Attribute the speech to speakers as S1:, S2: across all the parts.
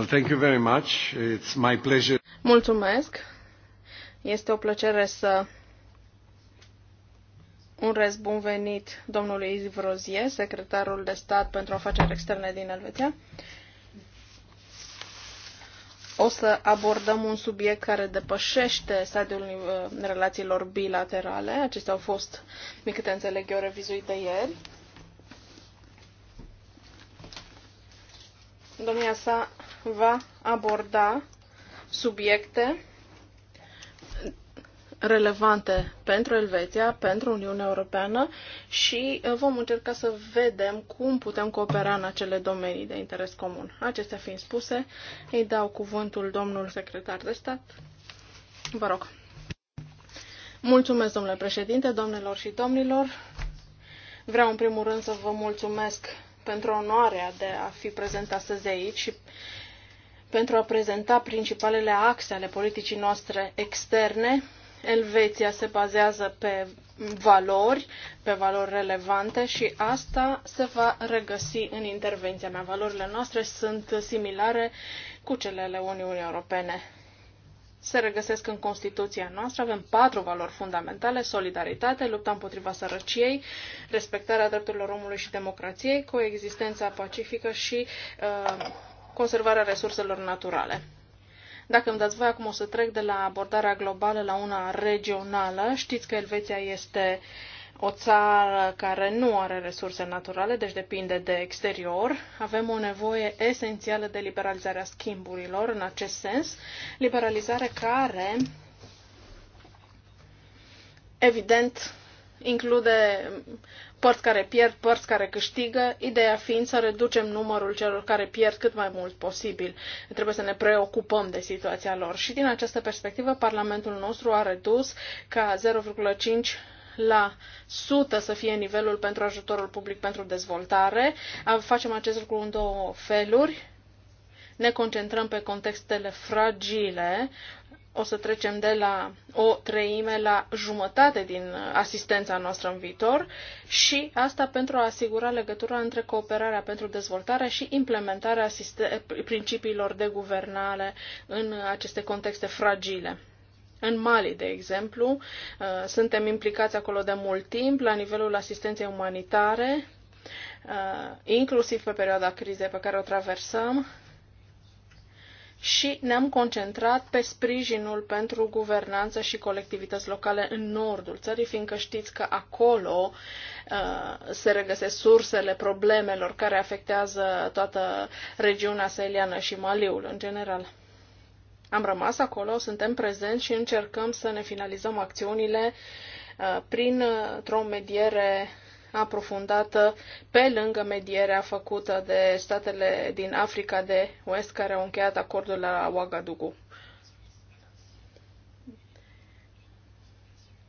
S1: Well, thank you very much. It's my pleasure.
S2: Mulțumesc. Este o plăcere să urez bun venit domnului Yves Rozier, secretarul de stat pentru afaceri externe din Elveția. O să abordăm un subiect care depășește stadiul relațiilor bilaterale. Acestea au fost, din câte înțeleg eu, revizuite ieri. Domnia sa va aborda subiecte relevante pentru Elveția, pentru Uniunea Europeană și uh, vom încerca să vedem cum putem coopera în acele domenii de interes comun. Acestea fiind spuse, îi dau cuvântul domnul secretar de stat. Vă rog. Mulțumesc, domnule președinte, domnilor și domnilor. Vreau în primul rând să vă mulțumesc pentru onoarea de a fi prezent astăzi aici și pentru a prezenta principalele axe ale politicii noastre externe. Elveția se bazează pe valori, pe valori relevante și asta se va regăsi în intervenția mea. Valorile noastre sunt similare cu cele ale Uniunii Europene. Se regăsesc în Constituția noastră. Avem patru valori fundamentale, solidaritate, lupta împotriva sărăciei, respectarea drepturilor omului și democrației, coexistența pacifică și uh, conservarea resurselor naturale. Dacă îmi dați voi, acum o să trec de la abordarea globală la una regională. Știți că Elveția este o țară care nu are resurse naturale, deci depinde de exterior. Avem o nevoie esențială de liberalizarea schimburilor în acest sens, liberalizare care, evident, include părți care pierd, părți care câștigă, ideea fiind să reducem numărul celor care pierd cât mai mult posibil. Trebuie să ne preocupăm de situația lor. Și din această perspectivă, Parlamentul nostru a redus ca 0,5 la 100 să fie nivelul pentru ajutorul public pentru dezvoltare. Facem acest lucru în două feluri ne concentrăm pe contextele fragile, o să trecem de la o treime la jumătate din asistența noastră în viitor și asta pentru a asigura legătura între cooperarea pentru dezvoltare și implementarea principiilor de guvernare în aceste contexte fragile. În Mali, de exemplu, uh, suntem implicați acolo de mult timp la nivelul asistenței umanitare, uh, inclusiv pe perioada crizei pe care o traversăm, și ne-am concentrat pe sprijinul pentru guvernanță și colectivități locale în nordul țării, fiindcă știți că acolo uh, se regăsesc sursele problemelor care afectează toată regiunea saheliană și Maliul în general. Am rămas acolo, suntem prezenți și încercăm să ne finalizăm acțiunile uh, prin uh, o mediere aprofundată pe lângă medierea făcută de statele din Africa de West care au încheiat acordul la Ouagadougou.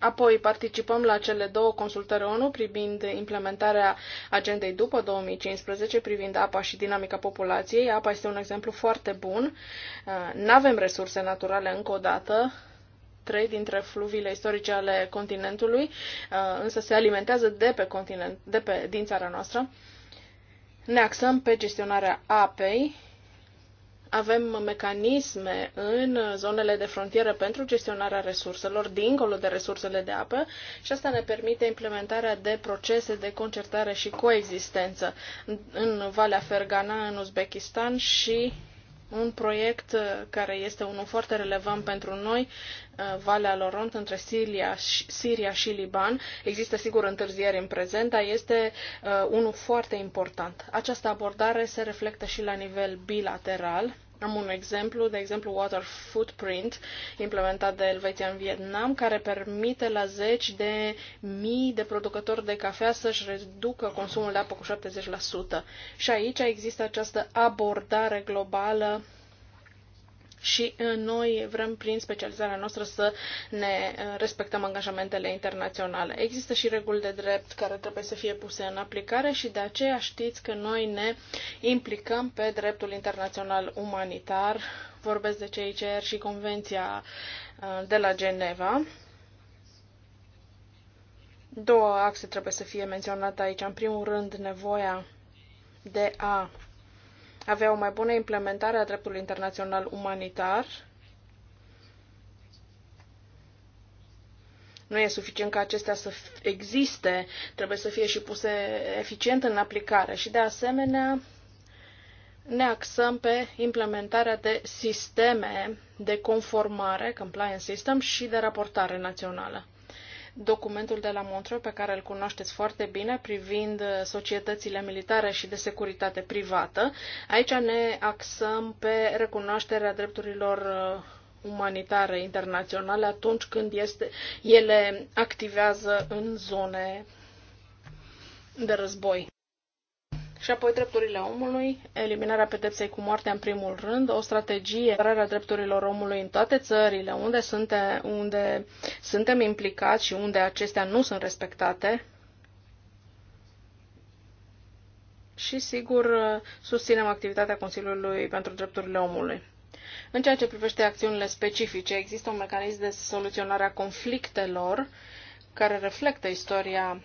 S2: Apoi participăm la cele două consultări ONU privind implementarea agendei după 2015, privind apa și dinamica populației. Apa este un exemplu foarte bun. Nu avem resurse naturale încă o dată, trei dintre fluviile istorice ale continentului, uh, însă se alimentează de pe continent, de pe, din țara noastră. Ne axăm pe gestionarea apei avem mecanisme în zonele de frontieră pentru gestionarea resurselor, dincolo de resursele de apă, și asta ne permite implementarea de procese de concertare și coexistență în Valea Fergana, în Uzbekistan și un proiect uh, care este unul foarte relevant pentru noi, uh, Valea Loront, între Siria și, Siria și Liban. Există sigur întârzieri în prezent, dar este uh, unul foarte important. Această abordare se reflectă și la nivel bilateral, am un exemplu, de exemplu Water Footprint, implementat de Elveția în Vietnam, care permite la zeci de mii de producători de cafea să-și reducă consumul de apă cu 70%. Și aici există această abordare globală și uh, noi vrem, prin specializarea noastră, să ne uh, respectăm angajamentele internaționale. Există și reguli de drept care trebuie să fie puse în aplicare și de aceea știți că noi ne implicăm pe dreptul internațional umanitar. Vorbesc de CICR și Convenția uh, de la Geneva. Două axe trebuie să fie menționate aici. În primul rând, nevoia de a avea o mai bună implementare a dreptului internațional umanitar. Nu e suficient ca acestea să existe, trebuie să fie și puse eficient în aplicare și, de asemenea, ne axăm pe implementarea de sisteme de conformare, compliance system și de raportare națională documentul de la Montreux pe care îl cunoașteți foarte bine privind uh, societățile militare și de securitate privată. Aici ne axăm pe recunoașterea drepturilor uh, umanitare internaționale atunci când este, ele activează în zone de război. Și apoi drepturile omului, eliminarea pedepsei cu moartea în primul rând, o strategie apărarea drepturilor omului în toate țările unde, sunte, unde suntem implicați și unde acestea nu sunt respectate. Și sigur susținem activitatea Consiliului pentru Drepturile Omului. În ceea ce privește acțiunile specifice, există un mecanism de soluționare a conflictelor care reflectă istoria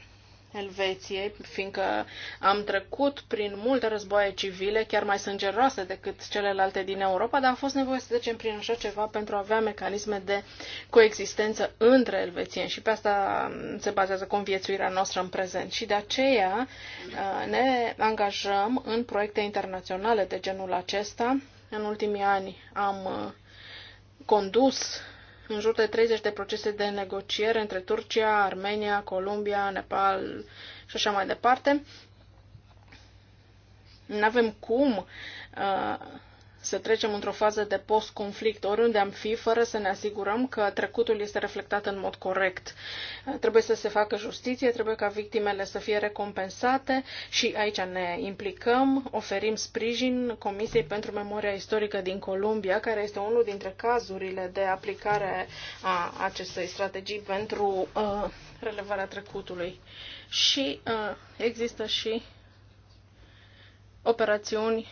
S2: Elveției, fiindcă am trecut prin multe războaie civile, chiar mai sângeroase decât celelalte din Europa, dar a fost nevoie să trecem prin așa ceva pentru a avea mecanisme de coexistență între elvețieni și pe asta se bazează conviețuirea noastră în prezent. Și de aceea uh, ne angajăm în proiecte internaționale de genul acesta. În ultimii ani am uh, condus în jur de 30 de procese de negociere între Turcia, Armenia, Columbia, Nepal și așa mai departe. Nu avem cum uh, să trecem într-o fază de post-conflict, oriunde am fi, fără să ne asigurăm că trecutul este reflectat în mod corect. Trebuie să se facă justiție, trebuie ca victimele să fie recompensate și aici ne implicăm, oferim sprijin Comisiei pentru Memoria Istorică din Columbia, care este unul dintre cazurile de aplicare a acestei strategii pentru uh, relevarea trecutului. Și uh, există și operațiuni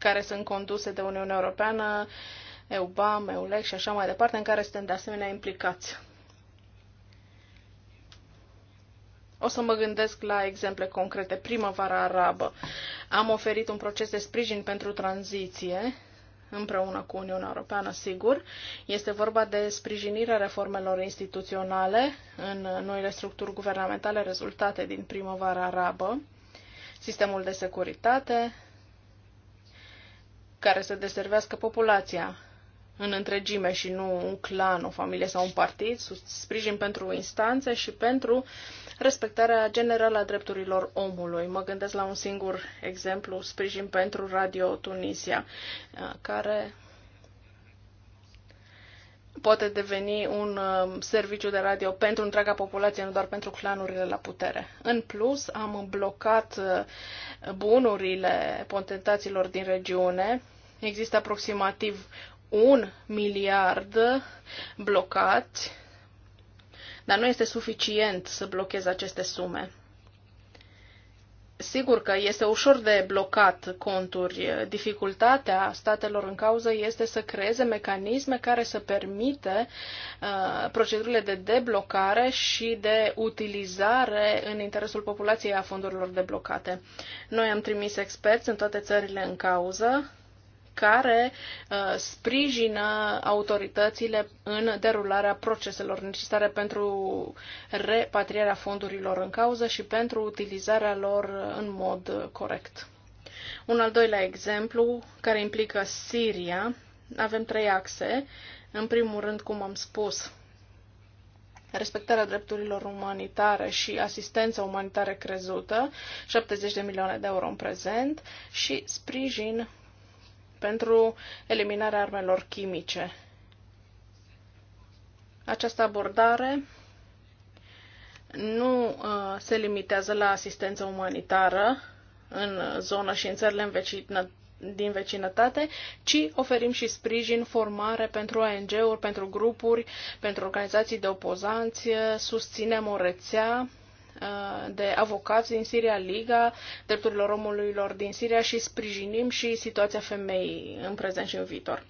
S2: care sunt conduse de Uniunea Europeană, EUBAM, EULEC și așa mai departe, în care suntem de asemenea implicați. O să mă gândesc la exemple concrete. Primăvara arabă. Am oferit un proces de sprijin pentru tranziție împreună cu Uniunea Europeană, sigur. Este vorba de sprijinirea reformelor instituționale în noile structuri guvernamentale rezultate din primăvara arabă, sistemul de securitate, care să deservească populația în întregime și nu un clan, o familie sau un partid, sprijin pentru instanțe și pentru respectarea generală a drepturilor omului. Mă gândesc la un singur exemplu, sprijin pentru Radio Tunisia, uh, care poate deveni un uh, serviciu de radio pentru întreaga populație, nu doar pentru clanurile la putere. În plus, am blocat uh, bunurile potentaților din regiune. Există aproximativ un miliard blocat, dar nu este suficient să blochez aceste sume. Sigur că este ușor de blocat conturi. Dificultatea statelor în cauză este să creeze mecanisme care să permite uh, procedurile de deblocare și de utilizare în interesul populației a fondurilor deblocate. Noi am trimis experți în toate țările în cauză care uh, sprijină autoritățile în derularea proceselor necesare pentru repatrierea fondurilor în cauză și pentru utilizarea lor în mod corect. Un al doilea exemplu care implică Siria, avem trei axe. În primul rând, cum am spus, respectarea drepturilor umanitare și asistență umanitară crezută, 70 de milioane de euro în prezent, și sprijin pentru eliminarea armelor chimice. Această abordare nu uh, se limitează la asistență umanitară în zonă și în țările în vecină, din vecinătate, ci oferim și sprijin, formare pentru ONG-uri, pentru grupuri, pentru organizații de opozanție, susținem o rețea Uh, de avocați din Siria, Liga Drepturilor Omului din Siria și sprijinim și situația femeii în prezent și în viitor.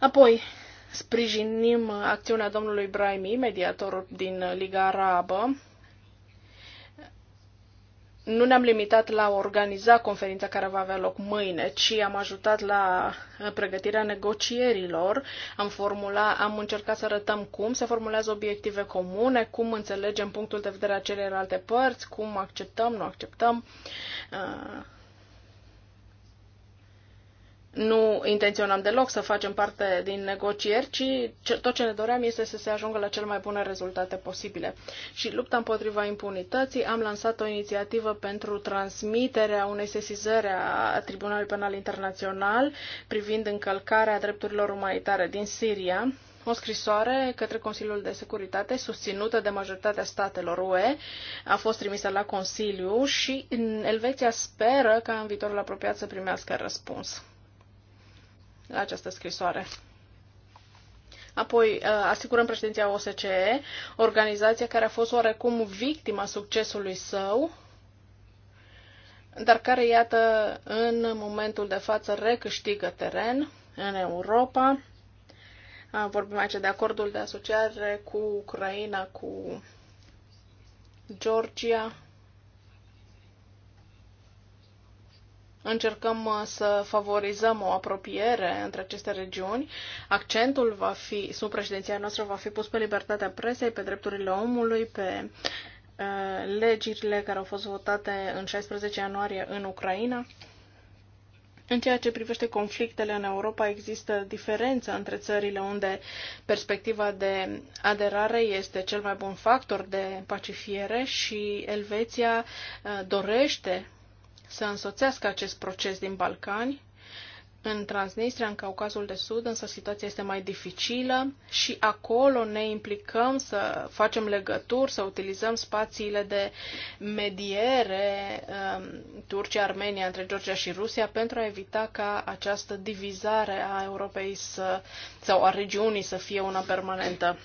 S2: Apoi, sprijinim acțiunea domnului Brahimi, mediator din Liga Arabă, nu ne-am limitat la organiza conferința care va avea loc mâine, ci am ajutat la pregătirea negocierilor, am, formula, am încercat să arătăm cum se formulează obiective comune, cum înțelegem punctul de vedere a celelalte părți, cum acceptăm, nu acceptăm. Uh, nu intenționam deloc să facem parte din negocieri, ci tot ce ne doream este să se ajungă la cel mai bune rezultate posibile. Și lupta împotriva impunității, am lansat o inițiativă pentru transmiterea unei sesizări a Tribunalului Penal Internațional privind încălcarea drepturilor umanitare din Siria, o scrisoare către Consiliul de Securitate, susținută de majoritatea statelor UE, a fost trimisă la Consiliu și Elveția speră ca în viitorul apropiat să primească răspuns la această scrisoare. Apoi uh, asigurăm președinția OSCE, organizația care a fost oarecum victima succesului său, dar care, iată, în momentul de față recâștigă teren în Europa. Vorbim aici de acordul de asociare cu Ucraina, cu Georgia, Încercăm uh, să favorizăm o apropiere între aceste regiuni. Accentul va fi, sub președinția noastră, va fi pus pe libertatea presei, pe drepturile omului, pe uh, legile care au fost votate în 16 ianuarie în Ucraina. În ceea ce privește conflictele în Europa, există diferență între țările unde perspectiva de aderare este cel mai bun factor de pacifiere și Elveția uh, dorește să însoțească acest proces din Balcani. În Transnistria, în Caucazul de Sud, însă situația este mai dificilă și acolo ne implicăm să facem legături, să utilizăm spațiile de mediere um, Turcia-Armenia între Georgia și Rusia pentru a evita ca această divizare a Europei să, sau a regiunii să fie una permanentă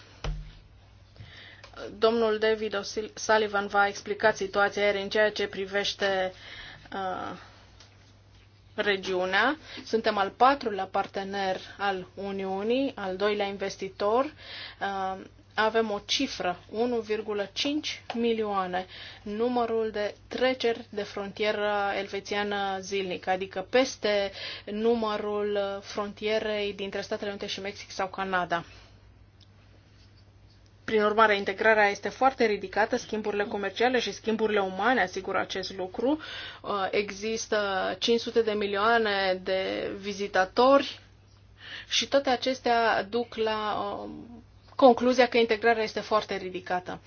S2: domnul David O'Sullivan va explica situația ieri în ceea ce privește regiunea. Suntem al patrulea partener al Uniunii, al doilea investitor. avem o cifră, 1,5 milioane, numărul de treceri de frontieră elvețiană zilnic, adică peste numărul frontierei dintre Statele Unite și Mexic sau Canada. Prin urmare, integrarea este foarte ridicată, schimburile comerciale și schimburile umane asigură acest lucru. Uh, există 500 de milioane de vizitatori și toate acestea duc la um, concluzia că integrarea este foarte ridicată.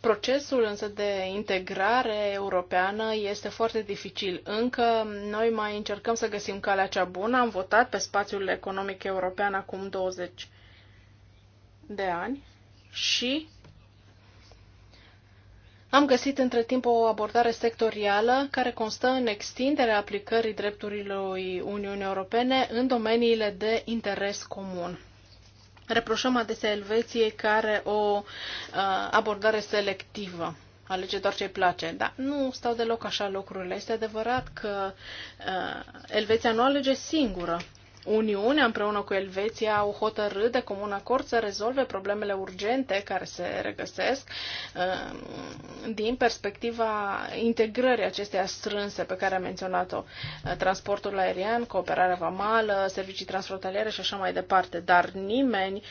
S2: Procesul însă de integrare europeană este foarte dificil. Încă noi mai încercăm să găsim calea cea bună. Am votat pe spațiul economic european acum 20 de ani și am găsit între timp o abordare sectorială care constă în extinderea aplicării drepturilor Uniunii Europene în domeniile de interes comun. Reproșăm adesea Elveției care o uh, abordare selectivă alege doar ce-i place. Dar nu stau deloc așa lucrurile. Este adevărat că uh, Elveția nu alege singură. Uniunea împreună cu Elveția au hotărât de comun acord să rezolve problemele urgente care se regăsesc um, din perspectiva integrării acesteia strânse pe care am menționat-o, uh, transportul aerian, cooperarea vamală, servicii transfrontaliere și așa mai departe. Dar nimeni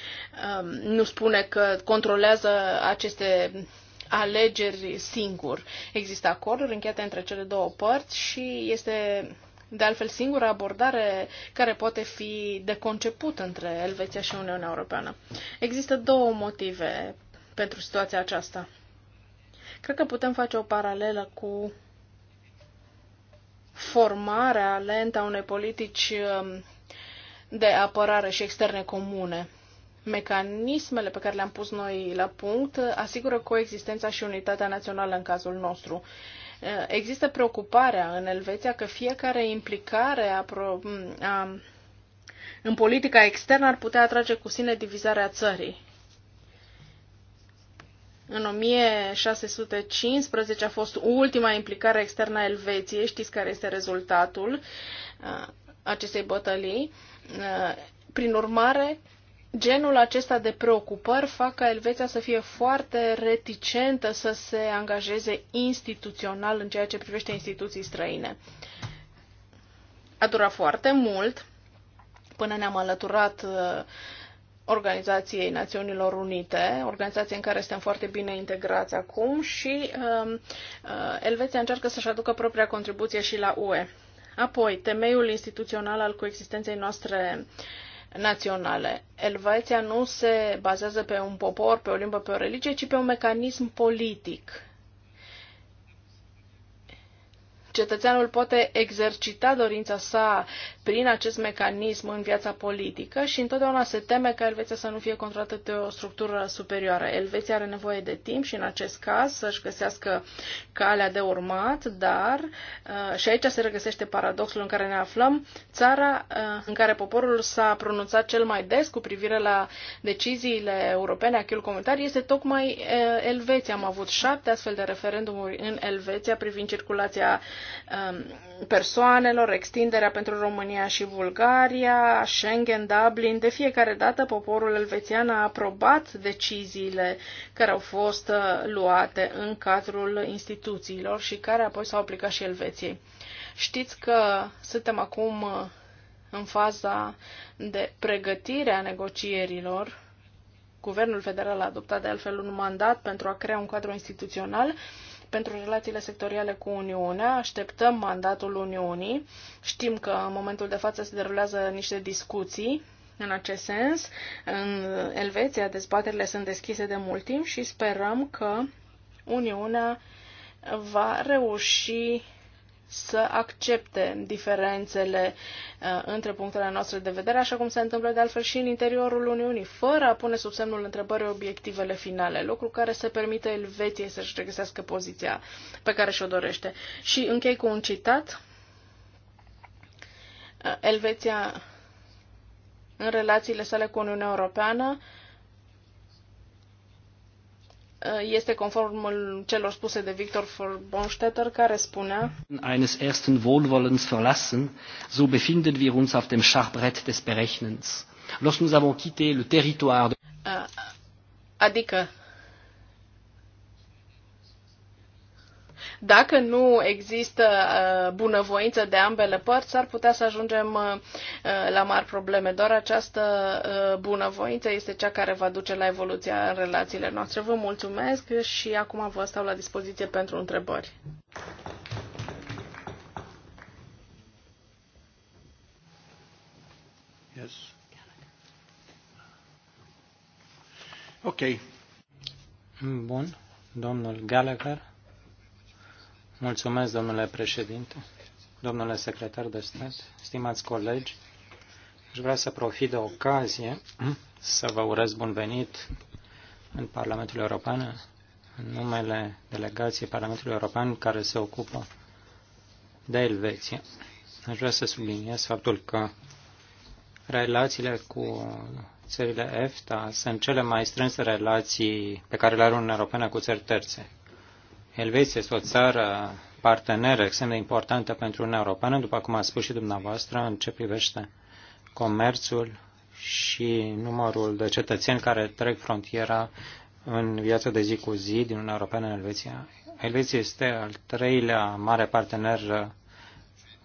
S2: um, nu spune că controlează aceste alegeri singur. Există acorduri încheiate între cele două părți și este de altfel singura abordare care poate fi de conceput între Elveția și Uniunea Europeană. Există două motive pentru situația aceasta. Cred că putem face o paralelă cu formarea lentă a unei politici um, de apărare și externe comune. Mecanismele pe care le-am pus noi la punct asigură coexistența și unitatea națională în cazul nostru. Eh, există preocuparea în Elveția că fiecare implicare a, pro, a, în politica externă ar putea atrage cu sine divizarea țării. În 1615 a fost ultima implicare externă a Elveției. Știți care este rezultatul eh, acestei bătălii. Eh, prin urmare, Genul acesta de preocupări fac ca Elveția să fie foarte reticentă să se angajeze instituțional în ceea ce privește instituții străine. A durat foarte mult până ne-am alăturat uh, Organizației Națiunilor Unite, organizație în care suntem foarte bine integrați acum și um, uh, Elveția încearcă să-și aducă propria contribuție și la UE. Apoi, temeiul instituțional al coexistenței noastre uh, naționale. Elveția nu se bazează pe un popor, pe o limbă, pe o religie, ci pe un mecanism politic cetățeanul poate exercita dorința sa prin acest mecanism în viața politică și întotdeauna se teme că Elveția să nu fie controlată de o structură superioară. Elveția are nevoie de timp și în acest caz să-și găsească calea de urmat, dar uh, și aici se regăsește paradoxul în care ne aflăm, țara uh, în care poporul s-a pronunțat cel mai des cu privire la deciziile europene, acel comunitar, este tocmai uh, Elveția. Am avut șapte astfel de referendumuri în Elveția privind circulația Um, persoanelor, extinderea pentru România și Bulgaria, Schengen, Dublin. De fiecare dată poporul elvețian a aprobat deciziile care au fost uh, luate în cadrul instituțiilor și care apoi s-au aplicat și Elveției. Știți că suntem acum uh, în faza de pregătire a negocierilor. Guvernul federal a adoptat de altfel un mandat pentru a crea un cadru instituțional pentru relațiile sectoriale cu Uniunea. Așteptăm mandatul Uniunii. Știm că în momentul de față se derulează niște discuții în acest sens. În Elveția dezbaterile sunt deschise de mult timp și sperăm că Uniunea va reuși să accepte diferențele uh, între punctele noastre de vedere, așa cum se întâmplă de altfel și în interiorul Uniunii, fără a pune sub semnul întrebării obiectivele finale, lucru care să permite Elveției să-și regăsească poziția pe care și-o dorește. Și închei cu un citat. Uh, Elveția, în relațiile sale cu Uniunea Europeană, uh, Uh, este conform celor spuse de Victor von Bonstetter, care spunea
S1: eines ersten Wohlwollens verlassen, so befinden wir uns auf dem Schachbrett des Berechnens. Lorsque nous avons quitté le territoire de...
S2: Uh, adică, Dacă nu există uh, bunăvoință de ambele părți, ar putea să ajungem uh, uh, la mari probleme. Doar această bunăvoință este cea care va duce la evoluția în relațiile noastre. Vă mulțumesc și acum vă stau la dispoziție pentru
S1: întrebări.
S3: Yes. Ok. Bun. Domnul Gallagher. Mulțumesc, domnule președinte, domnule secretar de stat, stimați colegi. Aș vrea să profit de ocazie să vă urez bun venit în Parlamentul European, în numele delegației Parlamentului European care se ocupă de Elveția. Aș vrea să subliniez faptul că relațiile cu țările EFTA sunt cele mai strânse relații pe care le are Uniunea Europeană cu țări terțe. Elveția este o țară parteneră extrem de importantă pentru Uniunea Europeană, după cum a spus și dumneavoastră, în ce privește comerțul și numărul de cetățeni care trec frontiera în viața de zi cu zi din Uniunea Europeană în Elveția. Elveția este al treilea mare partener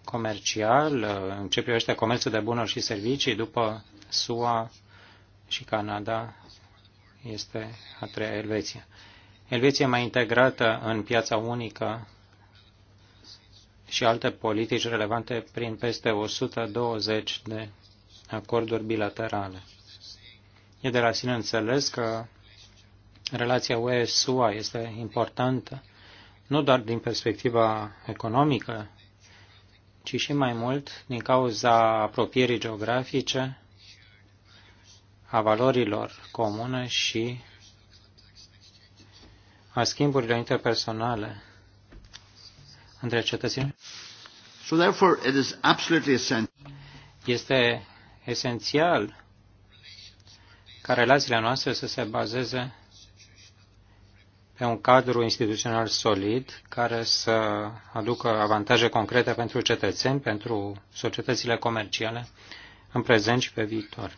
S3: comercial uh, în ce privește comerțul de bunuri și servicii după SUA și Canada este a treia Elveția. Elveția mai integrată în piața unică și alte politici relevante prin peste 120 de acorduri bilaterale. E de la sine înțeles că relația UE-SUA este importantă nu doar din perspectiva economică, ci și mai mult din cauza apropierii geografice, a valorilor comune și a schimburilor interpersonale între cetățeni. So therefore it is absolutely essential. Este esențial ca relațiile noastre să se bazeze pe un cadru instituțional solid care să aducă avantaje concrete pentru cetățeni, pentru societățile comerciale, în prezent și pe viitor.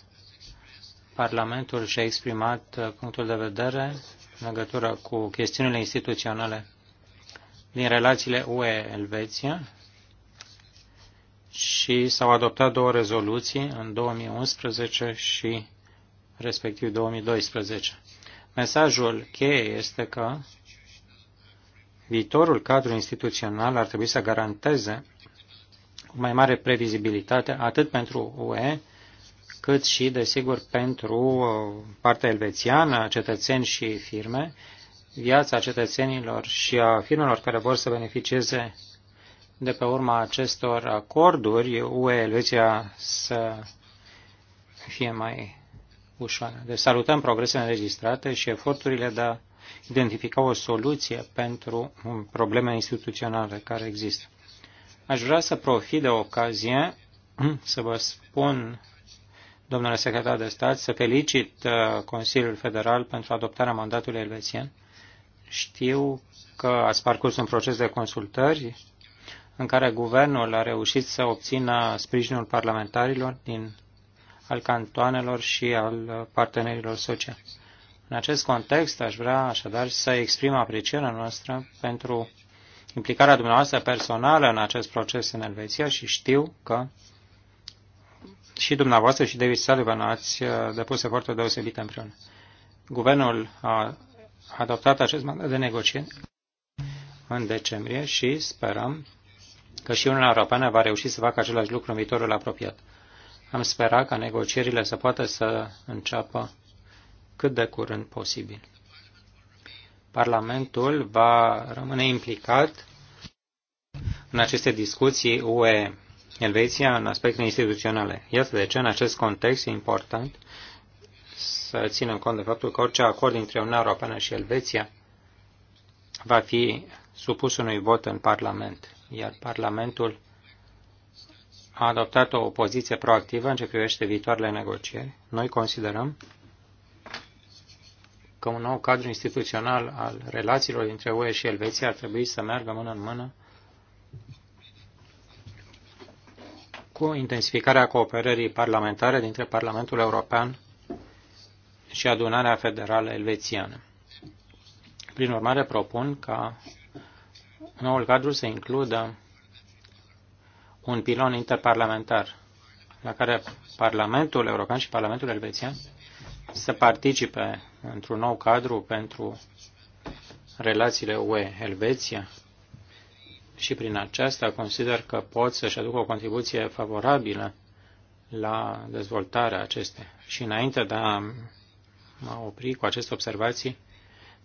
S3: Parlamentul și-a exprimat punctul de vedere în legătură cu chestiunile instituționale din relațiile UE-Elveția și s-au adoptat două rezoluții în 2011 și respectiv 2012. Mesajul cheie este că viitorul cadru instituțional ar trebui să garanteze o mai mare previzibilitate atât pentru UE, cât și, desigur, pentru uh, partea elvețiană, cetățeni și firme, viața cetățenilor și a firmelor care vor să beneficieze de pe urma acestor acorduri, UE Elveția să fie mai ușoară. Deci salutăm progresele înregistrate și eforturile de a identifica o soluție pentru probleme instituționale care există. Aș vrea să profit de ocazie să vă spun domnule secretar de stat, să felicit uh, Consiliul Federal pentru adoptarea mandatului elvețian. Știu că ați parcurs un proces de consultări în care guvernul a reușit să obțină sprijinul parlamentarilor din al cantoanelor și al partenerilor sociali. În acest context, aș vrea așadar să exprim aprecierea noastră pentru implicarea dumneavoastră personală în acest proces în Elveția și știu că și dumneavoastră și David Sullivan ați uh, depus efortul deosebit împreună. Guvernul a adoptat acest mandat de negociere în decembrie și sperăm că și Uniunea Europeană va reuși să facă același lucru în viitorul apropiat. Am sperat ca negocierile să poată să înceapă cât de curând posibil. Parlamentul va rămâne implicat în aceste discuții UE Elveția în aspecte instituționale. Iată de ce în acest context e important să ținem cont de faptul că orice acord dintre Uniunea Europeană și Elveția va fi supus unui vot în Parlament, iar Parlamentul a adoptat o poziție proactivă în ce privește viitoarele negocieri. Noi considerăm că un nou cadru instituțional al relațiilor dintre UE și Elveția ar trebui să meargă mână în mână cu intensificarea cooperării parlamentare dintre Parlamentul European și adunarea federală elvețiană. Prin urmare, propun ca noul cadru să includă un pilon interparlamentar la care Parlamentul European și Parlamentul Elvețian să participe într-un nou cadru pentru relațiile UE-Elveția și prin aceasta consider că pot să-și aducă o contribuție favorabilă la dezvoltarea acestea. Și înainte de a mă opri cu aceste observații,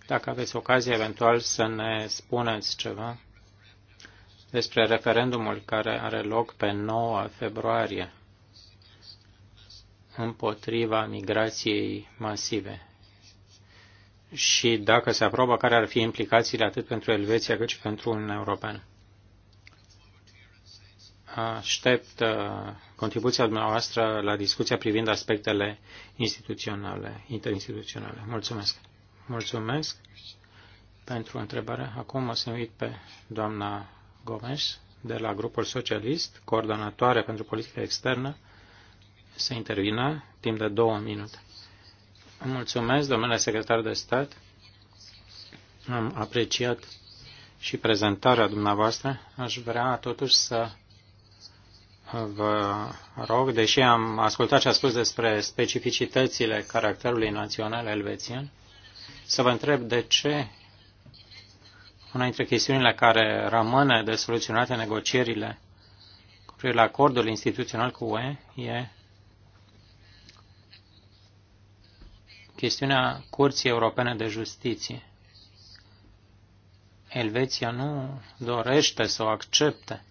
S3: dacă aveți ocazie eventual să ne spuneți ceva despre referendumul care are loc pe 9 februarie împotriva migrației masive. Și dacă se aprobă, care ar fi implicațiile atât pentru Elveția cât și pentru Uniunea Europeană? aștept uh, contribuția dumneavoastră la discuția privind aspectele instituționale, interinstituționale. Mulțumesc. Mulțumesc pentru întrebare. Acum o să uit pe doamna Gomes de la grupul socialist, coordonatoare pentru politică externă, să intervină timp de două minute. Mulțumesc, domnule secretar de stat. Am apreciat și prezentarea dumneavoastră. Aș vrea totuși să vă rog, deși am ascultat ce a spus despre specificitățile caracterului național elvețian, să vă întreb de ce una dintre chestiunile care rămâne de soluționate negocierile cu privire la acordul instituțional cu UE e chestiunea Curții Europene de Justiție. Elveția nu dorește să o accepte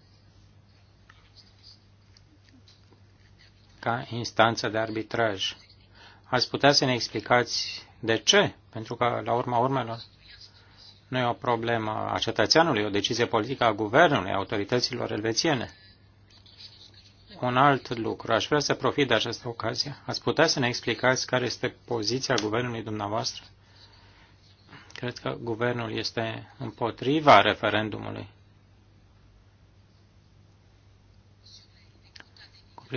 S3: ca instanță de arbitraj. Ați putea să ne explicați de ce? Pentru că, la urma urmelor, nu e o problemă a cetățeanului, o decizie politică a guvernului, a autorităților elvețiene. Un alt lucru, aș vrea să profit de această ocazie. Ați putea să ne explicați care este poziția guvernului dumneavoastră? Cred că guvernul este împotriva referendumului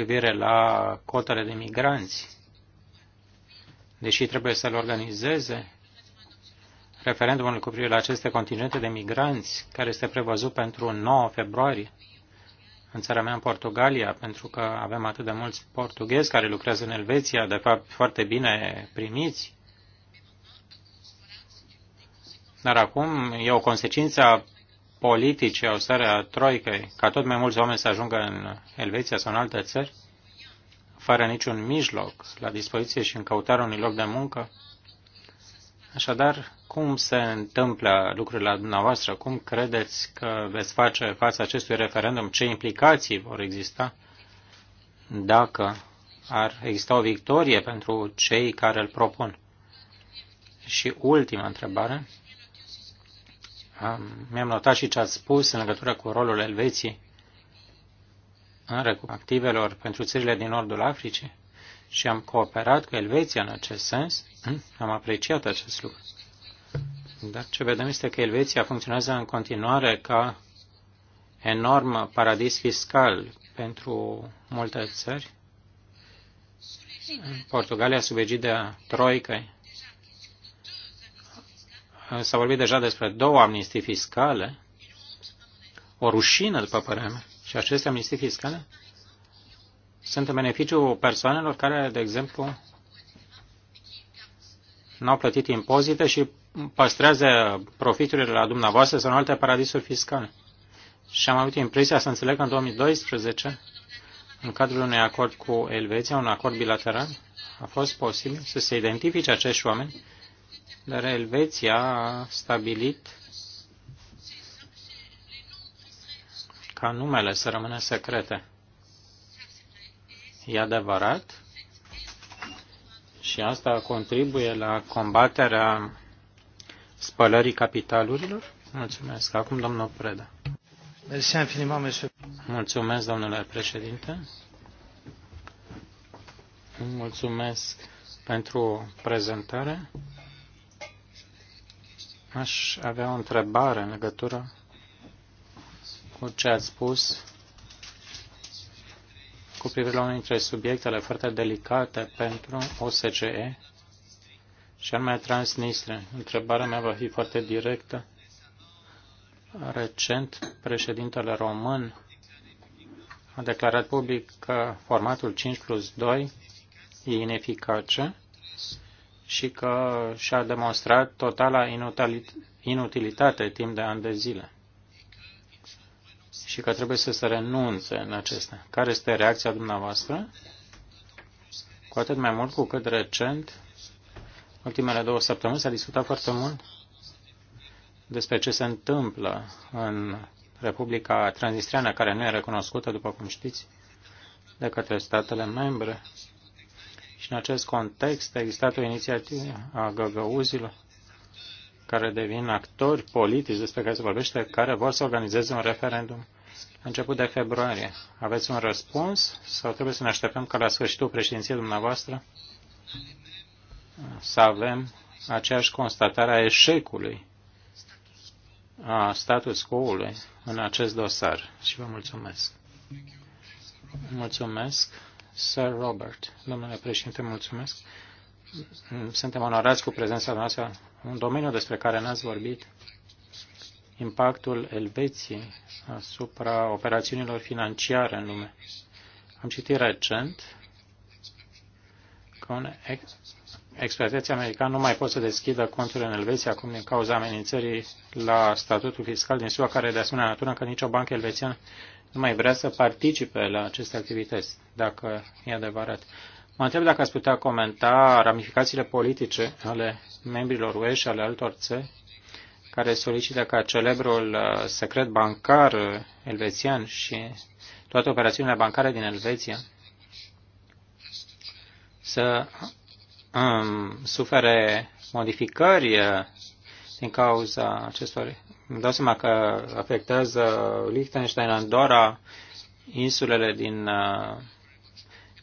S3: privire la cotele de migranți. Deși trebuie să-l organizeze, referendumul cu privire la aceste continente de migranți, care este prevăzut pentru 9 februarie, în țara mea, în Portugalia, pentru că avem atât de mulți portughezi care lucrează în Elveția, de fapt foarte bine primiți. Dar acum e o consecință a politice austere a troicăi, ca tot mai mulți oameni să ajungă în Elveția sau în alte țări, fără niciun mijloc la dispoziție și în căutarea unui loc de muncă? Așadar, cum se întâmplă lucrurile la dumneavoastră? Cum credeți că veți face față acestui referendum? Ce implicații vor exista dacă ar exista o victorie pentru cei care îl propun? Și ultima întrebare, mi-am notat și ce ați spus în legătură cu rolul Elveției în activelor pentru țările din nordul Africii și am cooperat cu Elveția în acest sens. Am apreciat acest lucru. Dar ce vedem este că Elveția funcționează în continuare ca enorm paradis fiscal pentru multe țări. Portugalia sub egida Troicăi S-a vorbit deja despre două amnistii fiscale, o rușină, după părerea mea. Și aceste amnistii fiscale sunt în beneficiu persoanelor care, de exemplu, nu au plătit impozite și păstrează profiturile la dumneavoastră sau în alte paradisuri fiscale. Și am avut impresia să înțeleg că în 2012, în cadrul unui acord cu Elveția, un acord bilateral, a fost posibil să se identifice acești oameni dar Elveția a stabilit ca numele să rămână secrete. E adevărat? Și asta contribuie la combaterea spălării capitalurilor? Mulțumesc. Acum domnul Preda. Mulțumesc, domnule președinte. Mulțumesc pentru prezentare. Aș avea o întrebare în legătură cu ce ați spus cu privire la unul dintre subiectele foarte delicate pentru OSCE și anume Transnistria. Întrebarea mea va fi foarte directă. Recent, președintele român a declarat public că formatul 5 plus 2 e ineficace și că și-a demonstrat totala inutilitate timp de ani de zile și că trebuie să se renunțe în acestea. Care este reacția dumneavoastră? Cu atât mai mult cu cât recent, ultimele două săptămâni, s-a discutat foarte mult despre ce se întâmplă în Republica Transnistriană, care nu e recunoscută, după cum știți, de către statele membre și deci, în acest context a existat o inițiativă a găgăuzilor care devin actori politici despre care se vorbește, care vor să organizeze un referendum început de februarie. Aveți un răspuns sau trebuie să ne așteptăm ca la sfârșitul președinției dumneavoastră să avem aceeași constatare a eșecului, a status quo-ului în acest dosar? Și vă mulțumesc. Mulțumesc. Sir Robert. Domnule președinte, mulțumesc. Suntem onorați cu prezența noastră un domeniu despre care n-ați vorbit, impactul Elveției asupra operațiunilor financiare în lume. Am citit recent că un ex experteți american nu mai pot să deschidă conturi în Elveția acum din cauza amenințării la statutul fiscal din SUA, care de asemenea natură că nicio bancă elvețiană nu mai vrea să participe la aceste activități, dacă e adevărat. Mă întreb dacă ați putea comenta ramificațiile politice ale membrilor UE și ale altor țări care solicită ca celebrul uh, secret bancar uh, elvețian și toate operațiunile bancare din Elveția să um, sufere modificări uh, din cauza acestor. Îmi dau seama că afectează Liechtenstein, Andorra, insulele din uh,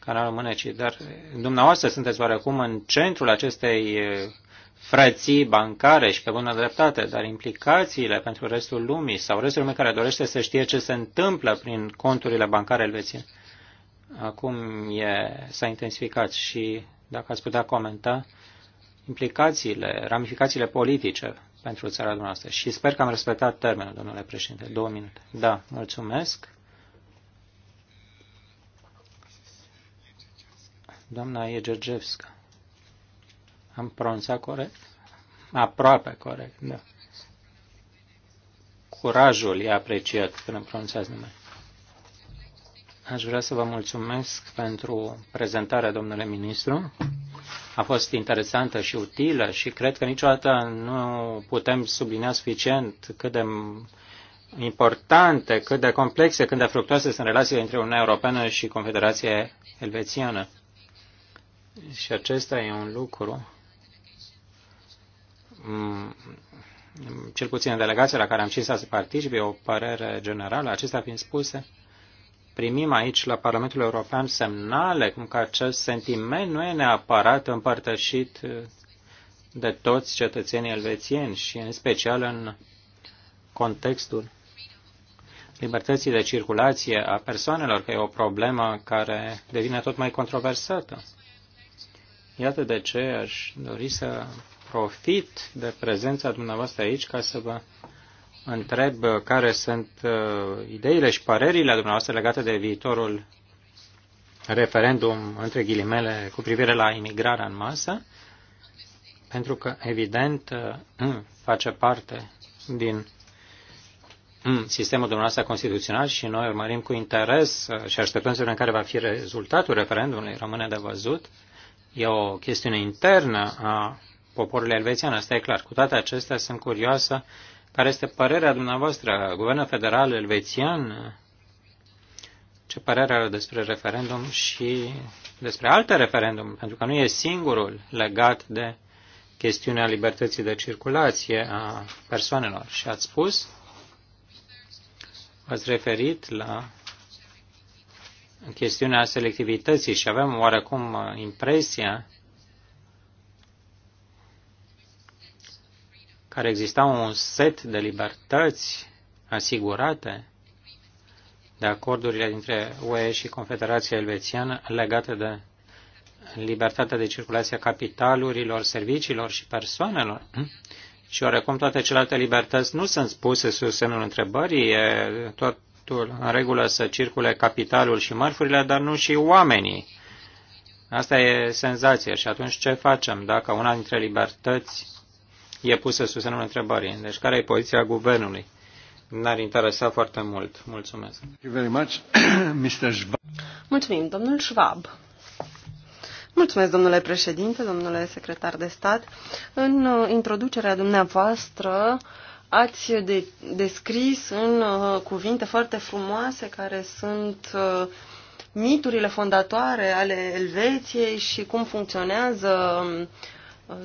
S3: Canalul Mânecii, dar dumneavoastră sunteți oarecum în centrul acestei uh, frății bancare și pe bună dreptate, dar implicațiile pentru restul lumii sau restul lumii care dorește să știe ce se întâmplă prin conturile bancare elvețiene. Acum e, s-a intensificat și dacă ați putea comenta implicațiile, ramificațiile politice pentru țara dumneavoastră. Și sper că am respectat termenul, domnule președinte. Două minute. Da, mulțumesc. Doamna Egergevska. Am pronunțat corect? Aproape corect, da.
S1: Curajul
S3: e apreciat când îmi pronunțați numele. Aș vrea să vă mulțumesc pentru prezentarea, domnule ministru a fost interesantă și utilă și cred că niciodată nu putem sublinia suficient cât de importante, cât de complexe, cât de fructoase sunt relațiile între Uniunea Europeană și Confederația Elvețiană. Și acesta e un lucru, mm, cel puțin în delegația la care am cinsat să participe, o părere generală, acestea fiind spuse, primim aici la Parlamentul European semnale cum că acest sentiment nu e neapărat împărtășit uh, de toți cetățenii elvețieni și în special în contextul libertății de circulație a persoanelor, că e o problemă care devine tot mai controversată. Iată de ce aș dori să profit de prezența dumneavoastră aici ca să vă întreb uh, care sunt uh, ideile și părerile dumneavoastră legate de viitorul referendum, între ghilimele, cu privire la imigrarea în masă, pentru că, evident, uh, mm, face parte din mm, sistemul dumneavoastră constituțional și noi urmărim cu interes și așteptăm să vedem care va fi rezultatul referendumului, rămâne de văzut. E o chestiune internă a poporului elvețian, asta e clar. Cu toate acestea, sunt curioasă care este părerea dumneavoastră? Guvernul federal elvețian? Ce părere are despre referendum și despre alte referendum? Pentru că nu e singurul legat de chestiunea libertății de circulație a persoanelor. Și ați spus, ați referit la chestiunea selectivității și avem oarecum impresia care exista un set de libertăți asigurate de acordurile dintre UE și Confederația Elvețiană legate de libertatea de circulație a capitalurilor, serviciilor și persoanelor. Și oricum toate celelalte libertăți nu sunt spuse sub semnul întrebării, e totul în regulă să circule capitalul și mărfurile, dar nu și oamenii. Asta e senzație și atunci ce facem dacă una dintre libertăți e pusă sub semnul întrebării. Deci care e poziția guvernului? N-ar interesa foarte mult. Mulțumesc.
S4: Mulțumim, domnul Schwab. Mulțumesc, domnule președinte, domnule secretar de stat. În uh, introducerea dumneavoastră ați de- descris în uh, cuvinte foarte frumoase care sunt uh, miturile fondatoare ale Elveției și cum funcționează uh,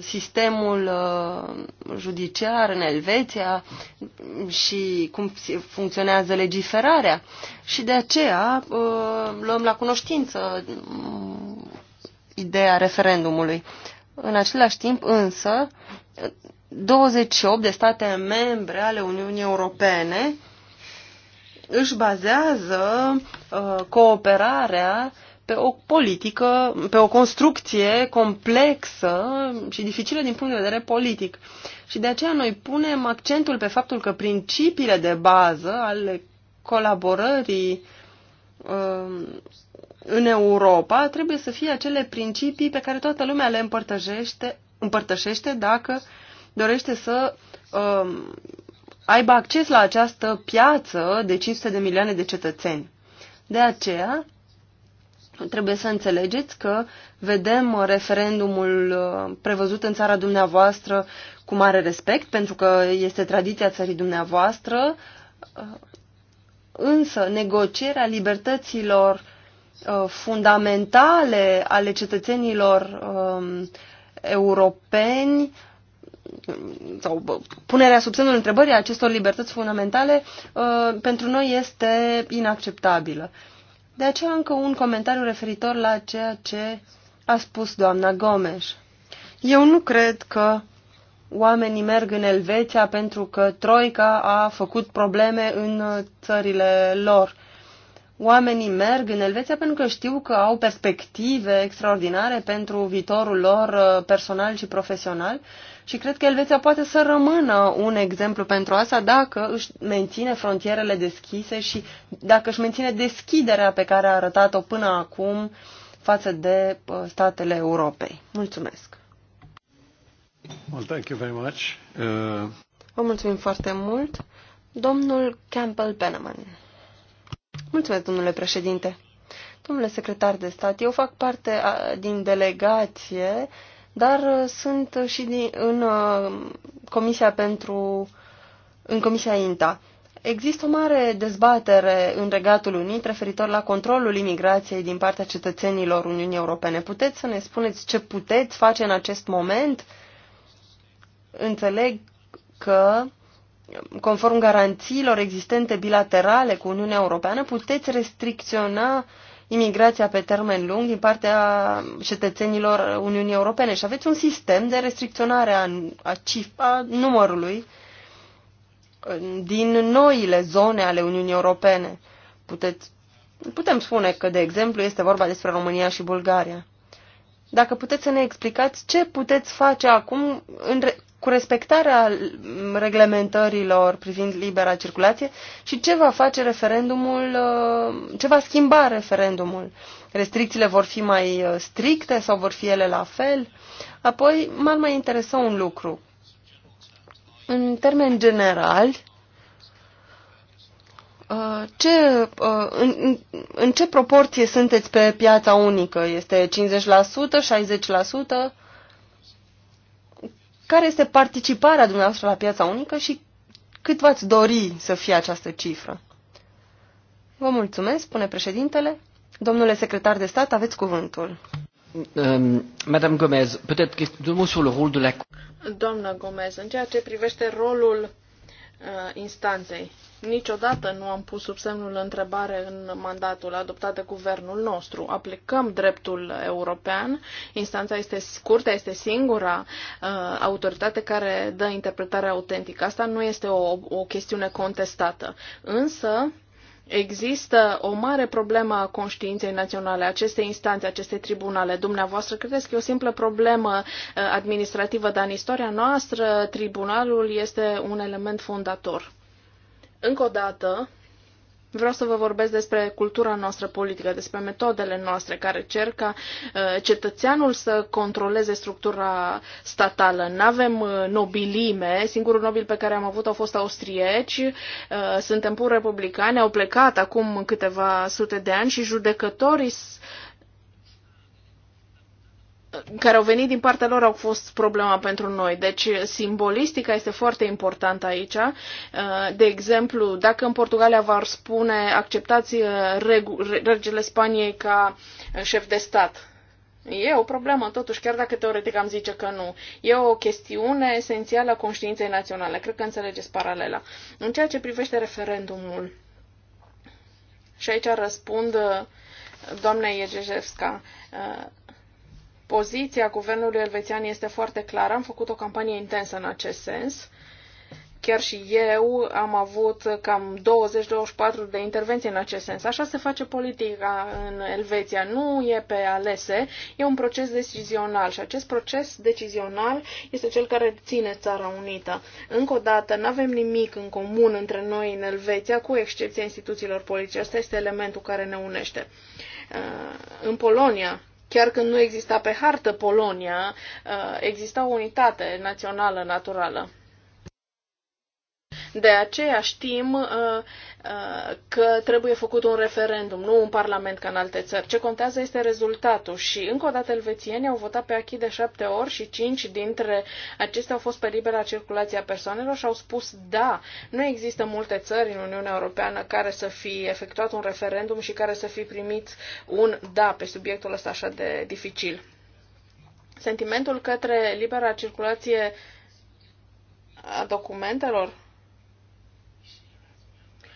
S4: sistemul uh, judiciar în Elveția și cum funcționează legiferarea. Și de aceea uh, luăm la cunoștință mm, ideea referendumului. În același timp, însă, 28 de state membre ale Uniunii Europene își bazează uh, cooperarea uh, pe o politică, pe o construcție complexă și dificilă din punct de vedere politic. Și de aceea noi punem accentul pe faptul că principiile de bază ale colaborării uh, în Europa trebuie să fie acele principii pe care toată lumea le împărtășește, împărtășește dacă dorește să uh, aibă acces la această piață de 500 de milioane de cetățeni. De aceea, Trebuie să înțelegeți că vedem referendumul uh, prevăzut în țara dumneavoastră cu mare respect, pentru că este tradiția țării dumneavoastră, uh, însă negocierea libertăților uh, fundamentale ale cetățenilor um, europeni sau punerea sub semnul întrebării acestor libertăți fundamentale pentru noi este inacceptabilă. De aceea încă un comentariu referitor la ceea ce a spus doamna Gomes. Eu nu cred că oamenii merg în Elveția pentru că Troica a făcut probleme în uh, țările lor. Oamenii merg în Elveția pentru că știu că au perspective extraordinare pentru viitorul lor uh, personal și profesional și cred că Elveția poate să rămână un exemplu pentru asta dacă își menține frontierele deschise și dacă își menține deschiderea pe care a arătat-o până acum față de uh, statele Europei. Mulțumesc!
S1: Well, thank you very much. Uh...
S4: Vă mulțumim foarte mult. Domnul Campbell Benaman. Mulțumesc, domnule președinte. Domnule secretar de stat, eu fac parte a, uh, din delegație uh, dar uh, sunt uh, și din, în uh, Comisia pentru în Comisia INTA. Există o mare dezbatere în Regatul Unit referitor la controlul imigrației din partea cetățenilor Uniunii Europene. Puteți să ne spuneți ce puteți face în acest moment? Înțeleg că, conform garanțiilor existente bilaterale cu Uniunea Europeană, puteți restricționa uh, imigrația pe termen lung din partea cetățenilor Uniunii Europene și aveți un sistem de restricționare a, a, a numărului din noile zone ale Uniunii Europene. Puteți, putem spune că, de exemplu, este vorba despre România și Bulgaria. Dacă puteți să ne explicați ce puteți face acum în, cu respectarea reglementărilor privind libera circulație și ce va face referendumul, uh, ce va schimba referendumul. Restricțiile vor fi mai uh, stricte sau vor fi ele la fel? Apoi m-ar mai interesa un lucru. În termeni generali, uh, ce, în, în ce proporție sunteți pe piața unică? Este 50%, 60%? Care este participarea dumneavoastră la piața unică și cât v-ați dori să fie această cifră? Vă mulțumesc, spune președintele. Domnule secretar de stat, aveți cuvântul.
S1: Um, Madame Gomez, peut-être deux mots sur le rôle de la
S2: Doamna Gomez, în ceea ce privește rolul uh, instanței, Niciodată nu am pus sub semnul întrebare în mandatul adoptat de guvernul nostru. Aplicăm dreptul european. Instanța este scurtă, este singura uh, autoritate care dă interpretarea autentică. Asta nu este o, o chestiune contestată. Însă, Există o mare problemă a conștiinței naționale, aceste instanțe, aceste tribunale. Dumneavoastră credeți că e o simplă problemă uh, administrativă, dar în istoria noastră tribunalul este un element fondator. Încă o dată, Vreau să vă vorbesc despre cultura noastră politică, despre metodele noastre care cer ca uh, cetățeanul să controleze structura statală. Nu avem uh, nobilime, singurul nobil pe care am avut au fost austrieci, uh, suntem pur republicani, au plecat acum câteva sute de ani și judecătorii care au venit din partea lor au fost problema pentru noi. Deci simbolistica este foarte importantă aici. Uh, de exemplu, dacă în Portugalia v-ar spune acceptați uh, regele Spaniei ca uh, șef de stat, E o problemă, totuși, chiar dacă teoretic am zice că nu. E o chestiune esențială a conștiinței naționale. Cred că înțelegeți paralela. În ceea ce privește referendumul, și aici răspund doamnei Iegejevska, Poziția guvernului elvețian este foarte clară. Am făcut o campanie intensă în acest sens. Chiar și eu am avut cam 20-24 de intervenții în acest sens. Așa se face politica în Elveția. Nu e pe alese, e un proces decizional și acest proces decizional este cel care ține Țara Unită. Încă o dată, nu avem nimic în comun între noi în Elveția, cu excepția instituțiilor politice. Asta este elementul care ne unește. Uh, în Polonia, Chiar când nu exista pe hartă Polonia, uh, exista o unitate națională naturală. De aceea știm uh, uh, că trebuie făcut un referendum, nu un parlament ca în alte țări. Ce contează este rezultatul și încă o dată elvețienii au votat pe achi de șapte ori și cinci dintre acestea au fost pe libera circulație a persoanelor și au spus da. Nu există multe țări în Uniunea Europeană care să fi efectuat un referendum și care să fi primit un da pe subiectul ăsta așa de dificil. Sentimentul către libera circulație a documentelor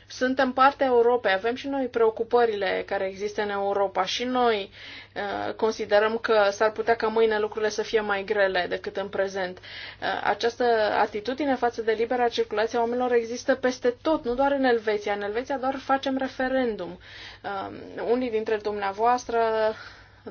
S2: suntem partea Europei, avem și noi preocupările care există în Europa și noi uh, considerăm că s-ar putea ca mâine lucrurile să fie mai grele decât în prezent. Uh, această atitudine față de libera circulație a oamenilor există peste tot, nu doar în Elveția. În Elveția doar facem referendum. Uh, unii dintre dumneavoastră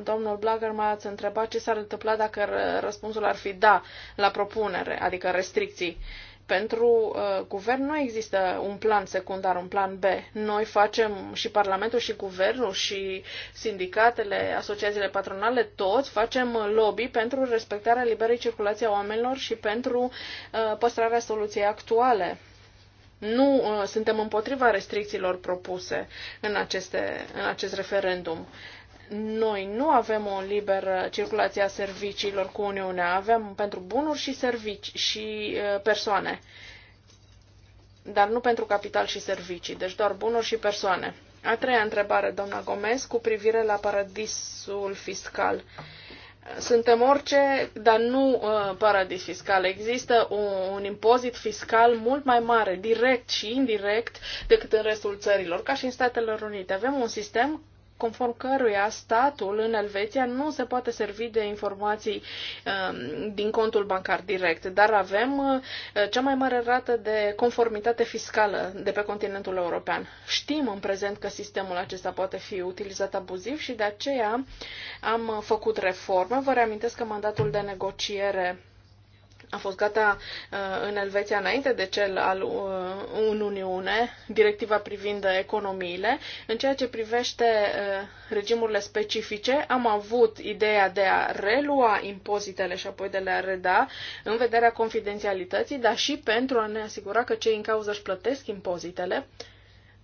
S2: Domnul Blagger m a întrebat ce s-ar întâmpla dacă răspunsul ar fi da la propunere, adică restricții. Uh, pentru uh, guvern nu există un plan secundar, un plan B. Noi facem și Parlamentul și Guvernul și sindicatele, asociațiile patronale, toți facem lobby pentru respectarea liberei circulației a oamenilor și pentru uh, păstrarea soluției actuale. Nu uh, suntem împotriva restricțiilor propuse în, aceste, în acest referendum. Uh, noi nu avem o liberă circulație a serviciilor cu Uniunea, avem pentru bunuri și servicii și persoane, dar nu pentru capital și servicii, deci doar bunuri și persoane. A treia întrebare, doamna Gomez, cu privire la paradisul fiscal. Suntem orice, dar nu uh, paradis fiscal. Există un, un impozit fiscal mult mai mare, direct și indirect, decât în restul țărilor, ca și în Statele Unite. Avem un sistem conform căruia statul în Elveția nu se poate servi de informații um, din contul bancar direct, dar avem uh, cea mai mare rată de conformitate fiscală de pe continentul european. Știm în prezent că sistemul acesta poate fi utilizat abuziv și de aceea am făcut reforme. Vă reamintesc că mandatul de negociere a fost gata uh, în Elveția înainte de cel al uh, în Uniune, directiva privind economiile. În ceea ce privește uh, regimurile specifice, am avut ideea de a relua impozitele și apoi de le-a reda în vederea confidențialității, dar și pentru a ne asigura că cei în cauză își plătesc impozitele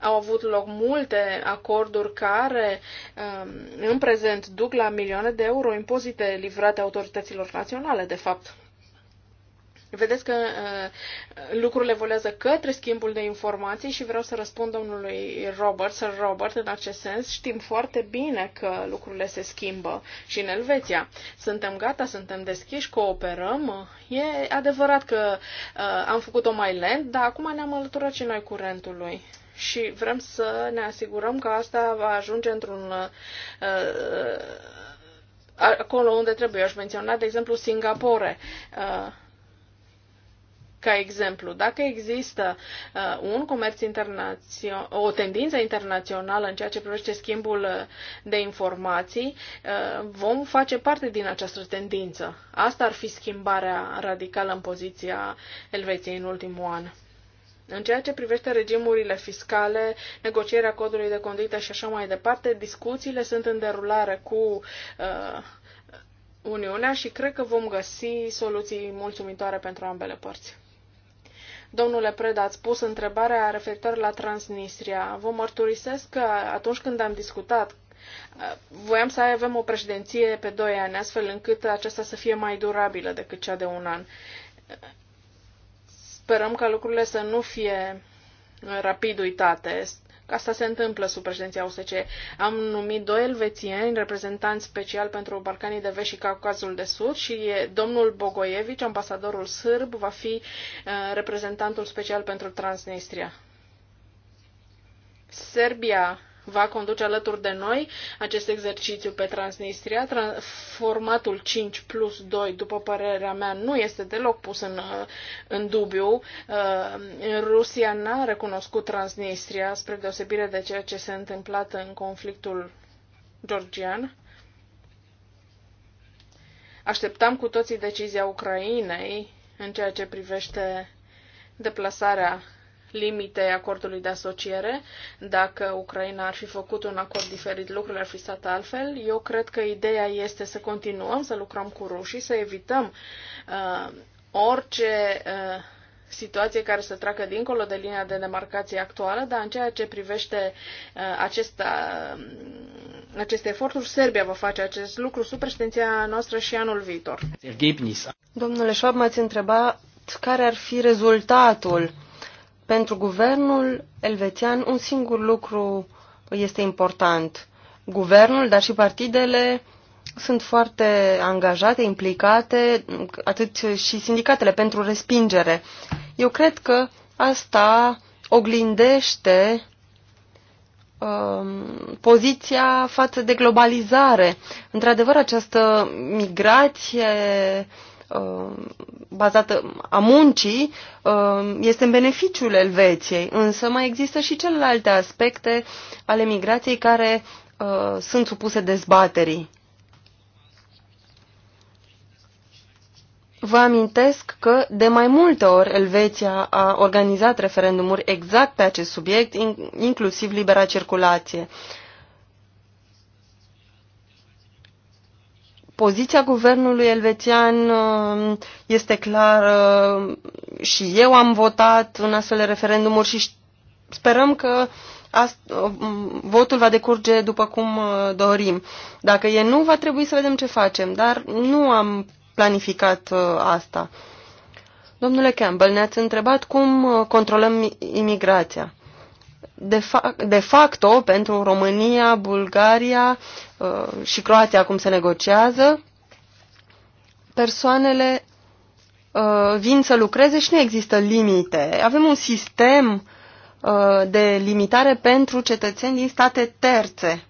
S2: au avut loc multe acorduri care um, în prezent duc la milioane de euro impozite livrate autorităților naționale, de fapt. Vedeți că uh, lucrurile evoluează către schimbul de informații și vreau să răspund domnului Robert, Sir Robert, în acest sens. Știm foarte bine că lucrurile se schimbă și în Elveția. Suntem gata, suntem deschiși, cooperăm. E adevărat că uh, am făcut-o mai lent, dar acum ne-am alăturat și noi curentului și vrem să ne asigurăm că asta va ajunge într-un uh, uh acolo unde trebuie. Aș menționa, de exemplu, Singapore. Uh, ca exemplu, dacă există uh, un comerț internațional, o tendință internațională în ceea ce privește schimbul uh, de informații, uh, vom face parte din această tendință. Asta ar fi schimbarea radicală în poziția Elveției în ultimul an. În ceea ce privește regimurile fiscale, negocierea codului de conduită și așa mai departe, discuțiile sunt în derulare cu uh, Uniunea și cred că vom găsi soluții mulțumitoare pentru ambele părți. Domnule Preda, ați pus întrebarea referitor la Transnistria. Vă mărturisesc că atunci când am discutat Voiam să avem o președinție pe doi ani, astfel încât aceasta să fie mai durabilă decât cea de un an. Sperăm ca lucrurile să nu fie rapid uitate. Asta se întâmplă sub președinția OSCE. Am numit doi elvețieni, reprezentanți special pentru Balcanii de Vest și Caucazul de Sud și domnul Bogoievici, ambasadorul sârb, va fi uh, reprezentantul special pentru Transnistria. Serbia va conduce alături de noi acest exercițiu pe Transnistria. Formatul 5 plus 2, după părerea mea, nu este deloc pus în, uh, în dubiu. Uh, Rusia n-a recunoscut Transnistria, spre deosebire de ceea ce se întâmplat în conflictul georgian. Așteptam cu toții decizia Ucrainei în ceea ce privește deplasarea limitei acordului de asociere. Dacă Ucraina ar fi făcut un acord diferit, lucrurile ar fi stat altfel. Eu cred că ideea este să continuăm să lucrăm cu rușii, să evităm uh, orice uh, situație care să treacă dincolo de linia de demarcație actuală, dar în ceea ce privește uh, acest, uh, um, acest eforturi, Serbia va face acest lucru sub președinția noastră și anul viitor.
S4: Domnule Șoab, m-ați întrebat care ar fi rezultatul pentru guvernul elvețian un singur lucru este important. Guvernul, dar și partidele sunt foarte angajate, implicate, atât și sindicatele pentru respingere. Eu cred că asta oglindește um, poziția față de globalizare. Într-adevăr, această migrație Uh, bazată a muncii uh, este în beneficiul Elveției, însă mai există și celelalte aspecte ale migrației care uh, sunt supuse dezbaterii. Vă amintesc că de mai multe ori Elveția a organizat referendumuri exact pe acest subiect, inclusiv libera circulație. Poziția guvernului elvețian uh, este clară uh, și eu am votat în astfel de referendumuri și sperăm că uh, votul va decurge după cum dorim. Dacă e nu, va trebui să vedem ce facem, dar nu am planificat asta. Domnule Campbell, ne-ați întrebat cum controlăm imigrația de, fa de facto pentru România, Bulgaria uh, și Croația cum se negociază, persoanele uh, vin să lucreze și nu există limite. Avem un sistem uh, de limitare pentru cetățeni din state terțe.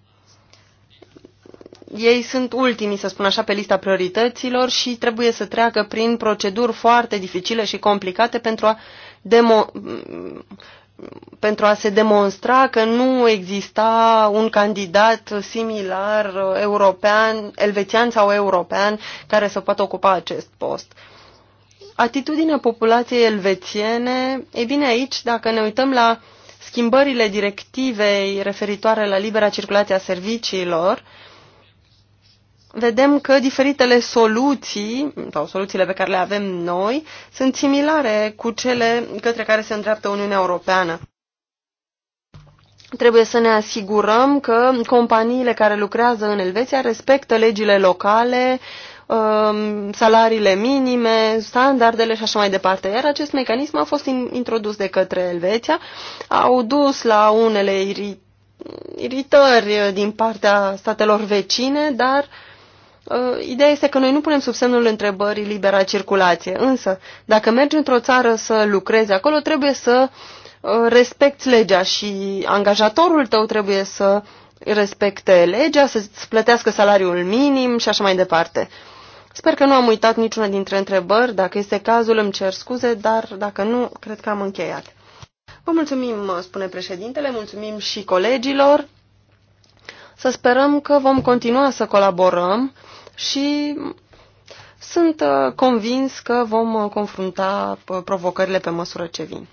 S4: Ei sunt ultimii, să spun așa, pe lista priorităților și trebuie să treacă prin proceduri foarte dificile și complicate pentru a demo- pentru a se demonstra că nu exista un candidat similar uh, european, elvețian sau european, care să poată ocupa acest post. Atitudinea populației elvețiene, e bine aici, dacă ne uităm la schimbările directivei referitoare la libera circulație a serviciilor, uh, vedem că diferitele soluții sau soluțiile pe care le avem noi sunt similare cu cele către care se îndreaptă Uniunea Europeană. Trebuie să ne asigurăm că companiile care lucrează în Elveția respectă legile locale, um, salariile minime, standardele și așa mai departe. Iar acest mecanism a fost introdus de către Elveția, au dus la unele iritări din partea statelor vecine, dar uh, Uh, ideea este că noi nu punem sub semnul întrebării libera circulație, însă dacă mergi într-o țară să lucrezi acolo, trebuie să uh, respecti legea și angajatorul tău trebuie să respecte legea, să-ți plătească salariul minim și așa mai departe. Sper că nu am uitat niciuna dintre întrebări. Dacă este cazul, îmi cer scuze, dar dacă nu, cred că am încheiat. Vă mulțumim, uh, spune președintele, mulțumim și colegilor. Să sperăm că vom continua să colaborăm și sunt uh, convins că vom uh, confrunta uh, provocările pe măsură ce vin.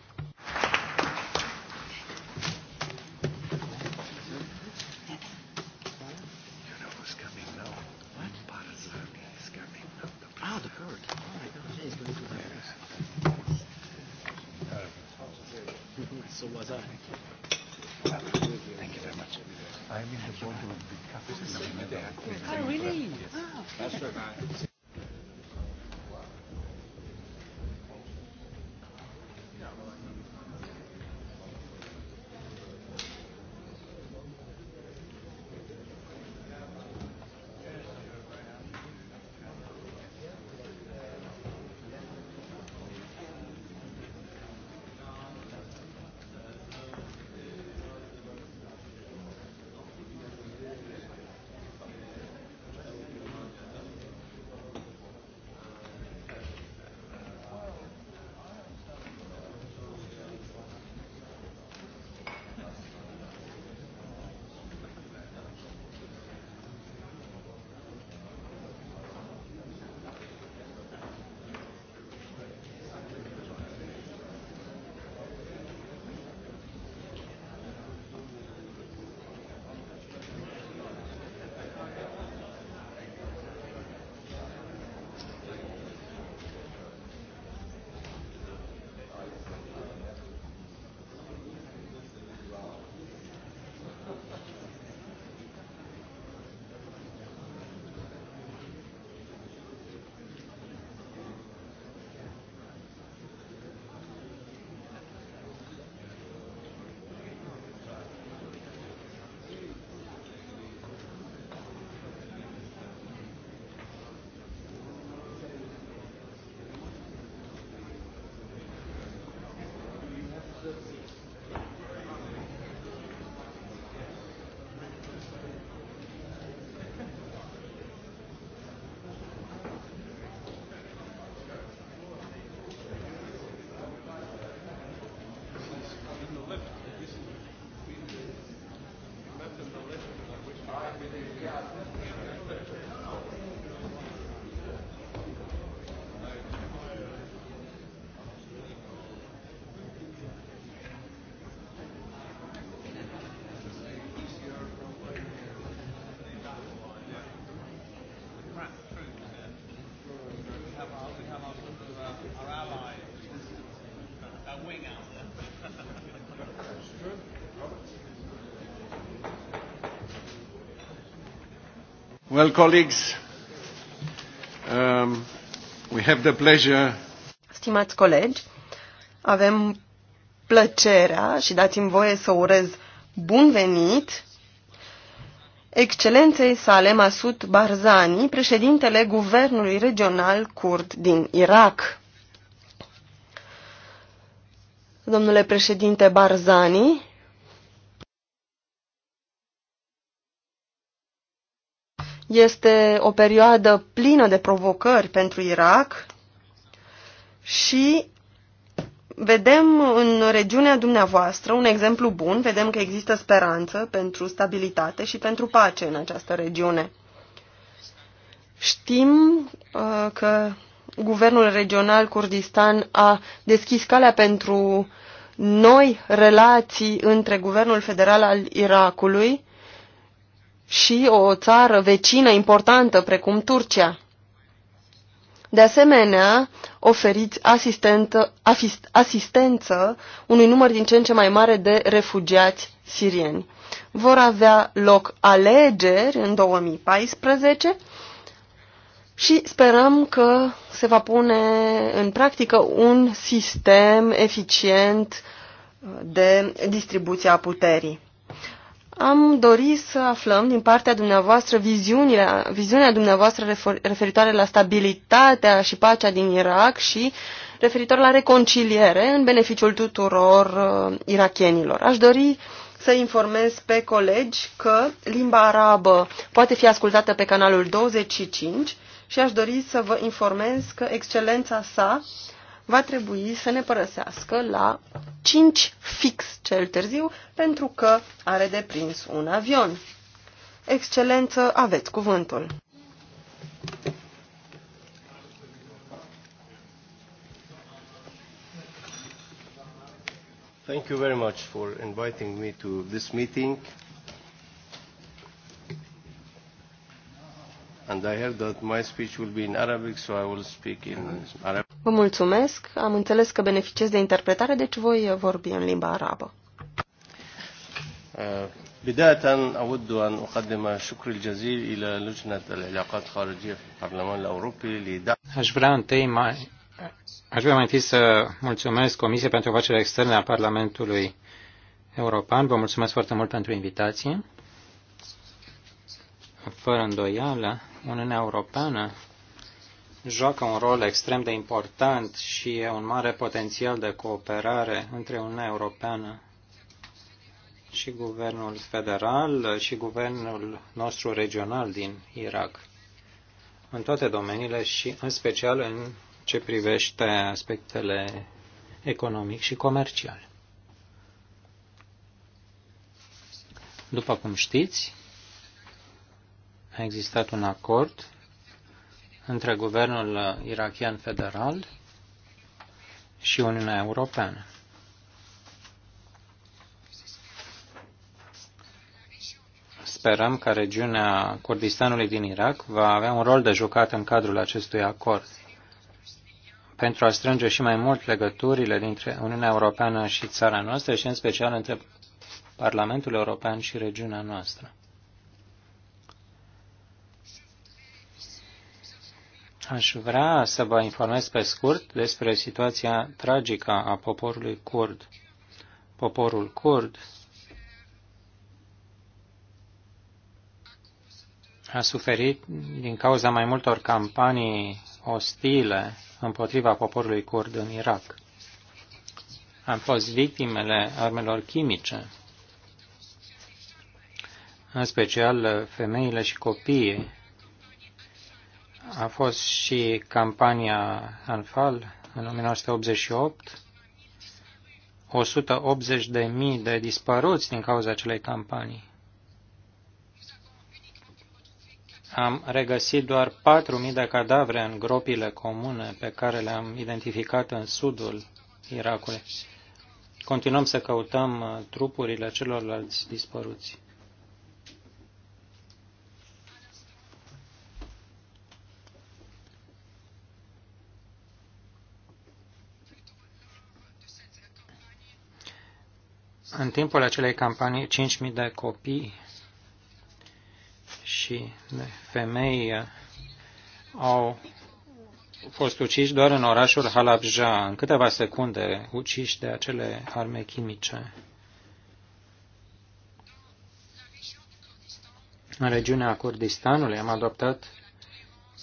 S1: Well, colleagues, um, we have the pleasure...
S4: Stimați colegi, avem plăcerea și dați-mi voie să urez bun venit excelenței sale Masud Barzani, președintele Guvernului Regional Kurd din Irak. Domnule președinte Barzani, Este o perioadă plină de provocări pentru Irak și vedem în regiunea dumneavoastră un exemplu bun, vedem că există speranță pentru stabilitate și pentru pace în această regiune. Știm uh, că guvernul regional Kurdistan a deschis calea pentru noi relații între guvernul federal al Irakului și o țară vecină importantă precum Turcia. De asemenea, oferiți asistență unui număr din ce în ce mai mare de refugiați sirieni. Vor avea loc alegeri în 2014 și sperăm că se va pune în practică un sistem eficient de distribuție a puterii. Am dorit să aflăm din partea dumneavoastră viziunile, viziunea dumneavoastră referitoare la stabilitatea și pacea din Irak și referitor la reconciliere în beneficiul tuturor uh, irachienilor. Aș dori să informez pe colegi că limba arabă poate fi ascultată pe canalul 25 și aș dori să vă informez că excelența sa uh, va trebui să ne părăsească la 5 fix cel târziu, pentru că are de prins un avion. Excelență, aveți cuvântul.
S3: Thank you very much for inviting me to this meeting. And
S1: I heard that my speech will be in Arabic, so I will speak in Arabic.
S4: Vă mulțumesc. Am înțeles că beneficiez de interpretare, deci voi vorbi în limba arabă.
S1: Uh, بداية أود أن أقدم شكر الجزيل إلى لجنة العلاقات
S3: الخارجية في البرلمان الأوروبي Aș vrea întâi mai, aș vrea mai întâi să mulțumesc Comisiei pentru Afacerile Externe a Parlamentului European. Vă mulțumesc foarte mult pentru invitație fără îndoială, Uniunea Europeană joacă un rol extrem de important și e un mare potențial de cooperare între Uniunea Europeană și guvernul federal și guvernul nostru regional din Irak în toate domeniile și în special în ce privește aspectele economic și comercial. După cum știți, a existat un acord între guvernul irachian federal și Uniunea Europeană. Sperăm că regiunea Kurdistanului din Irak va avea un rol de jucat în cadrul acestui acord pentru a strânge și mai mult legăturile dintre Uniunea Europeană și țara noastră și în special între Parlamentul European și regiunea noastră. Aș vrea să vă informez pe scurt despre situația tragică a poporului kurd. Poporul kurd a suferit din cauza mai multor campanii ostile împotriva poporului kurd în Irak. Am fost victimele armelor chimice, în special femeile și copiii a fost și campania Anfal în 1988. 180.000 de mii de dispăruți din cauza acelei campanii. Am regăsit doar 4.000 de cadavre în gropile comune pe care le-am identificat în sudul Irakului. Continuăm să căutăm uh, trupurile celorlalți dispăruți. În timpul acelei campanii, 5.000 de copii și de femei uh, au fost uciși doar în orașul Halabja, în câteva secunde, uciși de acele arme chimice. În regiunea Kurdistanului am adoptat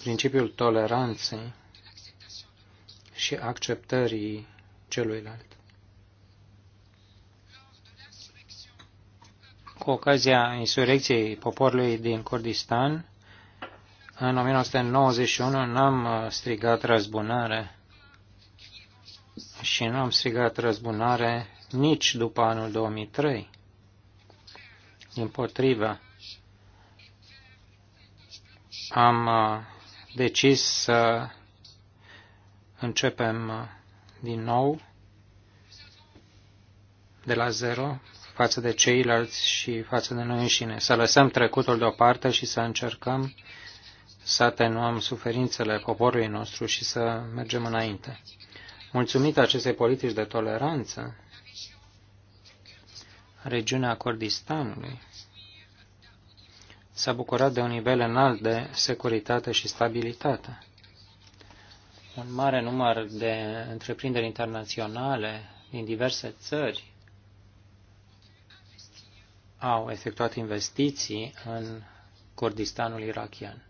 S3: principiul toleranței și acceptării celuilalt. cu ocazia insurecției poporului din Kurdistan, în 1991 n-am uh, strigat răzbunare și n-am strigat răzbunare nici după anul 2003. Din potrivă, am uh, decis să începem uh, din nou de la zero față de ceilalți și față de noi înșine. Să lăsăm trecutul deoparte și să încercăm să atenuăm suferințele poporului nostru și să mergem înainte. Mulțumită acestei politici de toleranță, regiunea Kurdistanului s-a bucurat de un nivel înalt de securitate și stabilitate. Un mare număr de întreprinderi internaționale din diverse țări au efectuat investiții în Kurdistanul irachian.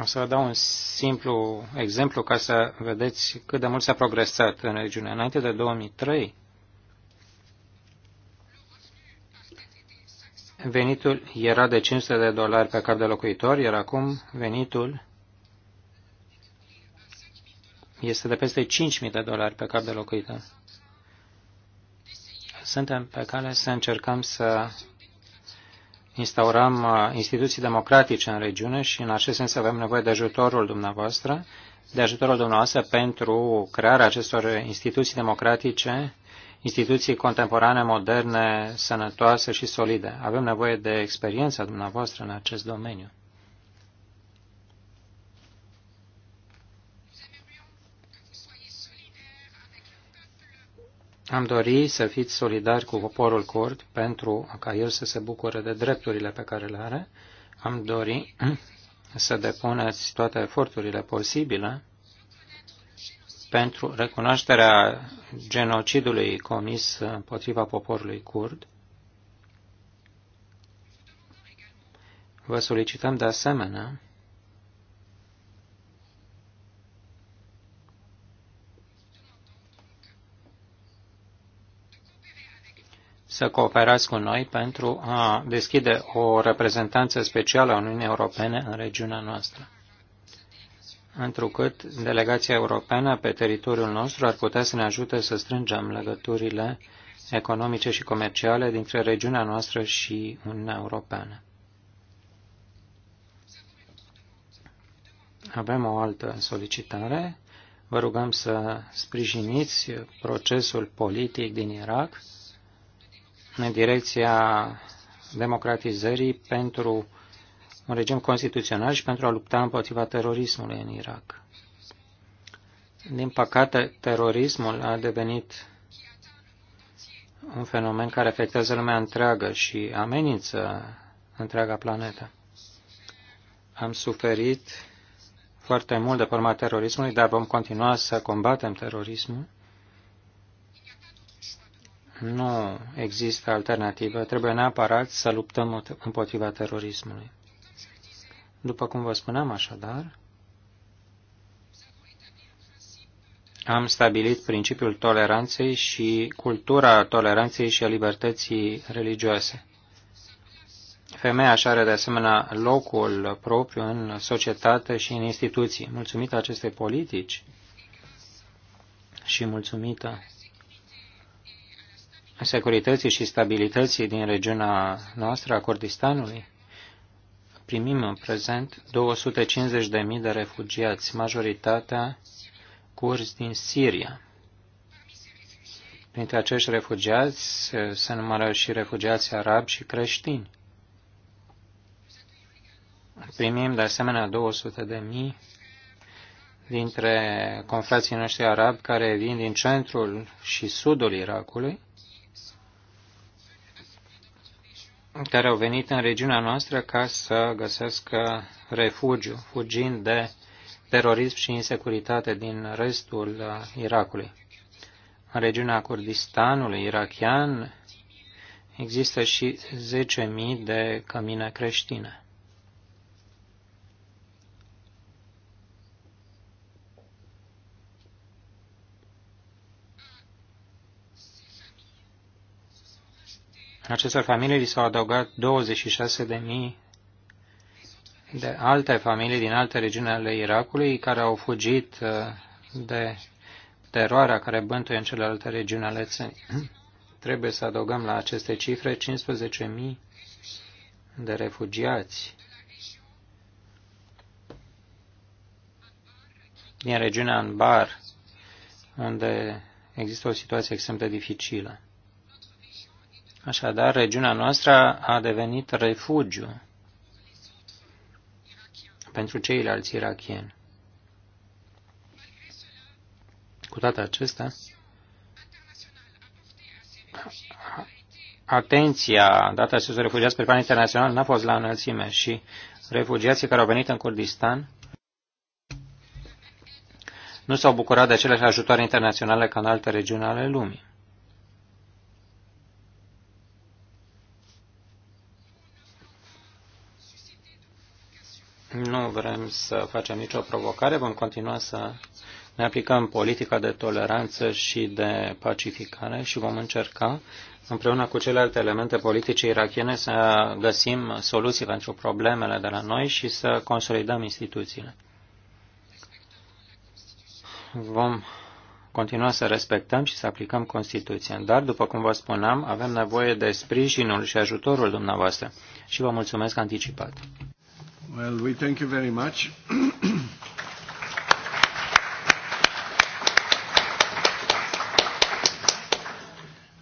S3: O să vă dau un simplu exemplu ca să vedeți cât de mult s-a progresat în regiune. Înainte de 2003, venitul era de 500 de dolari pe cap de locuitor, iar acum venitul este de peste 5.000 de dolari pe cap de locuitor. Suntem pe cale să încercăm să instaurăm uh, instituții democratice în regiune și în acest sens avem nevoie de ajutorul dumneavoastră, de ajutorul dumneavoastră pentru crearea acestor instituții democratice, instituții contemporane, moderne, sănătoase și solide. Avem nevoie de experiența dumneavoastră în acest domeniu. Am dori să fiți solidari cu poporul curd pentru ca el să se bucure de drepturile pe care le are. Am dori să depuneți toate eforturile posibile pentru recunoașterea genocidului comis împotriva poporului curd. Vă solicităm de asemenea să cooperați cu noi pentru a deschide o reprezentanță specială a Uniunii Europene în regiunea noastră. Întrucât delegația europeană pe teritoriul nostru ar putea să ne ajute să strângem legăturile economice și comerciale dintre regiunea noastră și Uniunea Europeană. Avem o altă solicitare. Vă rugăm să sprijiniți procesul politic din Irak în direcția democratizării pentru un regim constituțional și pentru a lupta împotriva terorismului în Irak. Din păcate, terorismul a devenit un fenomen care afectează lumea întreagă și amenință întreaga planetă. Am suferit foarte mult de forma terorismului, dar vom continua să combatem terorismul nu există alternativă, trebuie neapărat să luptăm împotriva terorismului. După cum vă spuneam așadar, am stabilit principiul toleranței și cultura toleranței și a libertății religioase. Femeia așa are de asemenea locul propriu în societate și în instituții. Mulțumită acestei politici și mulțumită securității și stabilității din regiunea noastră a Kurdistanului, primim în prezent 250.000 de refugiați, majoritatea curzi din Siria. Printre acești refugiați se numără și refugiați arabi și creștini. Primim de asemenea 200 de mii dintre confrații noștri arabi care vin din centrul și sudul Irakului care au venit în regiunea noastră ca să găsească refugiu, fugind de terorism și insecuritate din restul uh, Irakului. În regiunea Kurdistanului irachian există și 10.000 de cămine creștine. acestor familii li s-au adăugat 26.000 de alte familii din alte regiuni ale Irakului care au fugit uh, de teroarea care bântuie în celelalte regiuni ale țării. Trebuie să adăugăm la aceste cifre 15.000 de refugiați din regiunea Anbar, unde există o situație extrem de dificilă. Așadar, regiunea noastră a devenit refugiu pentru ceilalți irachieni. Cu toate acestea, atenția dată acestor refugiați pe plan internațional n-a fost la înălțime și refugiații care au venit în Kurdistan nu s-au bucurat de aceleași ajutoare internaționale ca în alte regiuni ale lumii. Nu vrem să facem nicio provocare, vom continua să ne aplicăm politica de toleranță și de pacificare și vom încerca, împreună cu celelalte elemente politice irachiene, să găsim soluții pentru problemele de la noi și să consolidăm instituțiile. Vom continua să respectăm și să aplicăm Constituția. Dar, după cum vă spuneam, avem nevoie de sprijinul și ajutorul dumneavoastră și vă mulțumesc anticipat.
S1: Well, we thank you very much.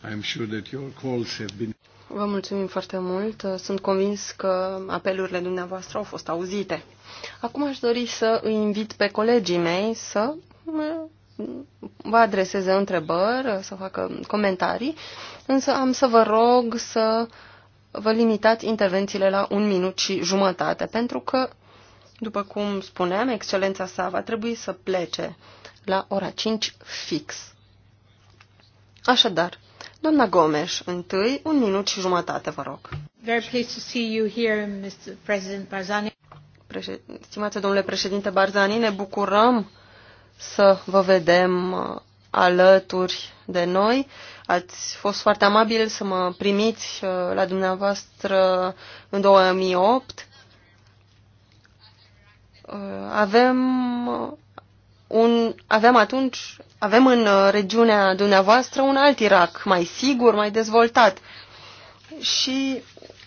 S1: I'm sure that your calls have been...
S4: Vă mulțumim foarte mult. Sunt convins că apelurile dumneavoastră au fost auzite. Acum aș dori să îi invit pe colegii mei să vă adreseze întrebări, să facă comentarii, însă am să vă rog să uh, vă limitați intervențiile la un minut și jumătate, pentru că, după cum spuneam, excelența sa va trebui să plece la ora 5 fix. Așadar, doamna Gomes, întâi, un minut și jumătate, vă rog.
S2: Very pleased to see you here,
S4: Mr. President Barzani. Președ... Stimate domnule președinte Barzani, ne bucurăm să vă vedem uh, alături de noi. Ați fost foarte amabil să mă primiți uh, la dumneavoastră în 2008. Uh, avem uh, un, avem atunci, avem în regiunea dumneavoastră un alt Irak, mai sigur, mai dezvoltat. Și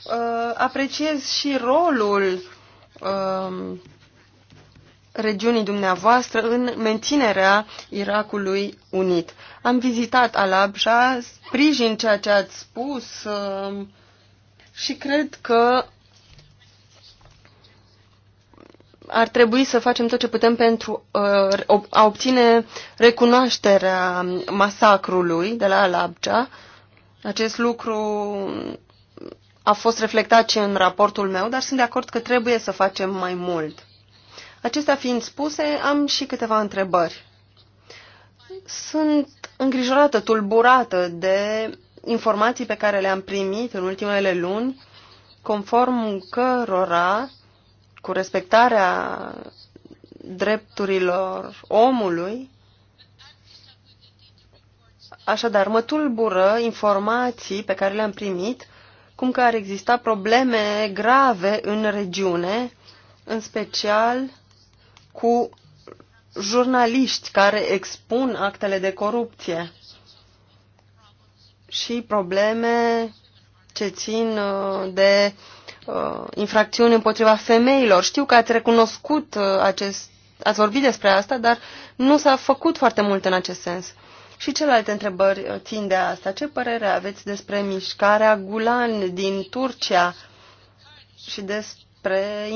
S4: uh, apreciez și rolul uh, regiunii dumneavoastră în menținerea Irakului unit. Am vizitat Alabja, sprijin ceea ce ați spus um, și cred că ar trebui să facem tot ce putem pentru uh, a obține recunoașterea masacrului de la Alabja. Acest lucru a fost reflectat și în raportul meu, dar sunt de acord că trebuie să facem mai mult. Acestea fiind spuse, am și câteva întrebări. Sunt îngrijorată, tulburată de informații pe care le-am primit în ultimele luni, conform cărora, cu respectarea drepturilor omului, Așadar, mă tulbură informații pe care le-am primit, cum că ar exista probleme grave în regiune, în special cu jurnaliști care expun actele de corupție și probleme ce țin uh, de uh, infracțiuni împotriva femeilor. Știu că ați recunoscut uh, acest, ați vorbit despre asta, dar nu s-a făcut foarte mult în acest sens. Și celelalte întrebări țin de asta. Ce părere aveți despre mișcarea Gulan din Turcia și despre despre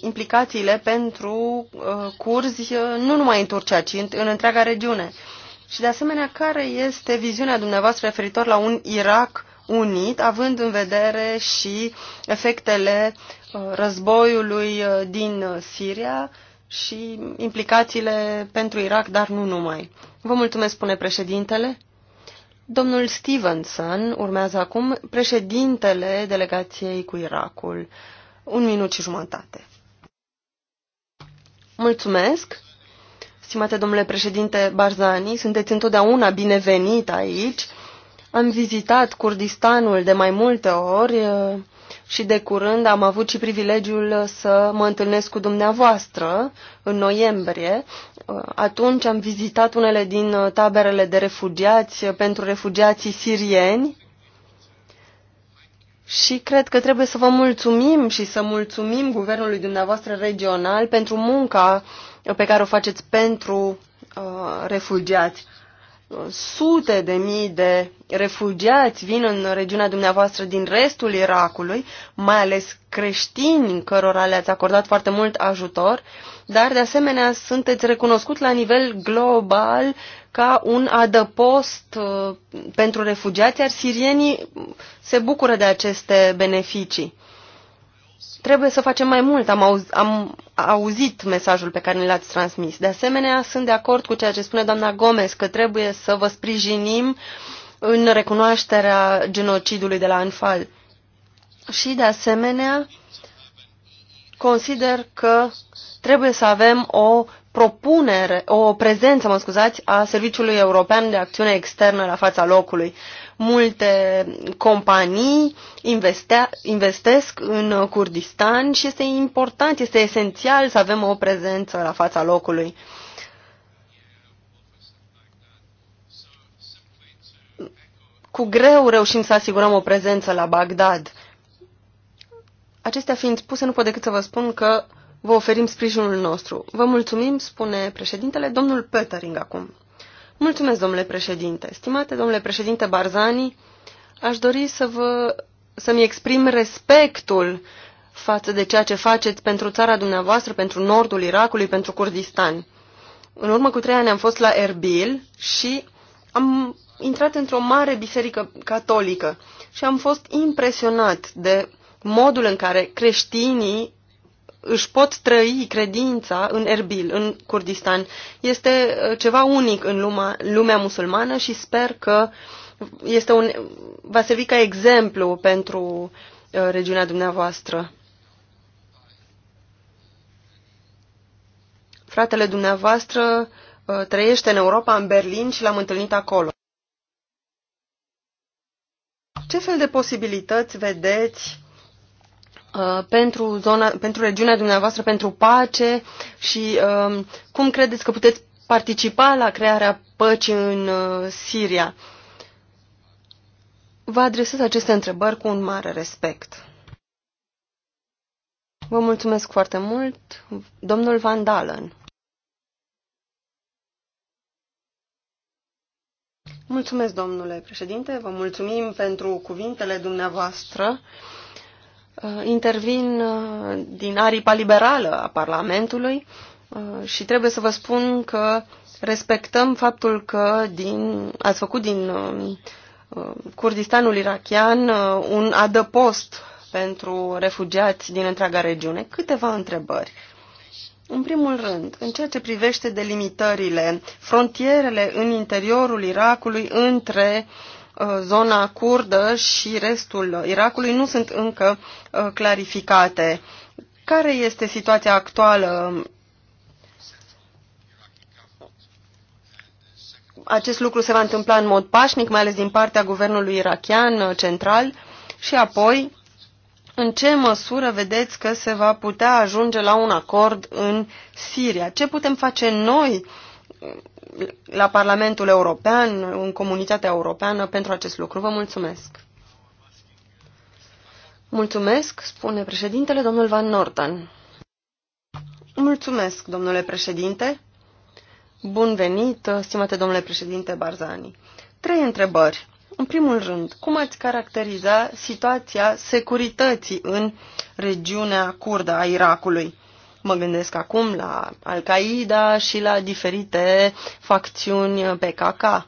S4: implicațiile pentru uh, curzi uh, nu numai în Turcia, ci în, în întreaga regiune. Și de asemenea, care este viziunea dumneavoastră referitor la un Irak unit, având în vedere și efectele uh, războiului din Siria și implicațiile pentru Irak, dar nu numai. Vă mulțumesc, spune președintele. Domnul Stevenson urmează acum președintele delegației cu Irakul. Un minut și jumătate. Mulțumesc. Stimate domnule președinte Barzani, sunteți întotdeauna binevenit aici. Am vizitat Kurdistanul de mai multe ori uh, și de curând am avut și privilegiul să mă întâlnesc cu dumneavoastră în noiembrie. Uh, atunci am vizitat unele din taberele de refugiați uh, pentru refugiații sirieni și cred că trebuie să vă mulțumim și să mulțumim guvernului dumneavoastră regional pentru munca pe care o faceți pentru uh, refugiați. Sute de mii de refugiați vin în regiunea dumneavoastră din restul Irakului, mai ales creștini cărora le-ați acordat foarte mult ajutor. Uh, dar de asemenea sunteți recunoscut la nivel global ca un adăpost uh, pentru refugiați, iar sirienii se bucură de aceste beneficii. Trebuie să facem mai mult, am, auz, am auzit mesajul pe care ne l-ați transmis. De asemenea, sunt de acord cu ceea ce spune doamna Gomez, că trebuie să vă sprijinim în recunoașterea genocidului de la Anfal. Și, de asemenea, consider că trebuie să avem o propunere, o prezență, mă scuzați, a Serviciului European de Acțiune Externă la fața locului. Multe companii investea, investesc în Kurdistan și este important, este esențial să avem o prezență la fața locului. Cu greu reușim să asigurăm o prezență la Bagdad Acestea fiind spuse, nu pot decât să vă spun că vă oferim sprijinul nostru. Vă mulțumim, spune președintele, domnul Pöttering acum. Mulțumesc, domnule președinte. Stimate domnule președinte Barzani, aș dori să vă, să-mi exprim respectul față de ceea ce faceți pentru țara dumneavoastră, pentru nordul Irakului, pentru Kurdistan. În urmă cu trei ani am fost la Erbil și am intrat într-o mare biserică catolică și am fost impresionat de modul în care creștinii își pot trăi credința în Erbil, în Kurdistan. Este uh, ceva unic în lumea, lumea musulmană și sper că este un, va servi ca exemplu pentru uh, regiunea dumneavoastră. Fratele dumneavoastră uh, trăiește în Europa, în Berlin și l-am întâlnit acolo. Ce fel de posibilități vedeți Uh, pentru, zona, pentru regiunea dumneavoastră, pentru pace și um, cum credeți că puteți participa la crearea păcii în uh, Siria? Vă adresez aceste întrebări cu un mare respect. Vă mulțumesc foarte mult, domnul Van Dalen. Mulțumesc, domnule președinte, vă mulțumim pentru cuvintele dumneavoastră. Uh, intervin uh, din aripa liberală a Parlamentului uh, și trebuie să vă spun că respectăm faptul că din, ați făcut din um, Kurdistanul irachian un adăpost pentru refugiați din întreaga regiune. Câteva întrebări. În primul rând, în ceea ce privește delimitările, frontierele în interiorul Irakului între uh, Uh, zona kurdă și restul Irakului nu sunt încă uh, clarificate. Care este situația actuală? Acest lucru se va întâmpla în mod pașnic, mai ales din partea guvernului irachian uh, central și apoi în ce măsură vedeți că se va putea ajunge la un acord în Siria? Ce putem face noi la Parlamentul European, în comunitatea europeană pentru acest lucru. Vă mulțumesc! Mulțumesc, spune președintele domnul Van Norton. Mulțumesc, domnule președinte. Bun venit, stimate domnule președinte Barzani. Trei întrebări. În primul rând, cum ați caracteriza situația securității în regiunea curdă a Irakului? Mă gândesc acum la Al-Qaeda și la diferite facțiuni PKK.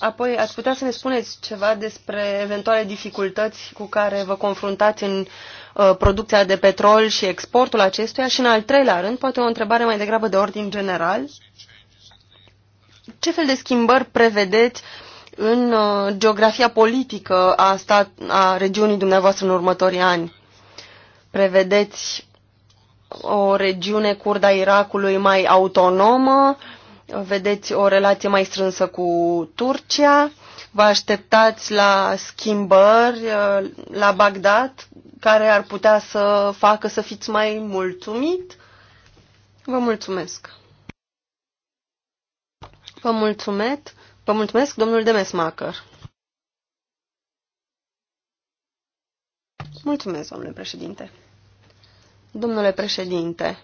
S4: Apoi, ați putea să ne spuneți ceva despre eventuale dificultăți cu care vă confruntați în uh, producția de petrol și exportul acestuia? Și în al treilea rând, poate o întrebare mai degrabă de ordin general. Ce fel de schimbări prevedeți în uh, geografia politică a, stat, a regiunii dumneavoastră în următorii ani? Prevedeți o regiune curda Irakului mai autonomă, vedeți o relație mai strânsă cu Turcia, vă așteptați la schimbări uh, la Bagdad care ar putea să facă să fiți mai mulțumit? Vă mulțumesc! Vă mulțumesc, vă mulțumesc domnul Demesmacher. Mulțumesc, domnule președinte. Domnule președinte,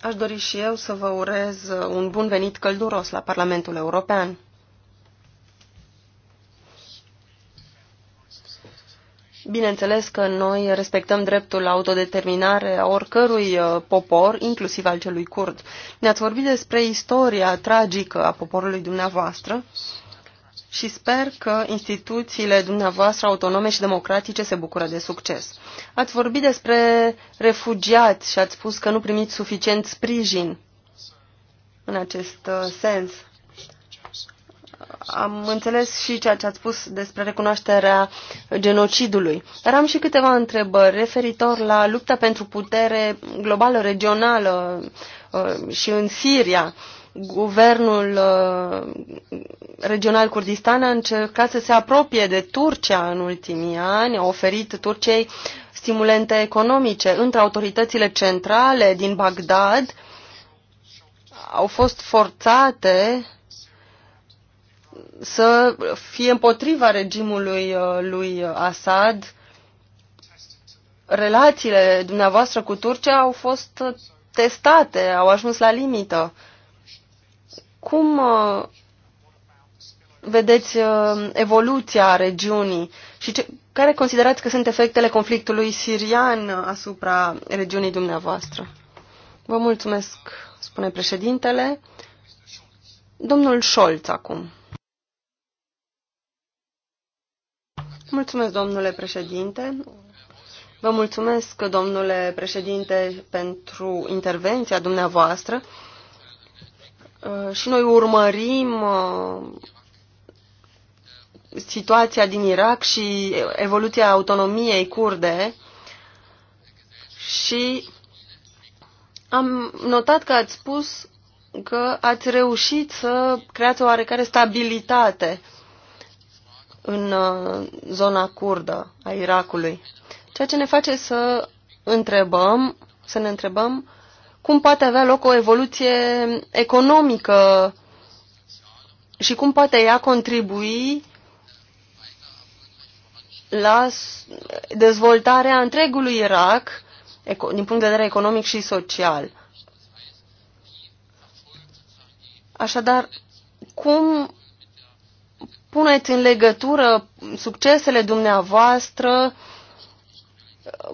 S4: aș dori și eu să vă urez un bun venit călduros la Parlamentul European. Bineînțeles că noi respectăm dreptul la autodeterminare a oricărui uh, popor, inclusiv al celui curd. Ne-ați vorbit despre istoria tragică a poporului dumneavoastră și sper că instituțiile dumneavoastră autonome și democratice se bucură de succes. Ați vorbit despre refugiați și ați spus că nu primiți suficient sprijin în acest uh, sens. Am înțeles și ceea ce ați spus despre recunoașterea genocidului, dar am și câteva întrebări referitor la lupta pentru putere globală, regională uh, și în Siria. Guvernul uh, regional Kurdistan a încercat să se apropie de Turcia în ultimii ani, a oferit Turciei stimulente economice între autoritățile centrale din Bagdad au fost forțate să fie împotriva regimului uh, lui Assad. Relațiile dumneavoastră cu Turcia au fost uh, testate, au ajuns la limită. Cum uh, vedeți evoluția regiunii? Și ce, care considerați că sunt efectele conflictului sirian asupra regiunii dumneavoastră? Vă mulțumesc, spune președintele. Domnul Scholz acum. Mulțumesc, domnule președinte. Vă mulțumesc, domnule președinte, pentru intervenția dumneavoastră. Uh, și noi urmărim uh, situația din Irak și evoluția autonomiei curde și am notat că ați spus că ați reușit să creați o oarecare stabilitate în uh, zona curdă a Irakului. Ceea ce ne face să întrebăm, să ne întrebăm cum poate avea loc o evoluție economică și cum poate ea contribui la dezvoltarea întregului Irak din punct de vedere economic și social. Așadar, cum puneți în legătură succesele dumneavoastră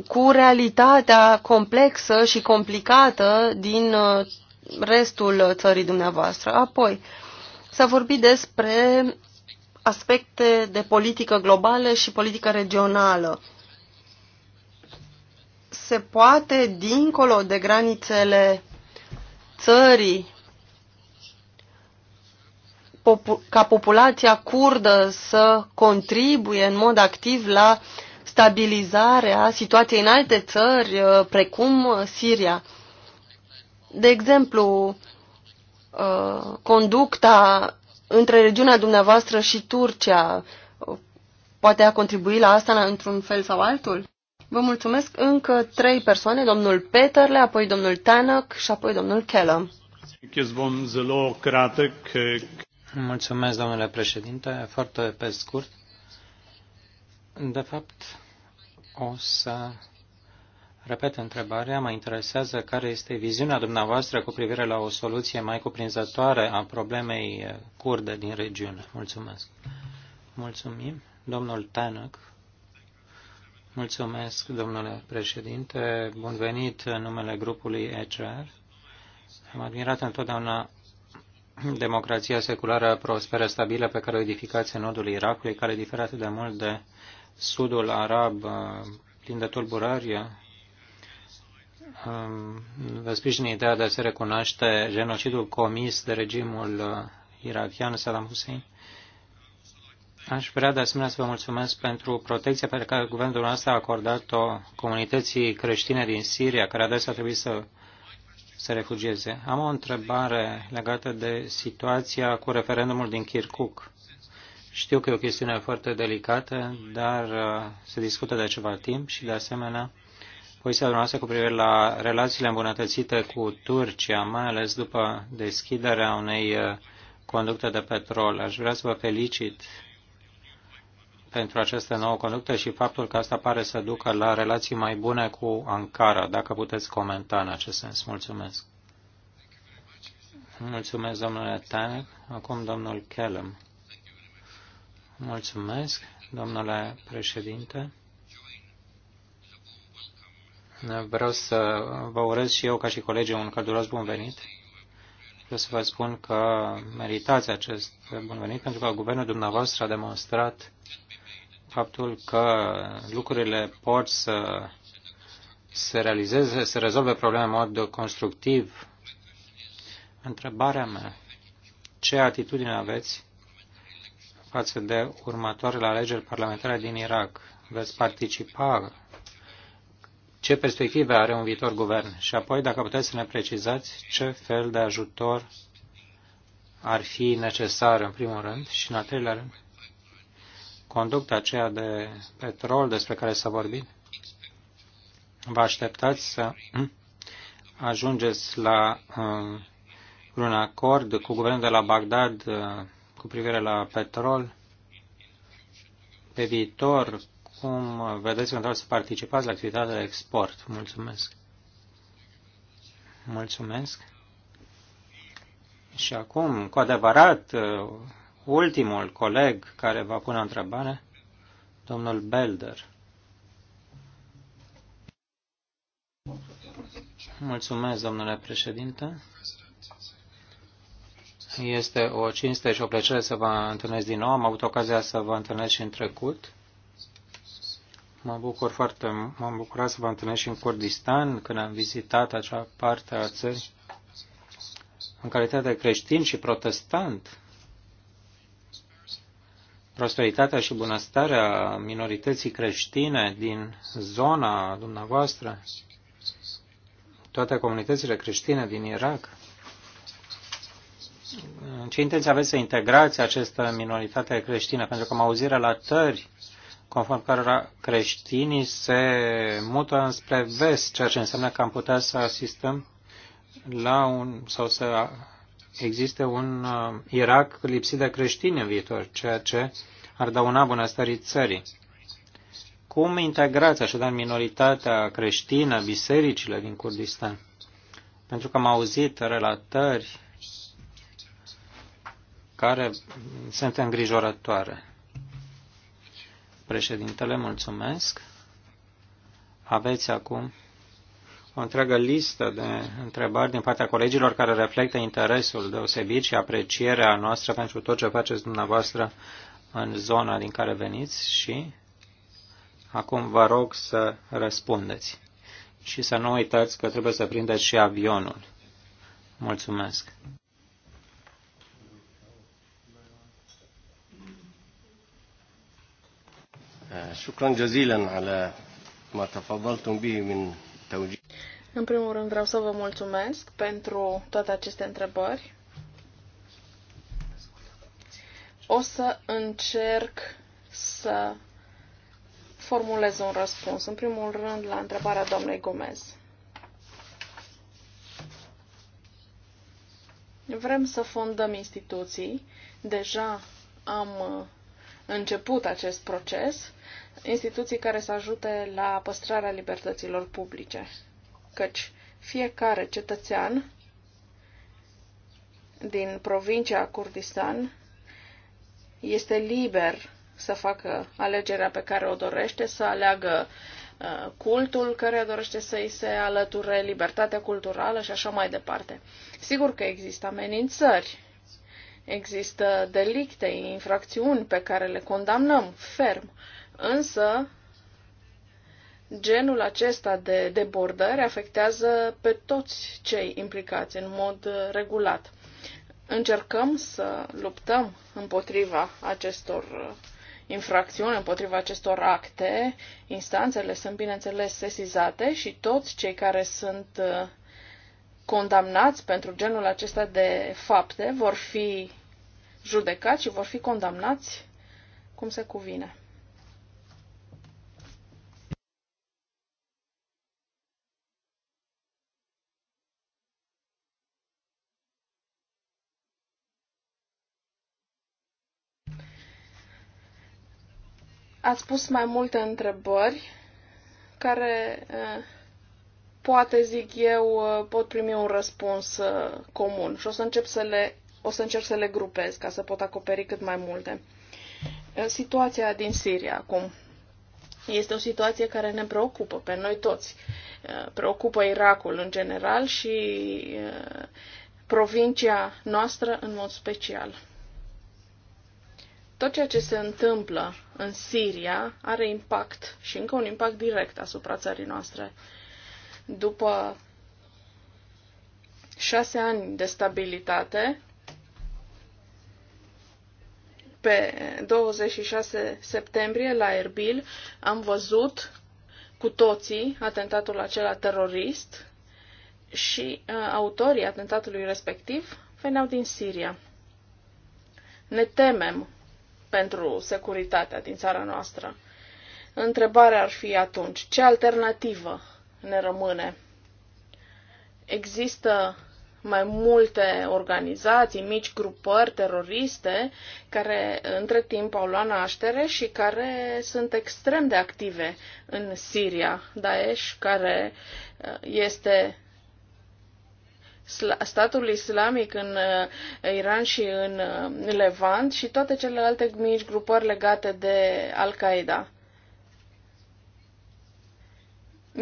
S4: cu realitatea complexă și complicată din uh, restul țării dumneavoastră. Apoi, s-a vorbit despre aspecte de politică globală și politică regională. Se poate, dincolo de granițele țării, ca populația curdă să contribuie în mod activ la stabilizarea situației în alte țări, uh, precum Siria. De exemplu, uh, conducta între regiunea dumneavoastră și Turcia poate a contribui la asta într-un fel sau altul? Vă mulțumesc încă trei persoane, domnul Peterle, apoi domnul Tanak și apoi domnul Kellam.
S3: Mulțumesc, domnule președinte. Foarte pe scurt. De fapt, o să Repet întrebarea, mă interesează care este viziunea dumneavoastră cu privire la o soluție mai cuprinzătoare a problemei curde eh, din regiune. Mulțumesc. Mulțumim. Domnul Tanăc. Mulțumesc, domnule președinte. Bun venit în numele grupului ECR. Am admirat întotdeauna democrația seculară prosperă, stabilă pe care o edificați în nodul Irakului, care diferă atât de mult de sudul arab eh, plin de tulburări Um, vă sprijin ideea de a se recunoaște genocidul comis de regimul uh, irachian Saddam Hussein. Aș vrea de asemenea să vă mulțumesc pentru protecția pe care guvernul nostru a acordat-o comunității creștine din Siria, care adesea trebuie să se refugieze. Am o întrebare legată de situația cu referendumul din Kirkuk. Știu că e o chestiune foarte delicată, dar uh, se discută de ceva timp și, de asemenea, poziția noastră cu privire la relațiile îmbunătățite cu Turcia, mai ales după deschiderea unei uh, conducte de petrol. Aș vrea să vă felicit pentru această nouă conductă și faptul că asta pare să ducă la relații mai bune cu Ankara. Dacă puteți comenta în acest sens. Mulțumesc. Mulțumesc, domnule Tanek. Acum domnul Kellem. Mulțumesc, domnule președinte. Vreau să vă urez și eu, ca și colegii, un călduros bun venit. Vreau să vă spun că meritați acest bun venit pentru că guvernul dumneavoastră a demonstrat faptul că lucrurile pot să se realizeze, să rezolve probleme în mod constructiv. Întrebarea mea, ce atitudine aveți față de următoarele alegeri parlamentare din Irak? Veți participa ce perspective are un viitor guvern și apoi dacă puteți să ne precizați ce fel de ajutor ar fi necesar în primul rând și în al treilea rând conducta aceea de petrol despre care s-a vorbit. Vă așteptați să ajungeți la uh, um, un acord cu guvernul de la Bagdad uh, cu privire la petrol? Pe viitor, cum vedeți când să participați la activitatea de export. Mulțumesc! Mulțumesc! Și acum, cu adevărat, ultimul coleg care va pune o întrebare, domnul Belder. Mulțumesc, domnule președinte. Este o cinste și o plăcere să vă întâlnesc din nou. Am avut ocazia să vă întâlnesc și în trecut. Mă bucur foarte mult. M-am bucurat să vă întâlnesc și în Kurdistan, când am vizitat acea parte a țării, în calitate de creștin și protestant. Prosperitatea și bunăstarea minorității creștine din zona dumneavoastră, toate comunitățile creștine din Irak. ce intenție aveți să integrați această minoritate creștină? Pentru că am auzit relatări conform cărora creștinii se mută înspre vest, ceea ce înseamnă că am putea să asistăm la un, sau să existe un uh, Irak lipsit de creștini în viitor, ceea ce ar da bună stării țării. Cum integrați așadar minoritatea creștină, bisericile din Kurdistan? Pentru că am auzit relatări care sunt îngrijorătoare. Președintele, mulțumesc. Aveți acum o întreagă listă de întrebări din partea colegilor care reflectă interesul deosebit și aprecierea noastră pentru tot ce faceți dumneavoastră în zona din care veniți și acum vă rog să răspundeți și să nu uitați că trebuie să prindeți și avionul. Mulțumesc! شكرا جزيلا على ما
S1: تفضلتم به من توجيه
S2: În primul rând vreau să vă mulțumesc pentru toate aceste întrebări. O să încerc să formulez un răspuns. În primul rând la întrebarea doamnei Gomez. Vrem să fondăm instituții. Deja am început acest proces, instituții care să ajute la păstrarea libertăților publice. Căci fiecare cetățean din provincia Kurdistan este liber să facă alegerea pe care o dorește, să aleagă uh, cultul care dorește să-i se alăture, libertatea culturală și așa mai departe. Sigur că există amenințări Există delicte, infracțiuni pe care le condamnăm ferm, însă genul acesta de debordări afectează pe toți cei implicați în mod regulat. Încercăm să luptăm împotriva acestor uh, infracțiuni, împotriva acestor acte. Instanțele sunt, bineînțeles, sesizate și toți cei care sunt uh, condamnați pentru genul acesta de fapte vor fi judecați și vor fi condamnați cum se cuvine. Ați pus mai multe întrebări care uh, poate, zic eu, uh, pot primi un răspuns uh, comun și o să încep să le, o să încerc să le grupez ca să pot acoperi cât mai multe. Uh, situația din Siria acum este o situație care ne preocupă pe noi toți. Preocupă Irakul în general și provincia noastră în mod special. Tot ceea ce se întâmplă în Siria are impact și încă un impact direct asupra țării noastre. Uh, după șase ani de stabilitate, pe 26 septembrie la Erbil am văzut cu toții atentatul acela terorist și uh, autorii atentatului respectiv veneau din Siria. Ne temem pentru securitatea din țara noastră. Întrebarea ar fi atunci, ce alternativă ne rămâne. Există mai multe organizații, mici grupări teroriste care între timp au luat naștere și care sunt extrem de active în Siria. Daesh, care uh, este statul islamic în uh, Iran și în uh, Levant și toate celelalte mici grupări legate de Al-Qaeda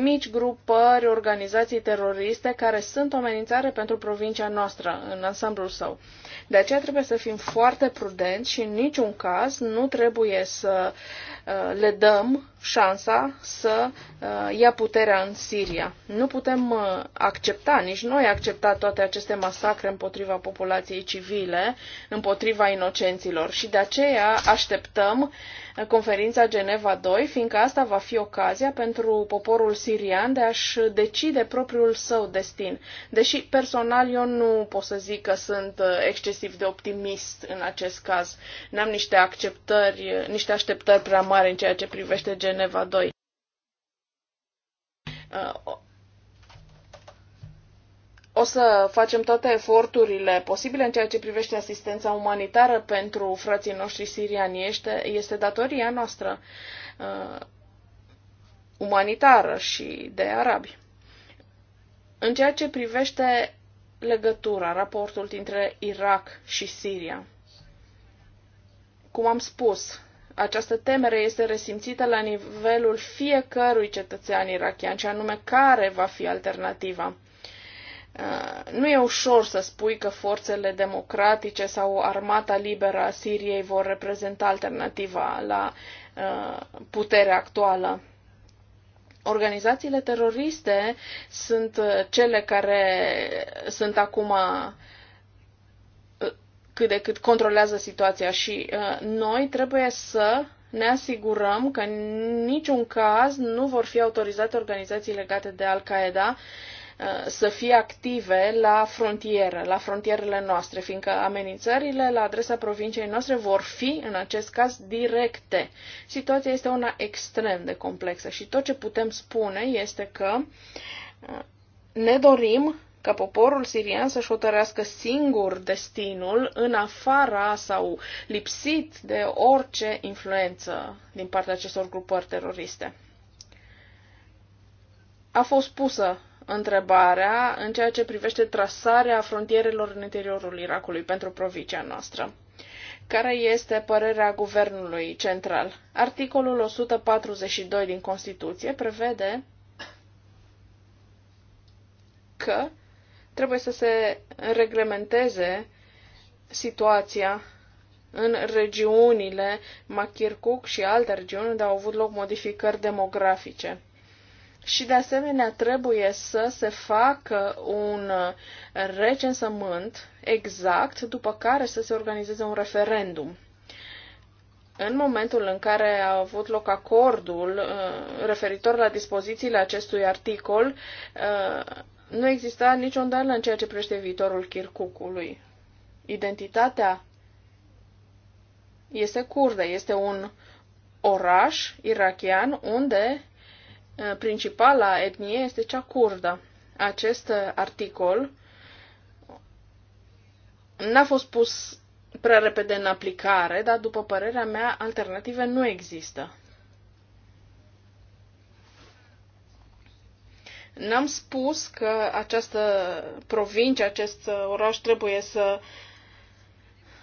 S2: mici grupări, organizații teroriste care sunt o amenințare pentru provincia noastră în ansamblul său. De aceea trebuie să fim foarte prudenți și în niciun caz nu trebuie să uh, le dăm șansa să uh, ia puterea în Siria. Nu putem uh, accepta, nici noi accepta toate aceste masacre împotriva populației civile, împotriva inocenților și de aceea așteptăm uh, conferința Geneva 2, fiindcă asta va fi ocazia pentru poporul sirian de a-și decide propriul său destin. Deși personal eu nu pot să zic că sunt excesiv de optimist în acest caz. N-am niște acceptări, niște așteptări prea mari în ceea ce privește Geneva Geneva 2. Uh, o să facem toate eforturile posibile în ceea ce privește asistența umanitară pentru frații noștri siriani. Este, este datoria noastră uh, umanitară și de arabi. În ceea ce privește legătura, raportul dintre Irak și Siria, cum am spus, această temere este resimțită la nivelul fiecărui cetățean irachian, și anume care va fi alternativa. Uh, nu e ușor să spui că forțele democratice sau armata liberă a Siriei vor reprezenta alternativa la uh, puterea actuală organizațiile teroriste sunt uh, cele care sunt acum cât de cât controlează situația și uh, noi trebuie să ne asigurăm că în niciun caz nu vor fi autorizate organizații legate de Al-Qaeda uh, să fie active la frontieră, la frontierele noastre, fiindcă amenințările la adresa provinciei noastre vor fi, în acest caz, directe. Situația este una extrem de complexă și tot ce putem spune este că uh, ne dorim ca poporul sirian să-și hotărească singur destinul în afara sau lipsit de orice influență din partea acestor grupări teroriste. A fost pusă întrebarea în ceea ce privește trasarea frontierelor în interiorul Irakului pentru provincia noastră. Care este părerea guvernului central? Articolul 142 din Constituție prevede că Trebuie să se reglementeze situația în regiunile Machircuc și alte regiuni unde au avut loc modificări demografice. Și de asemenea trebuie să se facă un recensământ exact, după care să se organizeze un referendum. În momentul în care a avut loc acordul uh, referitor la dispozițiile acestui articol, uh, nu exista nicio îndoială în ceea ce privește viitorul Kirkukului. Identitatea este curdă, este un oraș irachian unde uh, principala etnie este cea curdă. Acest uh, articol n-a fost pus prea repede în aplicare, dar după părerea mea, alternative nu există. N-am spus că această provincie, acest oraș trebuie să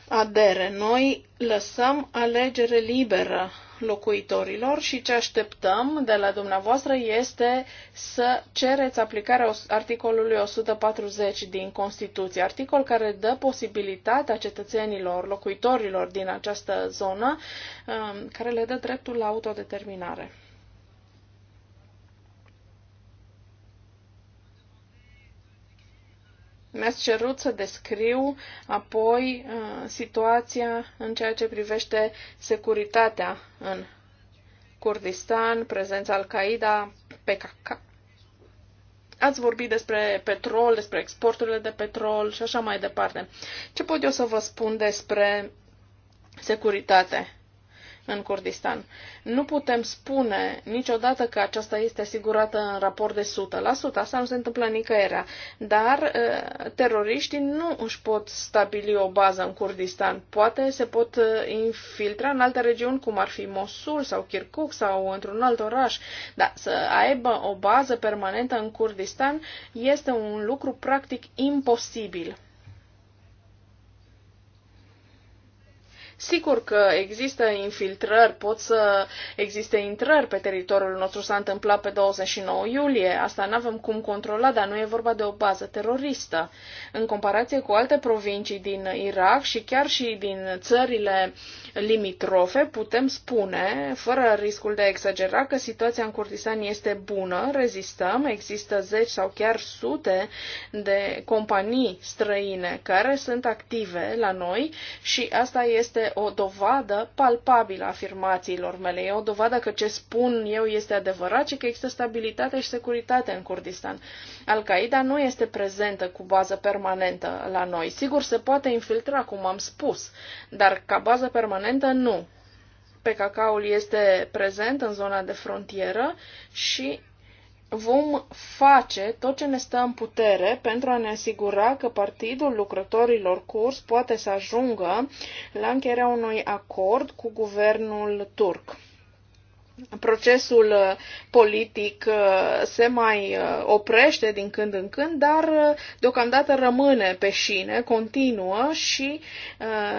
S2: adere. Noi lăsăm alegere liberă locuitorilor și ce așteptăm de la dumneavoastră este să cereți aplicarea articolului 140 din Constituție, articol care dă posibilitatea cetățenilor, locuitorilor din această zonă, um, care le dă dreptul la autodeterminare. Mi-ați cerut să descriu apoi uh, situația în ceea ce privește securitatea în Kurdistan, prezența Al-Qaeda, PKK. Ați vorbit despre petrol, despre exporturile de petrol și așa mai departe. Ce pot eu să vă spun despre securitate? în Kurdistan. Nu putem spune niciodată că aceasta este asigurată în raport de 100%, asta nu se întâmplă nicăieri. dar uh, teroriștii nu își pot stabili o bază în Kurdistan. Poate se pot uh, infiltra în alte regiuni, cum ar fi Mosul sau Kirkuk sau într-un alt oraș, dar să aibă o bază permanentă în Kurdistan este un lucru practic imposibil. Sigur că există infiltrări, pot să existe intrări pe teritoriul nostru, s-a întâmplat pe 29 iulie, asta nu avem cum controla, dar nu e vorba de o bază teroristă. În comparație cu alte provincii din Irak și chiar și din țările limitrofe, putem spune, fără riscul de a exagera, că situația în Kurdistan este bună, rezistăm, există zeci sau chiar sute de companii străine care sunt active la noi și asta este o dovadă palpabilă a afirmațiilor mele. E o dovadă că ce spun eu este adevărat și că există stabilitate și securitate în Kurdistan. Al-Qaeda nu este prezentă cu bază permanentă la noi. Sigur, se poate infiltra, cum am spus, dar ca bază permanentă nu. PKK-ul este prezent în zona de frontieră și vom face tot ce ne stă în putere pentru a ne asigura că Partidul Lucrătorilor Curs poate să ajungă la încheierea unui acord cu guvernul turc procesul uh, politic uh, se mai uh, oprește din când în când, dar deocamdată rămâne pe șine, continuă și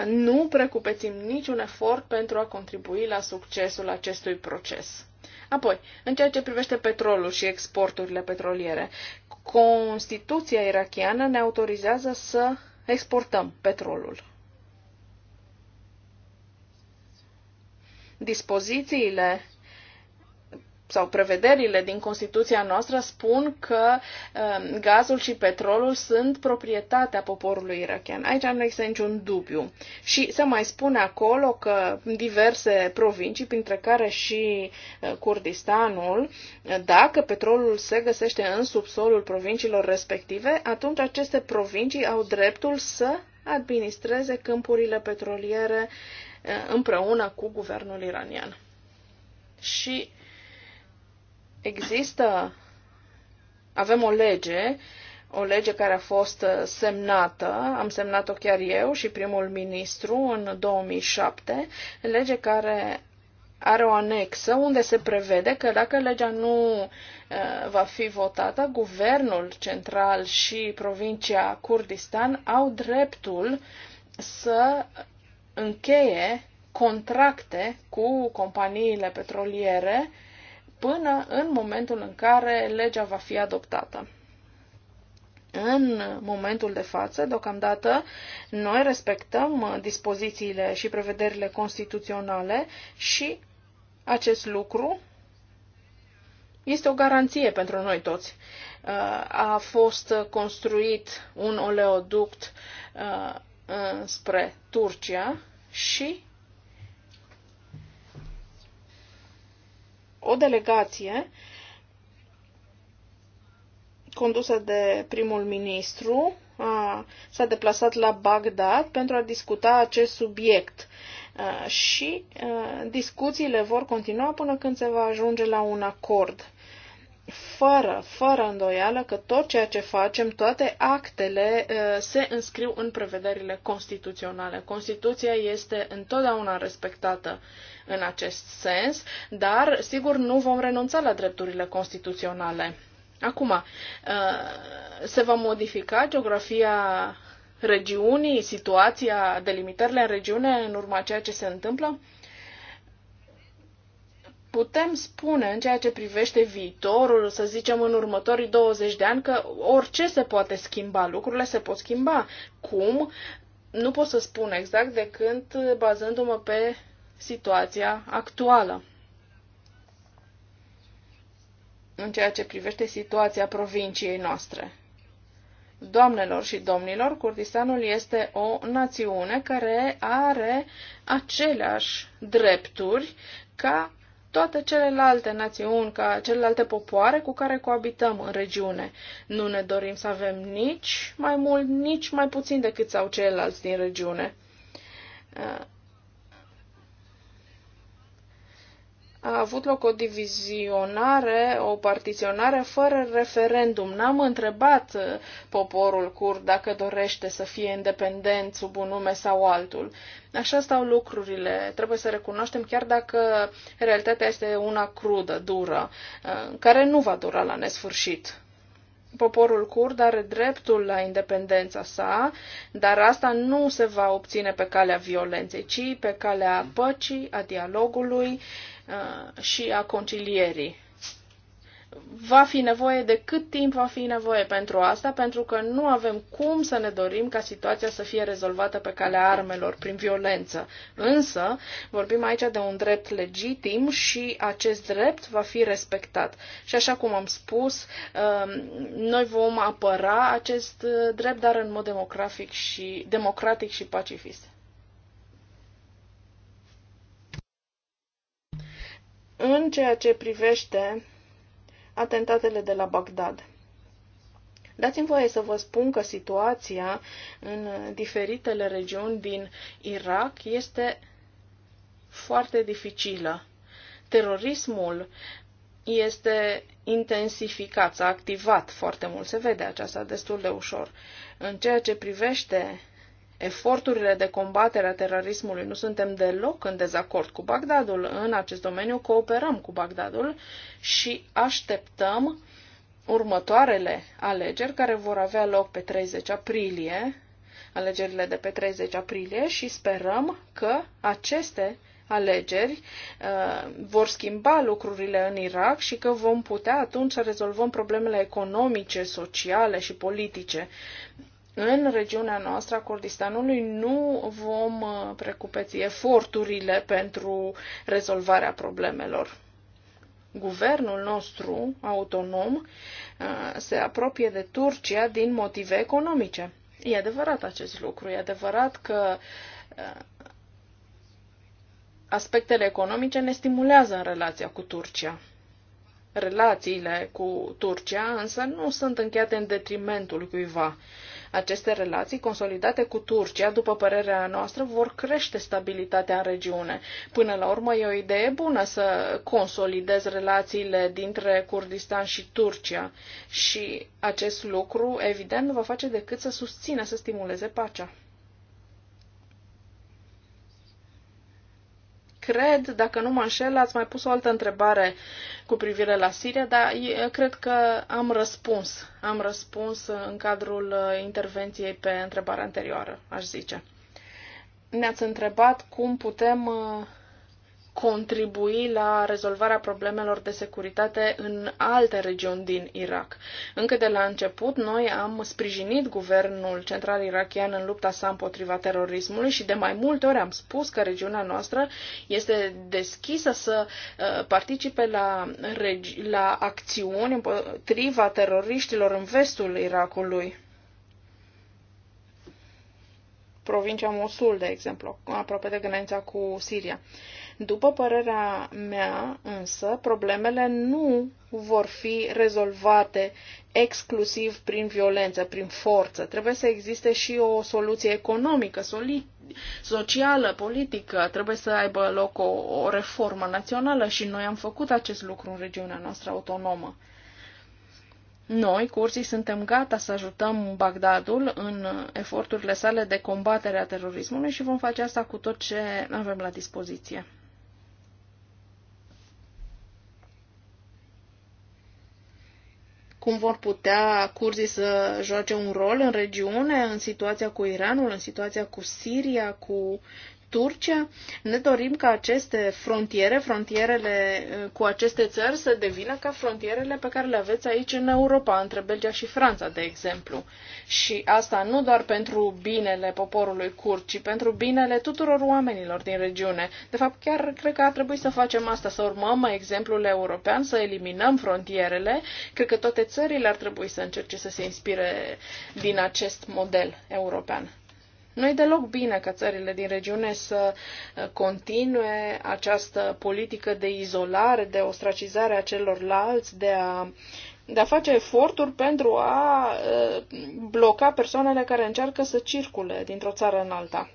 S2: nu precupețim niciun efort pentru a contribui la succesul acestui proces. Apoi, în ceea ce privește petrolul și exporturile petroliere, Constituția irachiană ne autorizează să exportăm petrolul. Dispozițiile sau prevederile din Constituția noastră spun că um, gazul și petrolul sunt proprietatea poporului irachian. Aici nu există niciun dubiu. Și se mai spune acolo că diverse provincii, printre care și uh, Kurdistanul, dacă petrolul se găsește în subsolul provinciilor respective, atunci aceste provincii au dreptul să administreze câmpurile petroliere uh, împreună cu guvernul iranian. Și Există, avem o lege, o lege care a fost uh, semnată, am semnat-o chiar eu și primul ministru în 2007, lege care are o anexă unde se prevede că dacă legea nu uh, va fi votată, guvernul central și provincia Kurdistan au dreptul să încheie contracte cu companiile petroliere până în momentul în care legea va fi adoptată. În momentul de față, deocamdată, noi respectăm uh, dispozițiile și prevederile constituționale și acest lucru este o garanție pentru noi toți. Uh, a fost construit un oleoduct uh, spre Turcia și o delegație condusă de primul ministru s-a deplasat la Bagdad pentru a discuta acest subiect și discuțiile vor continua până când se va ajunge la un acord fără, fără îndoială că tot ceea ce facem, toate actele se înscriu în prevederile constituționale. Constituția este întotdeauna respectată în acest sens, dar sigur nu vom renunța la drepturile constituționale. Acum, uh, se va modifica geografia regiunii, situația, delimitările în regiune în urma ceea ce se întâmplă? putem spune în ceea ce privește viitorul, să zicem în următorii 20 de ani, că orice se poate schimba, lucrurile se pot schimba. Cum? Nu pot să spun exact de când, bazându-mă pe situația actuală. În ceea ce privește situația provinciei noastre. Doamnelor și domnilor, Kurdistanul este o națiune care are aceleași drepturi ca toate celelalte națiuni, ca celelalte popoare cu care coabităm în regiune. Nu ne dorim să avem nici mai mult, nici mai puțin decât sau ceilalți din regiune. a avut loc o divizionare, o partiționare fără referendum. N-am întrebat uh, poporul curd dacă dorește să fie independent sub un nume sau altul. Așa stau lucrurile. Trebuie să recunoaștem chiar dacă realitatea este una crudă, dură, uh, care nu va dura la nesfârșit. Poporul curd are dreptul la independența sa, dar asta nu se va obține pe calea violenței, ci pe calea păcii, a dialogului, Uh, și a concilierii. Va fi nevoie de cât timp va fi nevoie pentru asta, pentru că nu avem cum să ne dorim ca situația să fie rezolvată pe calea armelor, prin violență. Însă, vorbim aici de un drept legitim și acest drept va fi respectat. Și așa cum am spus, um, noi vom apăra acest drept, dar în mod democratic și, democratic și pacifist. în ceea ce privește atentatele de la Bagdad. Dați-mi voie să vă spun că situația în diferitele regiuni din Irak este foarte dificilă. Terorismul este intensificat, s-a activat foarte mult, se vede aceasta destul de ușor. În ceea ce privește eforturile de combatere a terorismului. Nu suntem deloc în dezacord cu Bagdadul. În acest domeniu cooperăm cu Bagdadul și așteptăm următoarele alegeri care vor avea loc pe 30 aprilie, alegerile de pe 30 aprilie și sperăm că aceste alegeri uh, vor schimba lucrurile în Irak și că vom putea atunci să rezolvăm problemele economice, sociale și politice în regiunea noastră a Kurdistanului nu vom uh, precupeți eforturile pentru rezolvarea problemelor. Guvernul nostru autonom uh, se apropie de Turcia din motive economice. E adevărat acest lucru. E adevărat că uh, aspectele economice ne stimulează în relația cu Turcia. Relațiile cu Turcia însă nu sunt încheiate în detrimentul cuiva. Aceste relații consolidate cu Turcia, după părerea noastră, vor crește stabilitatea în regiune. Până la urmă, e o idee bună să consolidezi relațiile dintre Kurdistan și Turcia și acest lucru, evident, nu va face decât să susțină, să stimuleze pacea. Cred, dacă nu mă înșel, ați mai pus o altă întrebare cu privire la Siria, dar cred că am răspuns. Am răspuns în cadrul uh, intervenției pe întrebarea anterioară, aș zice. Ne-ați întrebat cum putem uh, contribui la rezolvarea problemelor de securitate în alte regiuni din Irak. Încă de la început, noi am sprijinit guvernul central irachian în lupta sa împotriva terorismului și de mai multe ori am spus că regiunea noastră este deschisă să uh, participe la, la acțiuni împotriva teroriștilor în vestul Irakului provincia Mosul, de exemplu, aproape de granița cu Siria. După părerea mea, însă, problemele nu vor fi rezolvate exclusiv prin violență, prin forță. Trebuie să existe și o soluție economică, socială, politică. Trebuie să aibă loc o, o reformă națională și noi am făcut acest lucru în regiunea noastră autonomă. Noi, curții, suntem gata să ajutăm Bagdadul în eforturile sale de combatere a terorismului și vom face asta cu tot ce avem la dispoziție. cum vor putea curzii să joace un rol în regiune, în situația cu Iranul, în situația cu Siria, cu Turcia, ne dorim ca aceste frontiere, frontierele eh, cu aceste țări să devină ca frontierele pe care le aveți aici în Europa, între Belgia și Franța, de exemplu. Și asta nu doar pentru binele poporului curd, ci pentru binele tuturor oamenilor din regiune. De fapt, chiar cred că ar trebui să facem asta, să urmăm exemplul european, să eliminăm frontierele. Cred că toate țările ar trebui să încerce să se inspire din acest model european. Nu e deloc bine ca țările din regiune să uh, continue această politică de izolare, de ostracizare a celorlalți, de a de a face eforturi pentru a uh, bloca persoanele care încearcă să circule dintr-o țară în alta.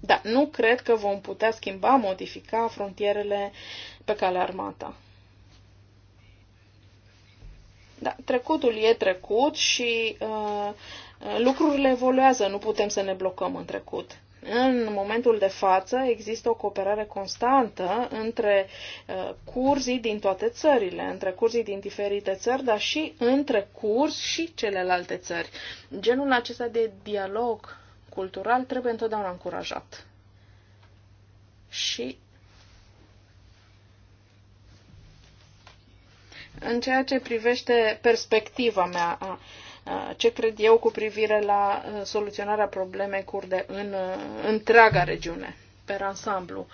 S2: Da, nu cred că vom putea schimba, modifica frontierele pe calea armată. Da, trecutul e trecut și uh, lucrurile evoluează, nu putem să ne blocăm în trecut. În momentul de față există o cooperare constantă între uh, curzii din toate țările, între curzii din diferite țări, dar și între curs și celelalte țări. Genul acesta de dialog cultural trebuie întotdeauna încurajat. Și în ceea ce privește perspectiva mea Uh, ce cred eu cu privire la uh, soluționarea problemei curde în uh, întreaga regiune, per ansamblu.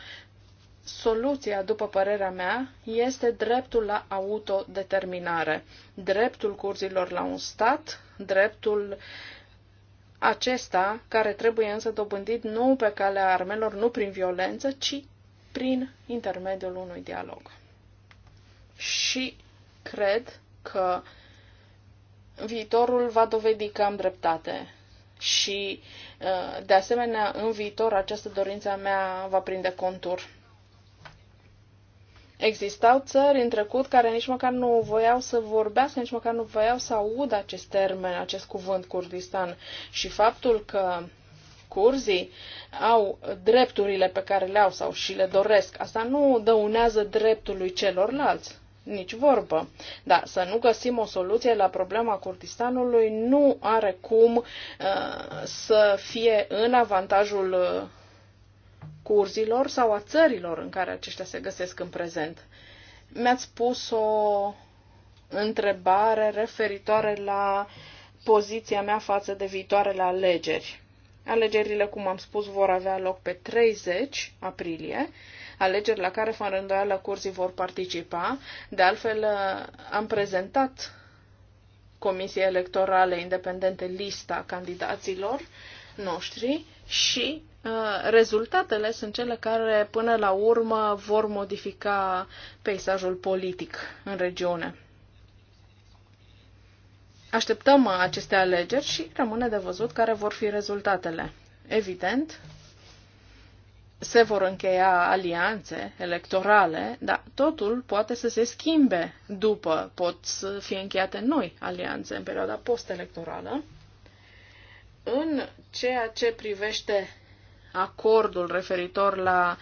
S2: Soluția, după părerea mea, este dreptul la autodeterminare, dreptul curzilor la un stat, dreptul acesta care trebuie însă dobândit nu pe calea armelor, nu prin violență, ci prin intermediul unui dialog. Și cred că uh, viitorul va dovedi că am dreptate. Și, uh, de asemenea, în viitor această dorință a mea va prinde contur. Existau țări în trecut care nici măcar nu voiau să vorbească, nici măcar nu voiau să audă acest termen, acest cuvânt Kurdistan. Și faptul că curzii au drepturile pe care le au sau și le doresc, asta nu dăunează dreptului celorlalți. Nici vorbă. Dar să nu găsim o soluție la problema Kurdistanului nu are cum uh, să fie în avantajul uh, curzilor sau a țărilor în care aceștia se găsesc în prezent. Mi-ați pus o întrebare referitoare la poziția mea față de viitoarele alegeri. Alegerile, cum am spus, vor avea loc pe 30 aprilie alegeri la care, fără îndoială, curzii vor participa. De altfel, uh, am prezentat Comisiei Electorale Independente lista candidaților noștri și uh, rezultatele sunt cele care până la urmă vor modifica peisajul politic în regiune. Așteptăm aceste alegeri și rămâne de văzut care vor fi rezultatele. Evident, se vor încheia alianțe electorale, dar totul poate să se schimbe după, pot să fie încheiate noi alianțe în perioada postelectorală. În ceea ce privește acordul referitor la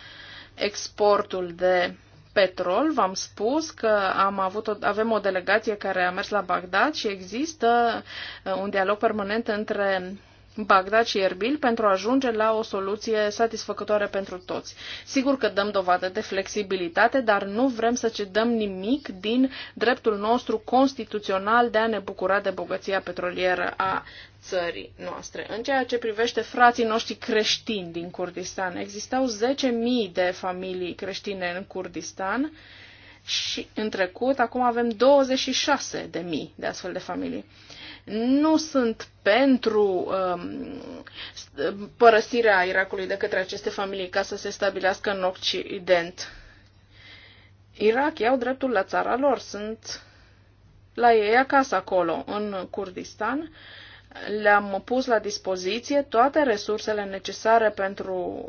S2: exportul de petrol, v-am spus că am avut o, avem o delegație care a mers la Bagdad și există uh, un dialog permanent între Bagdad și Erbil pentru a ajunge la o soluție satisfăcătoare pentru toți. Sigur că dăm dovadă de flexibilitate, dar nu vrem să cedăm nimic din dreptul nostru constituțional de a ne bucura de bogăția petrolieră a țării noastre. În ceea ce privește frații noștri creștini din Kurdistan, existau 10.000 de familii creștine în Kurdistan și în trecut acum avem 26.000 de astfel de familii. Nu sunt pentru um, părăsirea Irakului de către aceste familii ca să se stabilească în Occident. Irak au dreptul la țara lor, sunt la ei acasă acolo, în Kurdistan. Le-am pus la dispoziție toate resursele necesare pentru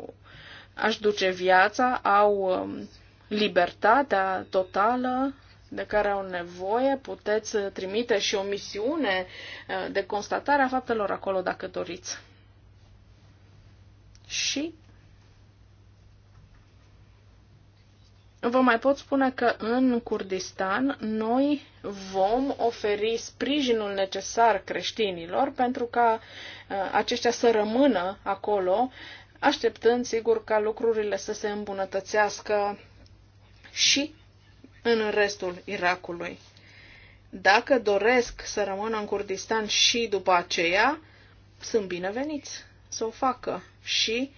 S2: a-și duce viața, au um, libertatea totală de care au nevoie. Puteți uh, trimite și o misiune uh, de constatare a faptelor acolo dacă doriți. Și Vă mai pot spune că în Kurdistan noi vom oferi sprijinul necesar creștinilor pentru ca uh, aceștia să rămână acolo, așteptând sigur ca lucrurile să se îmbunătățească și în restul Irakului. Dacă doresc să rămână în Kurdistan și după aceea, sunt bineveniți să o facă și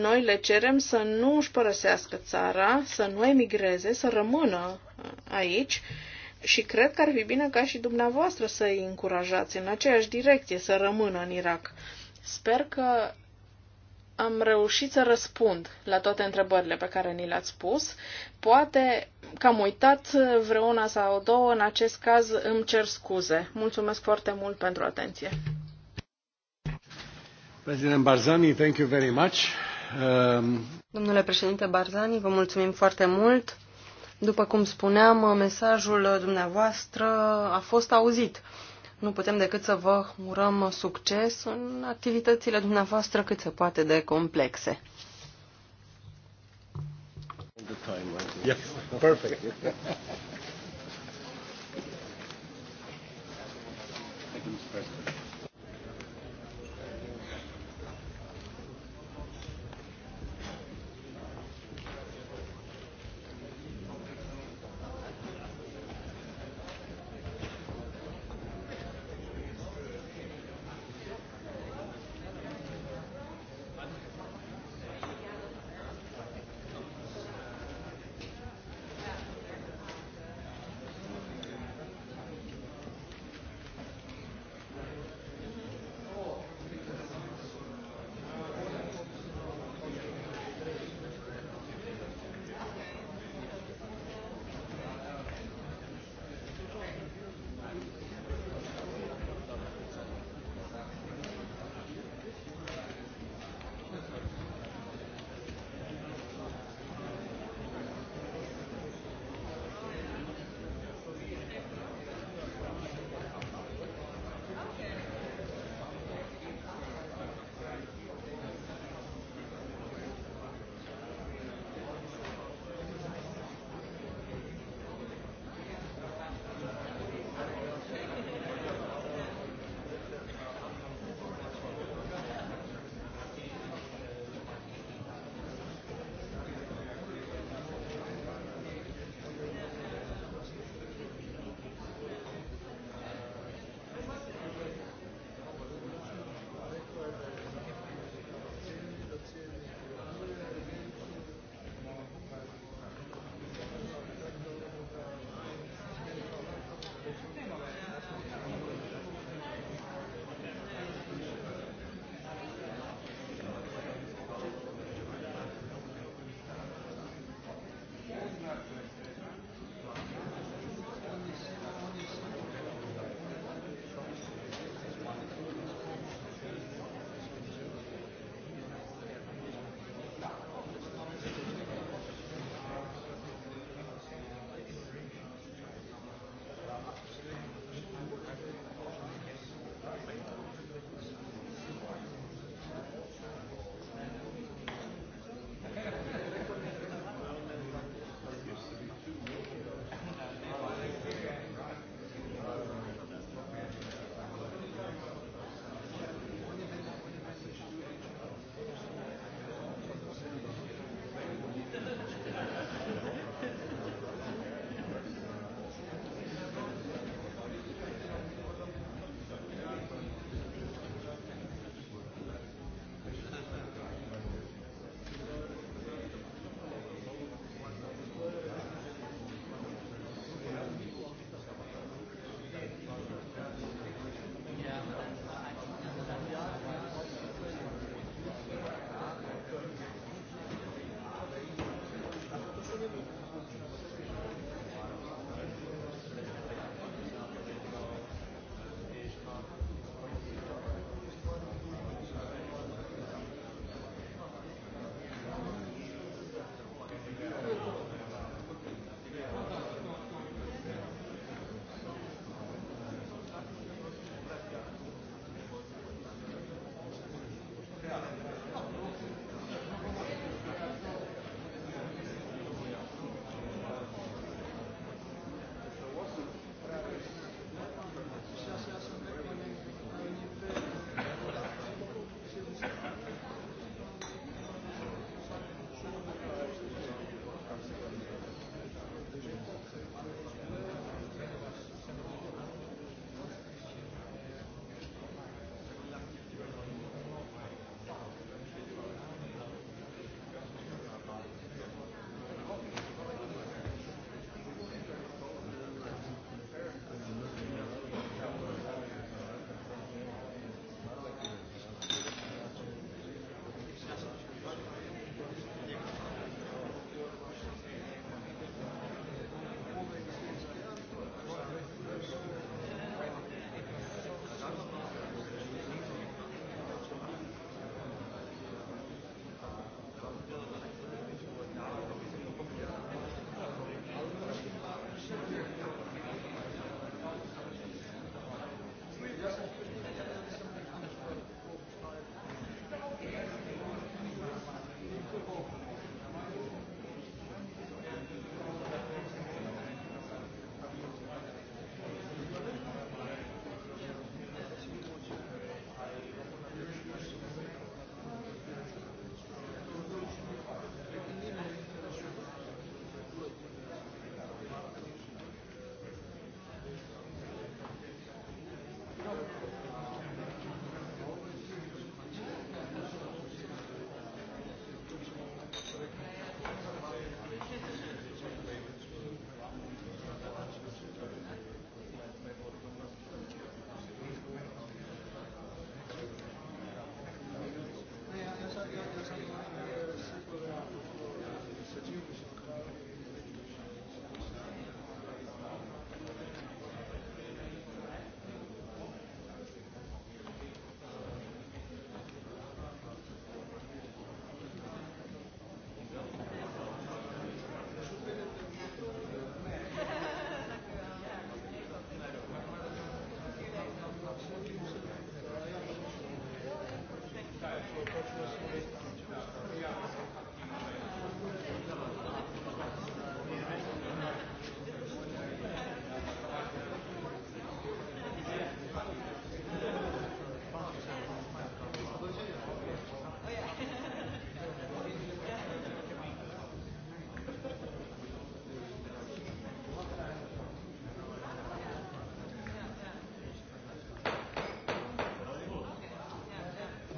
S2: noi le cerem să nu își părăsească țara, să nu emigreze, să rămână aici și cred că ar fi bine ca și dumneavoastră să îi încurajați în aceeași direcție, să rămână în Irak. Sper că am reușit să răspund la toate întrebările pe care ni le-ați pus. Poate că am uitat vreuna sau două, în acest caz îmi cer scuze. Mulțumesc foarte mult pentru atenție.
S1: President Barzani, thank you very much. Um...
S4: Domnule președinte Barzani, vă mulțumim foarte mult. După cum spuneam, mesajul dumneavoastră a fost auzit. Nu putem decât să vă urăm succes în activitățile dumneavoastră cât se poate de complexe.
S1: Yes, perfect.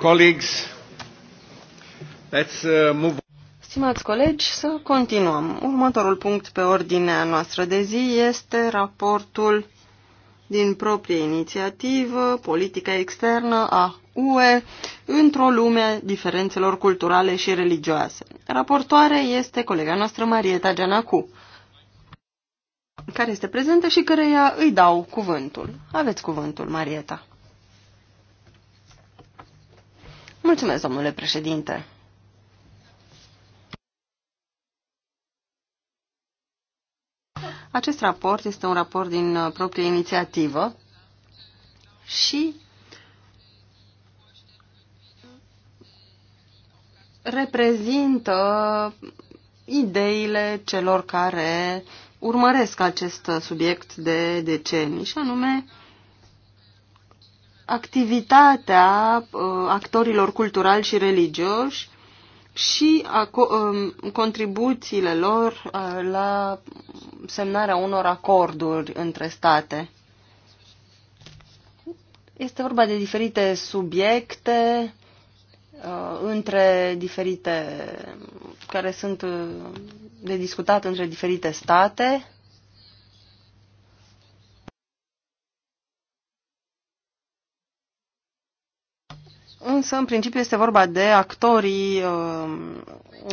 S1: Colleagues, let's uh, move Stimați
S4: colegi, să continuăm. Următorul punct pe ordinea noastră de zi este raportul din proprie inițiativă, politica externă a UE într-o lume diferențelor culturale și religioase. Raportoare este colega noastră Marieta Gianacu, care este prezentă și căreia îi dau cuvântul. Aveți cuvântul, Marieta. Mulțumesc, domnule președinte. Acest raport este un raport din uh, proprie inițiativă și reprezintă ideile celor care urmăresc acest subiect de decenii, și anume activitatea uh, actorilor culturali și religioși și a, um, contribuțiile lor uh, la semnarea unor acorduri între state. Este vorba de diferite subiecte uh, între diferite care sunt de discutat între diferite state Însă, în principiu, este vorba de actorii uh,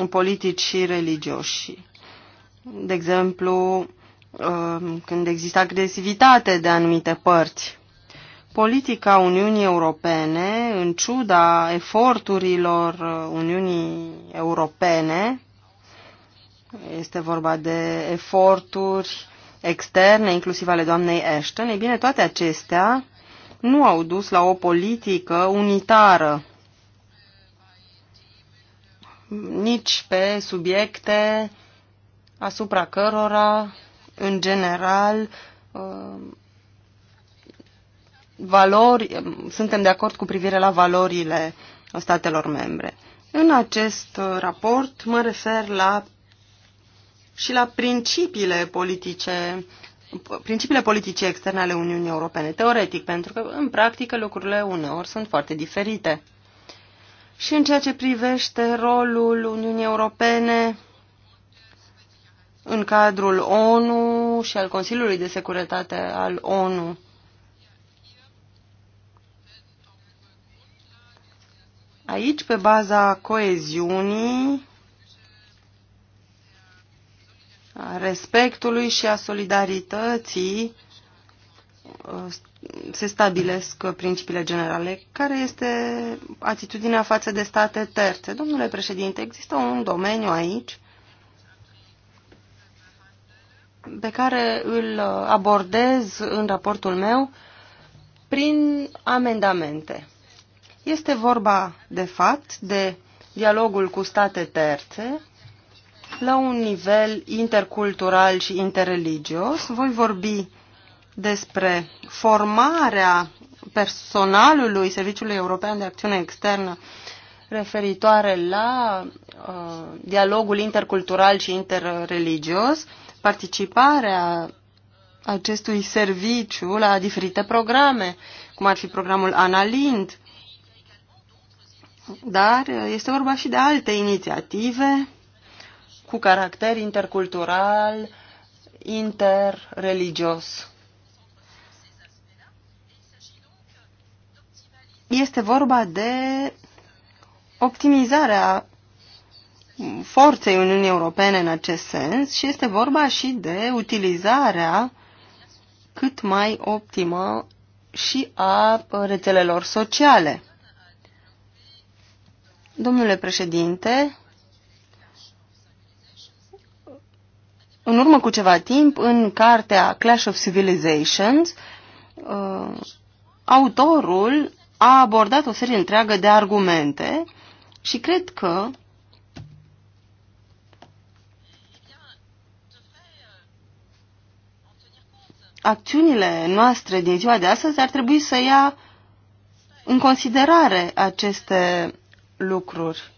S4: politici și religioși. De exemplu, uh, când există agresivitate de anumite părți. Politica Uniunii Europene, în ciuda eforturilor uh, Uniunii Europene, este vorba de eforturi externe, inclusiv ale doamnei Ashton, e bine, toate acestea nu au dus la o politică unitară, nici pe subiecte asupra cărora, în general, uh, valori, suntem de acord cu privire la valorile statelor membre. În acest raport mă refer la, și la principiile politice principiile politice externe ale Uniunii Europene, teoretic, pentru că în practică lucrurile uneori sunt foarte diferite. Și în ceea ce privește rolul Uniunii Europene în cadrul ONU și al Consiliului de Securitate al ONU. Aici, pe baza coeziunii, a respectului și a solidarității uh, se stabilesc principiile generale. Care este atitudinea față de state terțe? Domnule președinte, există un domeniu aici pe care îl abordez în raportul meu prin amendamente. Este vorba, de fapt, de dialogul cu state terțe la un nivel intercultural și interreligios. Voi vorbi despre formarea personalului Serviciului European de Acțiune Externă referitoare la uh, dialogul intercultural și interreligios, participarea acestui serviciu la diferite programe, cum ar fi programul Analind, dar este vorba și de alte inițiative cu caracter intercultural, interreligios. Este vorba de optimizarea forței Uniunii Europene în acest sens și este vorba și de utilizarea cât mai optimă și a rețelelor sociale. Domnule președinte, În urmă cu ceva timp, în cartea Clash of Civilizations, uh, autorul a abordat o serie întreagă de argumente și cred că acțiunile noastre din ziua de astăzi ar trebui să ia în considerare aceste lucruri.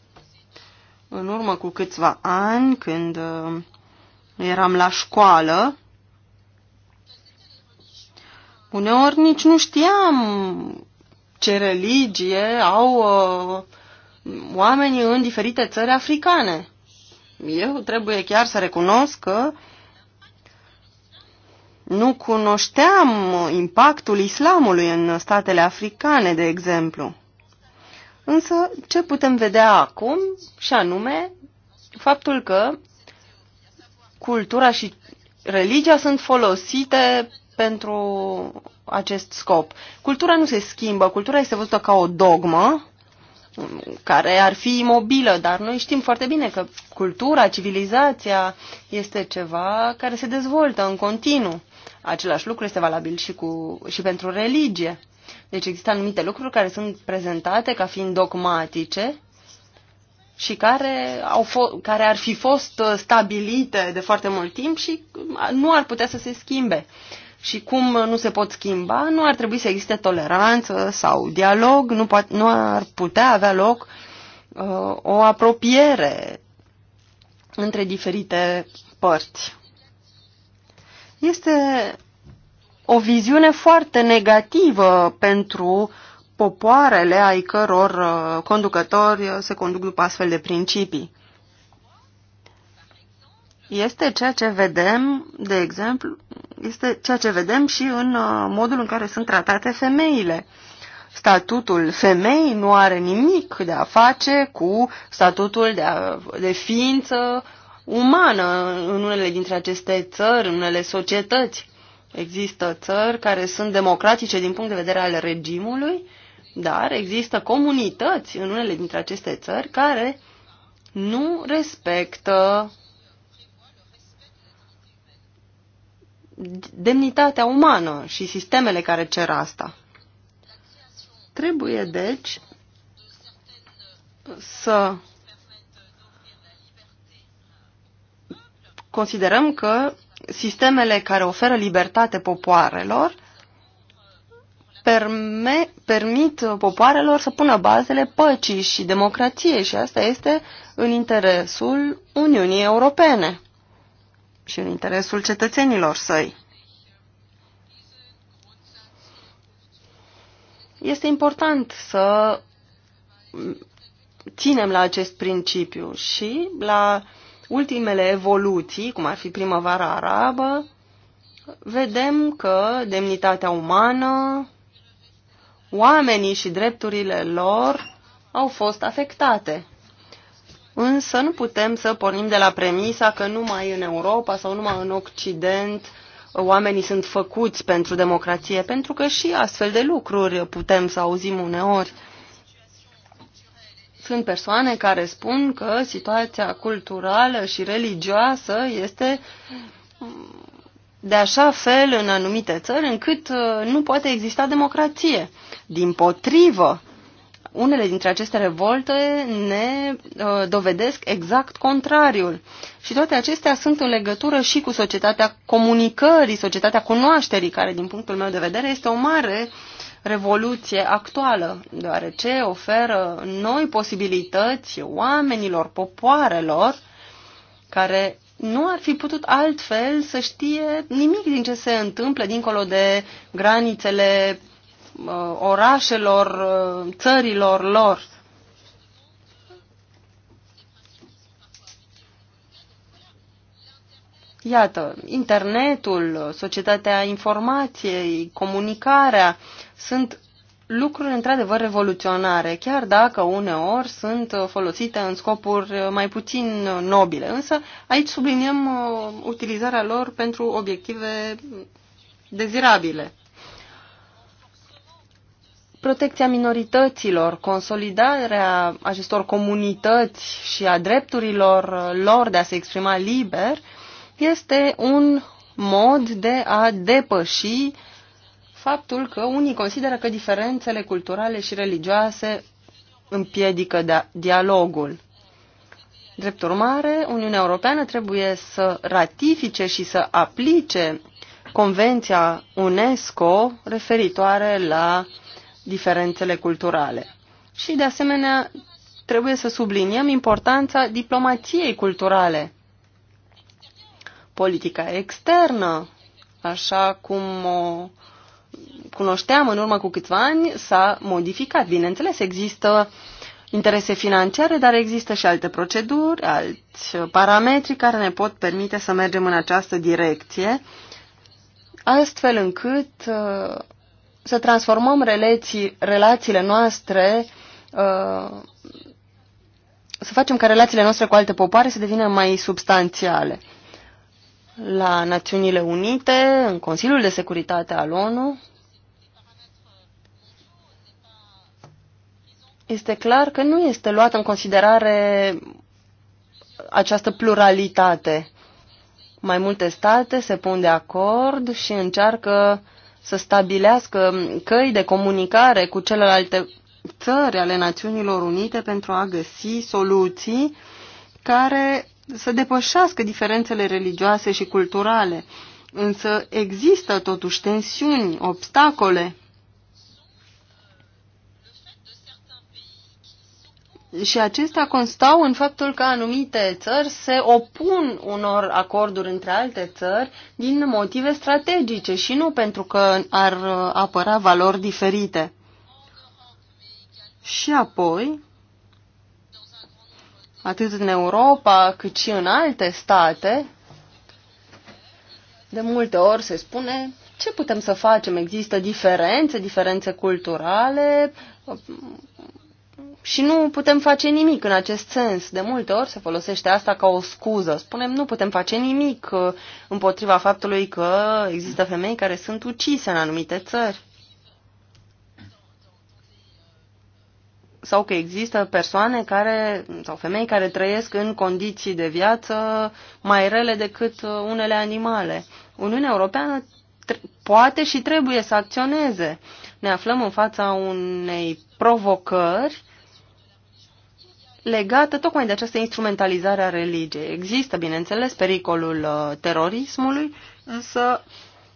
S4: În urmă cu câțiva ani, când uh, eram la școală, uneori nici nu știam ce religie au uh, oamenii în diferite țări africane. Eu trebuie chiar să recunosc că nu cunoșteam impactul islamului în statele africane, de exemplu. Însă, ce putem vedea acum, și anume, faptul că cultura și religia sunt folosite pentru acest scop. Cultura nu se schimbă, cultura este văzută ca o dogmă care ar fi imobilă, dar noi știm foarte bine că cultura, civilizația este ceva care se dezvoltă în continuu. Același lucru este valabil și, cu, și pentru religie. Deci există anumite lucruri care sunt prezentate ca fiind dogmatice, și care, au care ar fi fost uh, stabilite de foarte mult timp și um, nu ar putea să se schimbe. Și cum uh, nu se pot schimba, nu ar trebui să existe toleranță sau dialog, nu, poate, nu ar putea avea loc uh, o apropiere între diferite părți. Este o viziune foarte negativă pentru uh, popoarele ai căror uh, conducători uh, se conduc după astfel de principii. Este ceea ce vedem, de exemplu, este ceea ce vedem și în uh, modul în care sunt tratate femeile. Statutul femei nu are nimic de a face cu statutul de, a, de ființă umană în unele dintre aceste țări, în unele societăți. Există țări care sunt democratice din punct de vedere al regimului dar există comunități în unele dintre aceste țări care nu respectă demnitatea umană și sistemele care cer asta. Trebuie, deci, să considerăm că sistemele care oferă libertate popoarelor perme, permit popoarelor să pună bazele păcii și democrației și asta este în interesul Uniunii Europene și în interesul cetățenilor săi. Este important să ținem la acest principiu și la ultimele evoluții, cum ar fi primăvara arabă, vedem că demnitatea umană, oamenii și drepturile lor au fost afectate. Însă nu putem să pornim de la premisa că numai în Europa sau numai în Occident oamenii sunt făcuți pentru democrație, pentru că și astfel de lucruri putem să auzim uneori. Sunt persoane care spun că situația culturală și religioasă este de așa fel în anumite țări încât uh, nu poate exista democrație. Din potrivă, unele dintre aceste revolte ne uh, dovedesc exact contrariul. Și toate acestea sunt în legătură și cu societatea comunicării, societatea cunoașterii, care, din punctul meu de vedere, este o mare revoluție actuală, deoarece oferă noi posibilități oamenilor, popoarelor, care nu ar fi putut altfel să știe nimic din ce se întâmplă dincolo de granițele uh, orașelor, uh, țărilor lor. Iată, internetul, societatea informației, comunicarea sunt lucruri într-adevăr revoluționare, chiar dacă uneori sunt folosite în scopuri mai puțin nobile. Însă aici subliniem uh, utilizarea lor pentru obiective dezirabile. Protecția minorităților, consolidarea acestor comunități și a drepturilor lor de a se exprima liber este un mod de a depăși uh, faptul că unii consideră că diferențele culturale și religioase împiedică dialogul. Drept urmare, Uniunea Europeană trebuie să ratifice și să aplice Convenția UNESCO referitoare la diferențele culturale. Și, de asemenea, trebuie să subliniem importanța diplomației culturale. Politica externă, așa cum o cunoșteam în urmă cu câțiva ani s-a modificat. Bineînțeles, există interese financiare, dar există și alte proceduri, alți parametri care ne pot permite să mergem în această direcție, astfel încât uh, să transformăm relații, relațiile noastre, uh, să facem ca relațiile noastre cu alte popoare să devină mai substanțiale la Națiunile Unite, în Consiliul de Securitate al ONU. Este clar că nu este luată în considerare această pluralitate. Mai multe state se pun de acord și încearcă să stabilească căi de comunicare cu celelalte țări ale Națiunilor Unite pentru a găsi soluții care să depășească diferențele religioase și culturale. Însă există totuși tensiuni, obstacole. Și acestea constau în faptul că anumite țări se opun unor acorduri între alte țări din motive strategice și nu pentru că ar apăra valori diferite. Și apoi, atât în Europa cât și în alte state, de multe ori se spune ce putem să facem. Există diferențe, diferențe culturale și nu putem face nimic în acest sens. De multe ori se folosește asta ca o scuză. Spunem nu putem face nimic uh, împotriva faptului că există femei care sunt ucise în anumite țări. sau că există persoane care, sau femei care trăiesc în condiții de viață mai rele decât uh, unele animale. Uniunea Europeană poate și trebuie să acționeze. Ne aflăm în fața unei provocări legată tocmai de această instrumentalizare a religiei. Există, bineînțeles, pericolul uh, terorismului, însă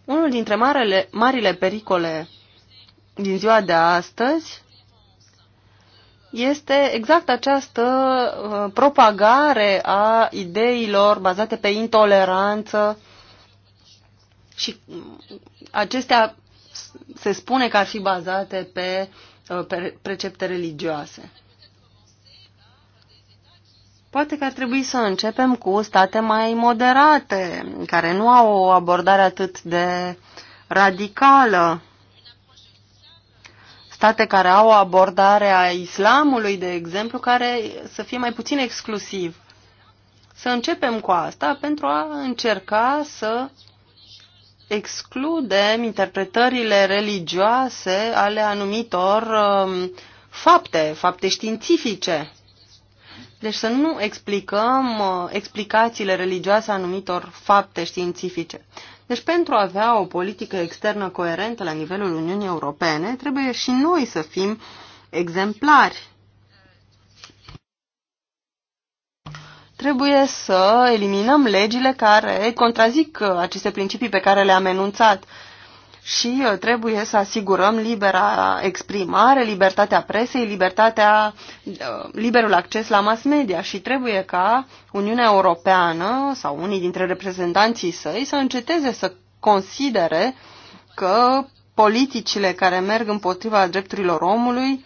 S4: unul dintre marele, marile pericole din ziua de astăzi este exact această uh, propagare a ideilor bazate pe intoleranță și mm, acestea se spune că ar fi bazate pe uh, precepte religioase. Poate că ar trebui să începem cu state mai moderate, care nu au o abordare atât de radicală state care au o abordare a islamului, de exemplu, care să fie mai puțin exclusiv. Să începem cu asta pentru a încerca să excludem interpretările religioase ale anumitor um, fapte, fapte științifice. Deci să nu explicăm uh, explicațiile religioase anumitor fapte științifice. Deci pentru a avea o politică externă coerentă la nivelul Uniunii Europene, trebuie și noi să fim exemplari. Trebuie să eliminăm legile care contrazic aceste principii pe care le-am enunțat și uh, trebuie să asigurăm libera exprimare, libertatea presei, libertatea, uh, liberul acces la mass media și trebuie ca Uniunea Europeană sau unii dintre reprezentanții săi să înceteze să considere că politicile care merg împotriva drepturilor omului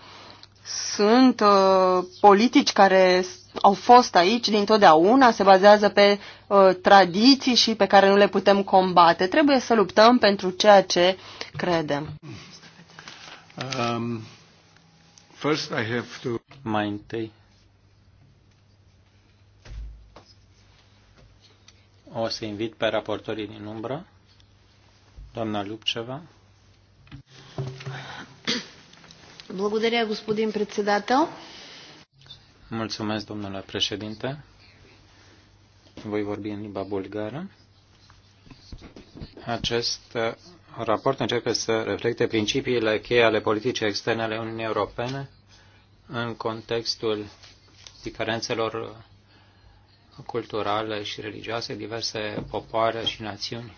S4: sunt uh, politici care au fost aici dintotdeauna, se bazează pe uh, tradiții și pe care nu le putem combate. Trebuie să luptăm pentru ceea ce credem.
S1: Um, first I have
S3: to... Mai întâi. O să invit pe raportorii din umbră. Doamna Lupceva.
S2: Благодаря, господин председател.
S3: Mulțumesc, domnule președinte. Voi vorbi în limba bulgară. Acest uh, raport începe să reflecte principiile cheie ale politicii externe ale Uniunii Europene în contextul diferențelor culturale și religioase, diverse popoare și națiuni.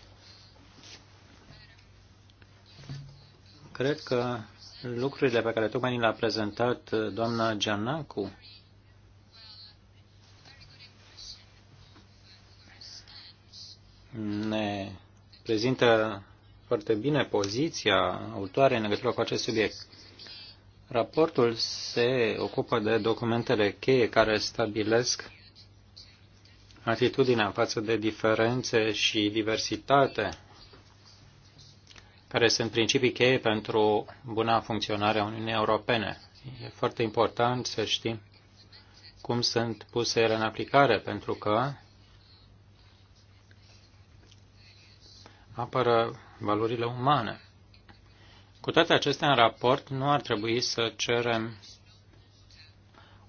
S3: Cred că lucrurile pe care tocmai ni le-a prezentat doamna Giannacu ne prezintă foarte bine poziția autoare în legătură cu acest subiect. Raportul se ocupă de documentele cheie care stabilesc atitudinea față de diferențe și diversitate, care sunt principii cheie pentru buna funcționare a Uniunii Europene. E foarte important să știm cum sunt puse ele în aplicare, pentru că apără valorile umane. Cu toate acestea, în raport nu ar trebui să cerem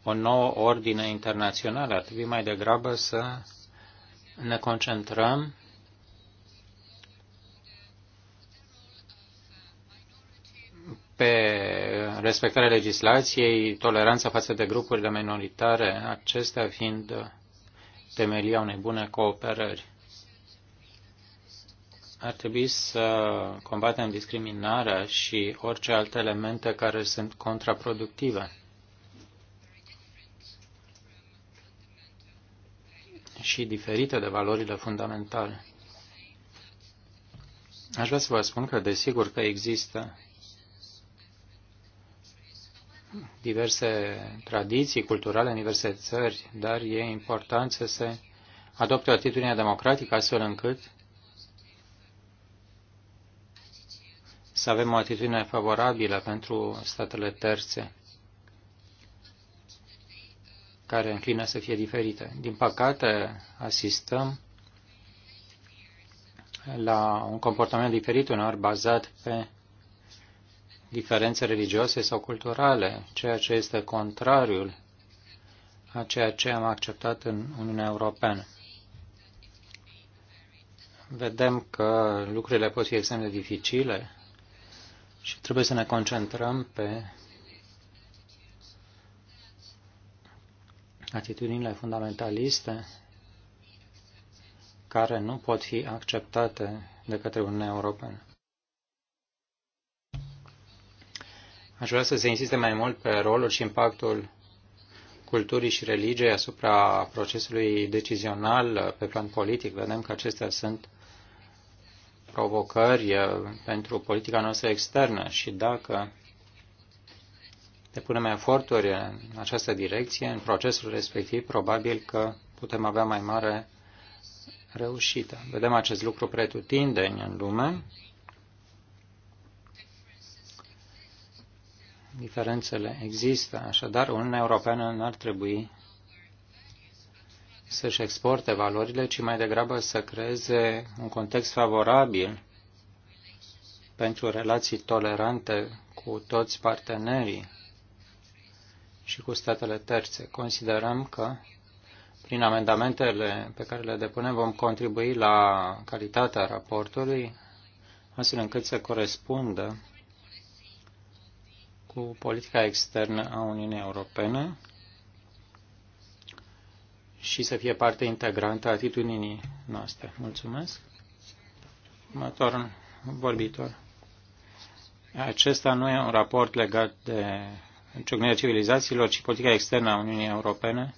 S3: o nouă ordine internațională. Ar trebui mai degrabă să ne concentrăm pe respectarea legislației, toleranța față de grupurile minoritare, acestea fiind temelia unei bune cooperări ar trebui să combatem discriminarea și orice alte elemente care sunt contraproductive. și diferite de valorile fundamentale. Aș vrea să vă spun că, desigur, că există diverse tradiții culturale în diverse țări, dar e important să se adopte o atitudine democratică astfel încât să avem o atitudine favorabilă pentru statele terțe care înclină să fie diferite. Din păcate, asistăm la un comportament diferit, uneori bazat pe diferențe religioase sau culturale, ceea ce este contrariul a ceea ce am acceptat în Uniunea Europeană. Vedem că lucrurile pot fi extrem de dificile și trebuie să ne concentrăm pe atitudinile fundamentaliste care nu pot fi acceptate de către Uniunea Europeană. Aș vrea să se insiste mai mult pe rolul și impactul culturii și religiei asupra procesului decizional pe plan politic. Vedem că acestea sunt provocări pentru politica noastră externă și dacă depunem eforturi în această direcție, în procesul respectiv, probabil că putem avea mai mare reușită. Vedem acest lucru pretutindeni în lume. Diferențele există, așadar Uniunea Europeană n-ar trebui să-și exporte valorile, ci mai degrabă să creeze un context favorabil pentru relații tolerante cu toți partenerii și cu statele terțe. Considerăm că prin amendamentele pe care le depunem vom contribui la calitatea raportului, astfel încât să corespundă cu politica externă a Uniunii Europene și să fie parte integrantă a atitudinii noastre. Mulțumesc. Următor vorbitor. Acesta nu e un raport legat de ciocnirea civilizațiilor, ci politica externă a Uniunii Europene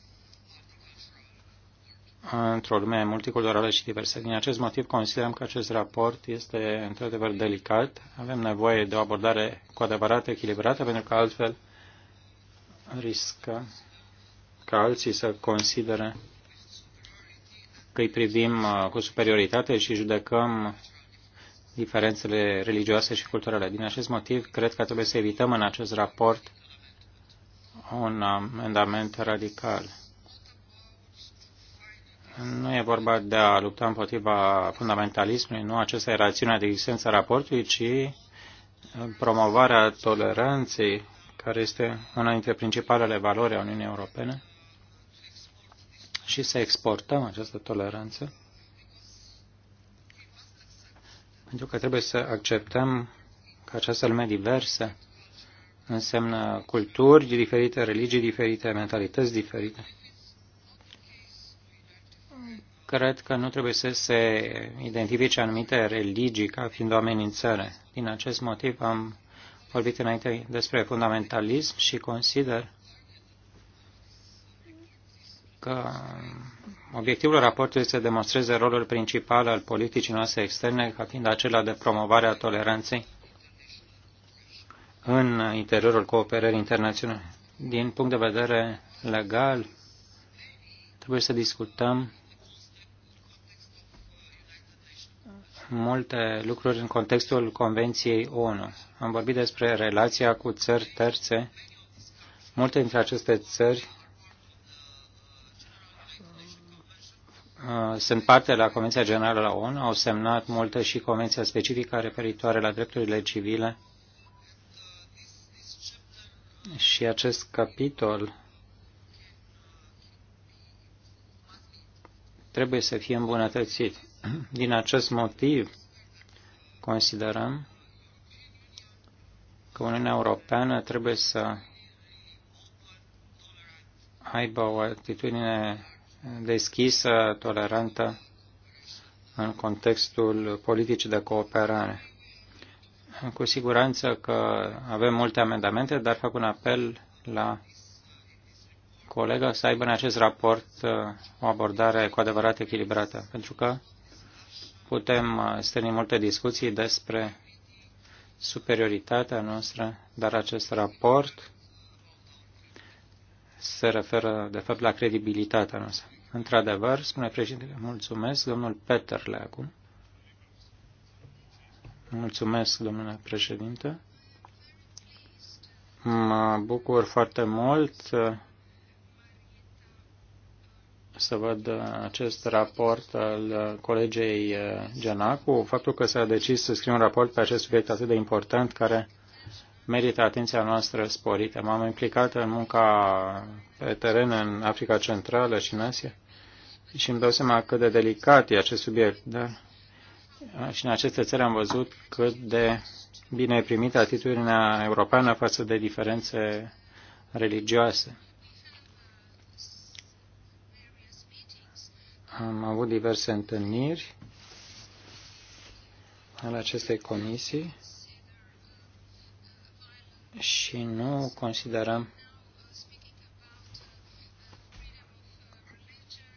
S3: într-o lume multiculturală și diversă. Din acest motiv considerăm că acest raport este într-adevăr delicat. Avem nevoie de o abordare cu adevărat echilibrată, pentru că altfel riscă ca alții să considere că îi privim uh, cu superioritate și judecăm diferențele religioase și culturale. Din acest motiv, cred că trebuie să evităm în acest raport un amendament radical. Nu e vorba de a lupta împotriva fundamentalismului, nu acesta e rațiunea de existență a raportului, ci promovarea toleranței, care este una dintre principalele valori a Uniunii Europene și să exportăm această toleranță, pentru că trebuie să acceptăm că această lume diversă înseamnă culturi diferite, religii diferite, mentalități diferite. Cred că nu trebuie să se identifice anumite religii ca fiind o amenințare. Din acest motiv am vorbit înainte despre fundamentalism și consider că obiectivul raportului este să demonstreze rolul principal al politicii noastre externe ca fiind acela de promovare a toleranței în interiorul cooperării internaționale. Din punct de vedere legal, trebuie să discutăm multe lucruri în contextul Convenției ONU. Am vorbit despre relația cu țări terțe. Multe dintre aceste țări Uh, sunt parte la Convenția Generală la ONU, au semnat multe și Convenția specifică referitoare la drepturile civile. Și acest capitol trebuie să fie îmbunătățit. Din acest motiv, considerăm că Uniunea Europeană trebuie să aibă o atitudine deschisă, tolerantă în contextul politicii de cooperare. Cu siguranță că avem multe amendamente, dar fac un apel la colegă să aibă în acest raport uh, o abordare cu adevărat echilibrată, pentru că putem uh, strâni multe discuții despre superioritatea noastră, dar acest raport se referă, de fapt, la credibilitatea noastră. Într-adevăr, spune președintele, mulțumesc, domnul Peterle acum. Mulțumesc, domnule președinte. Mă bucur foarte mult uh, să văd uh, acest raport al uh, colegei Genacu, faptul că s-a decis să scriu un raport pe acest subiect atât de important care merită atenția noastră sporită. M-am implicat în munca pe teren în Africa Centrală și în Asia și îmi dau seama cât de delicat e acest subiect. Da? Și în aceste țări am văzut cât de bine e primită atitudinea europeană față de diferențe religioase. Am avut diverse întâlniri al acestei comisii și nu considerăm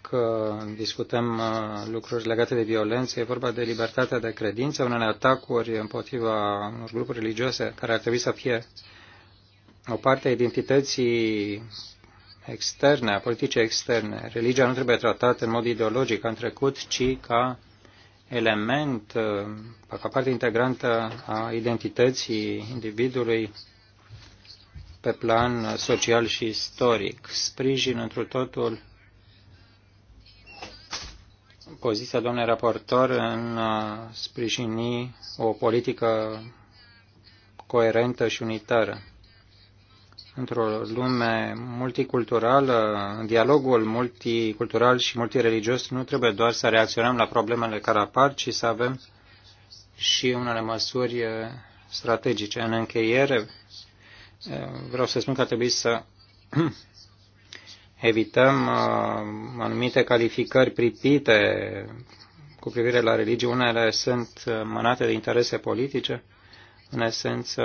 S3: că discutăm uh, lucruri legate de violență, e vorba de libertatea de credință, unele atacuri împotriva unor grupuri religioase care ar trebui să fie o parte a identității externe, a politicii externe. Religia nu trebuie tratată în mod ideologic ca în trecut, ci ca element, uh, ca parte integrantă a identității individului pe plan social și istoric. Sprijin întru totul poziția domnului raportor în a sprijini o politică coerentă și unitară. Într-o lume multiculturală, dialogul multicultural și multireligios nu trebuie doar să reacționăm la problemele care apar, ci să avem și unele măsuri eh, strategice. În încheiere, eh, vreau să spun că ar trebui să evităm uh, anumite calificări pripite cu privire la religie. Unele sunt uh, mânate de interese politice, în esență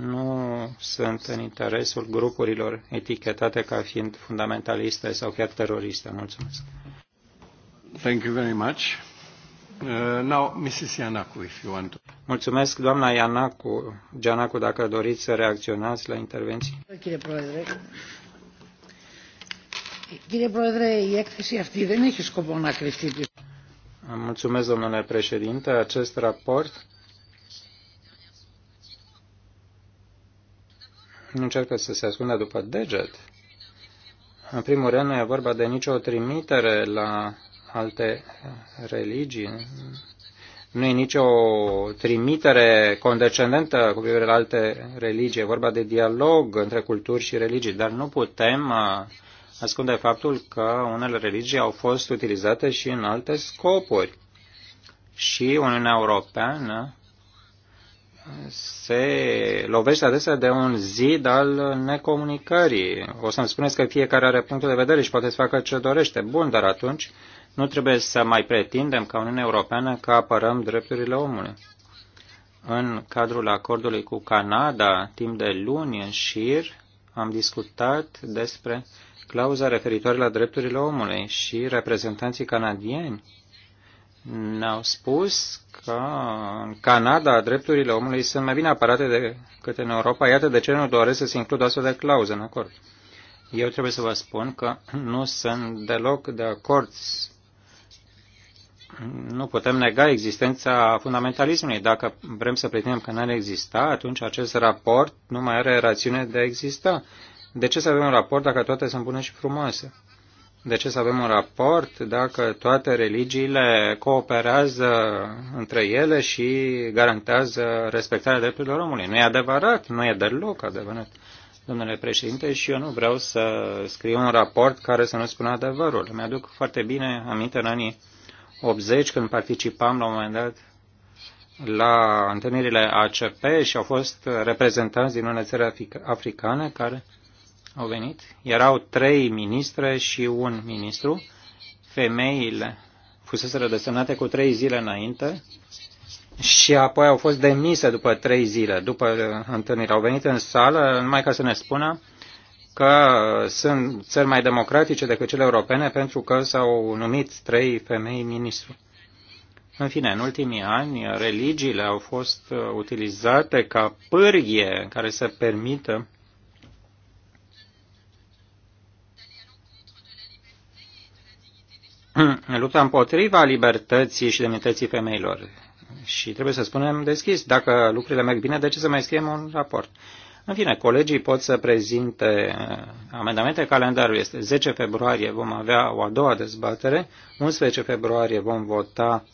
S3: nu sunt în interesul grupurilor etichetate ca fiind fundamentaliste sau chiar teroriste. Mulțumesc. Thank you very much. Uh, now, Mrs. Yanaku, if you want to. Mulțumesc, doamna Ianacu, Gianacu, dacă doriți să reacționați la intervenții domnule președinte. Acest raport nu încearcă să se ascundă după deget. În primul rând, nu e vorba de nicio trimitere la alte religii. Nu e nicio trimitere condescendentă cu privire la alte religii. E vorba de dialog între culturi și religii, dar nu putem uh, ascunde faptul că unele religii au fost utilizate și în alte scopuri. Și Uniunea Europeană se lovește adesea de un zid al necomunicării. O să-mi spuneți că fiecare are punctul de vedere și poate să facă ce dorește. Bun, dar atunci nu trebuie să mai pretindem ca Uniunea Europeană că apărăm drepturile omului. În cadrul acordului cu Canada, timp de luni în șir, am discutat despre clauza referitoare la drepturile omului și reprezentanții canadieni ne-au spus că în Canada drepturile omului sunt mai bine apărate decât în Europa. Iată de ce nu doresc să se includă astfel de clauze în acord. Eu trebuie să vă spun că nu sunt deloc de acord. Nu putem nega existența fundamentalismului. Dacă vrem să pretindem că n-ar exista, atunci acest raport nu mai are rațiune de a exista. De ce să avem un raport dacă toate sunt bune și frumoase? De ce să avem un raport dacă toate religiile cooperează între ele și garantează respectarea drepturilor omului? Nu e adevărat, nu e deloc adevărat, domnule președinte, și eu nu vreau să scriu un raport care să nu spună adevărul. Mi-aduc foarte bine aminte în anii 80 când participam la un moment dat la întâlnirile ACP și au fost reprezentanți din unele țări africane care au venit. Erau trei ministre și un ministru. Femeile fuseseră desemnate cu trei zile înainte și apoi au fost demise după trei zile, după întâlnire. Au venit în sală numai ca să ne spună că sunt țări mai democratice decât cele europene pentru că s-au numit trei femei ministru. În fine, în ultimii ani, religiile au fost utilizate ca pârghie care să permită lupta împotriva libertății și demnității femeilor. Și trebuie să spunem deschis, dacă lucrurile merg bine, de ce să mai scriem un raport? În fine, colegii pot să prezinte uh, amendamente. Calendarul este 10 februarie vom avea o a doua dezbatere, 11 februarie vom vota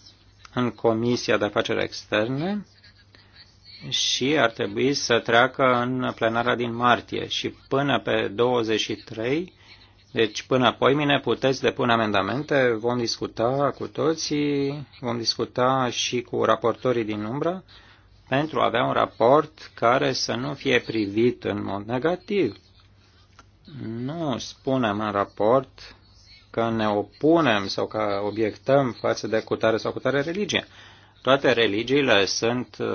S3: în Comisia de Afaceri Externe și ar trebui să treacă în plenara din martie și până pe 23 deci, până apoi mine puteți depune amendamente, vom discuta cu toții, vom discuta și cu raportorii din umbră, pentru a avea un raport care să nu fie privit în mod negativ. Nu spunem în raport că ne opunem sau că obiectăm față de cutare sau cutare religie. Toate religiile sunt uh,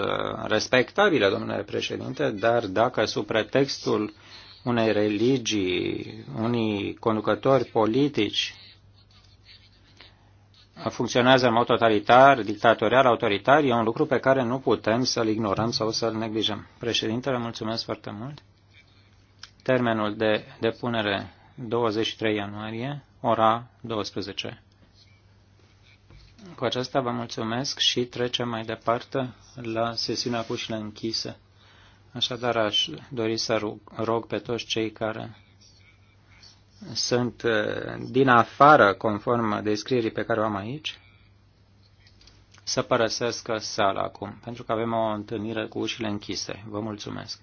S3: respectabile, domnule președinte, dar dacă sub pretextul uh, unei religii, unii conducători politici funcționează în mod totalitar, dictatorial, autoritar, e un lucru pe care nu putem să-l ignorăm sau să-l neglijăm. Președintele, mulțumesc foarte mult. Termenul de depunere 23 ianuarie, ora 12. Cu aceasta vă mulțumesc și trecem mai departe la sesiunea cu închise. Așadar, aș dori să rog, rog pe toți cei care sunt uh, din afară, conform descrierii pe care o am aici, să părăsesc sala acum, pentru că avem o întâlnire cu ușile închise. Vă mulțumesc!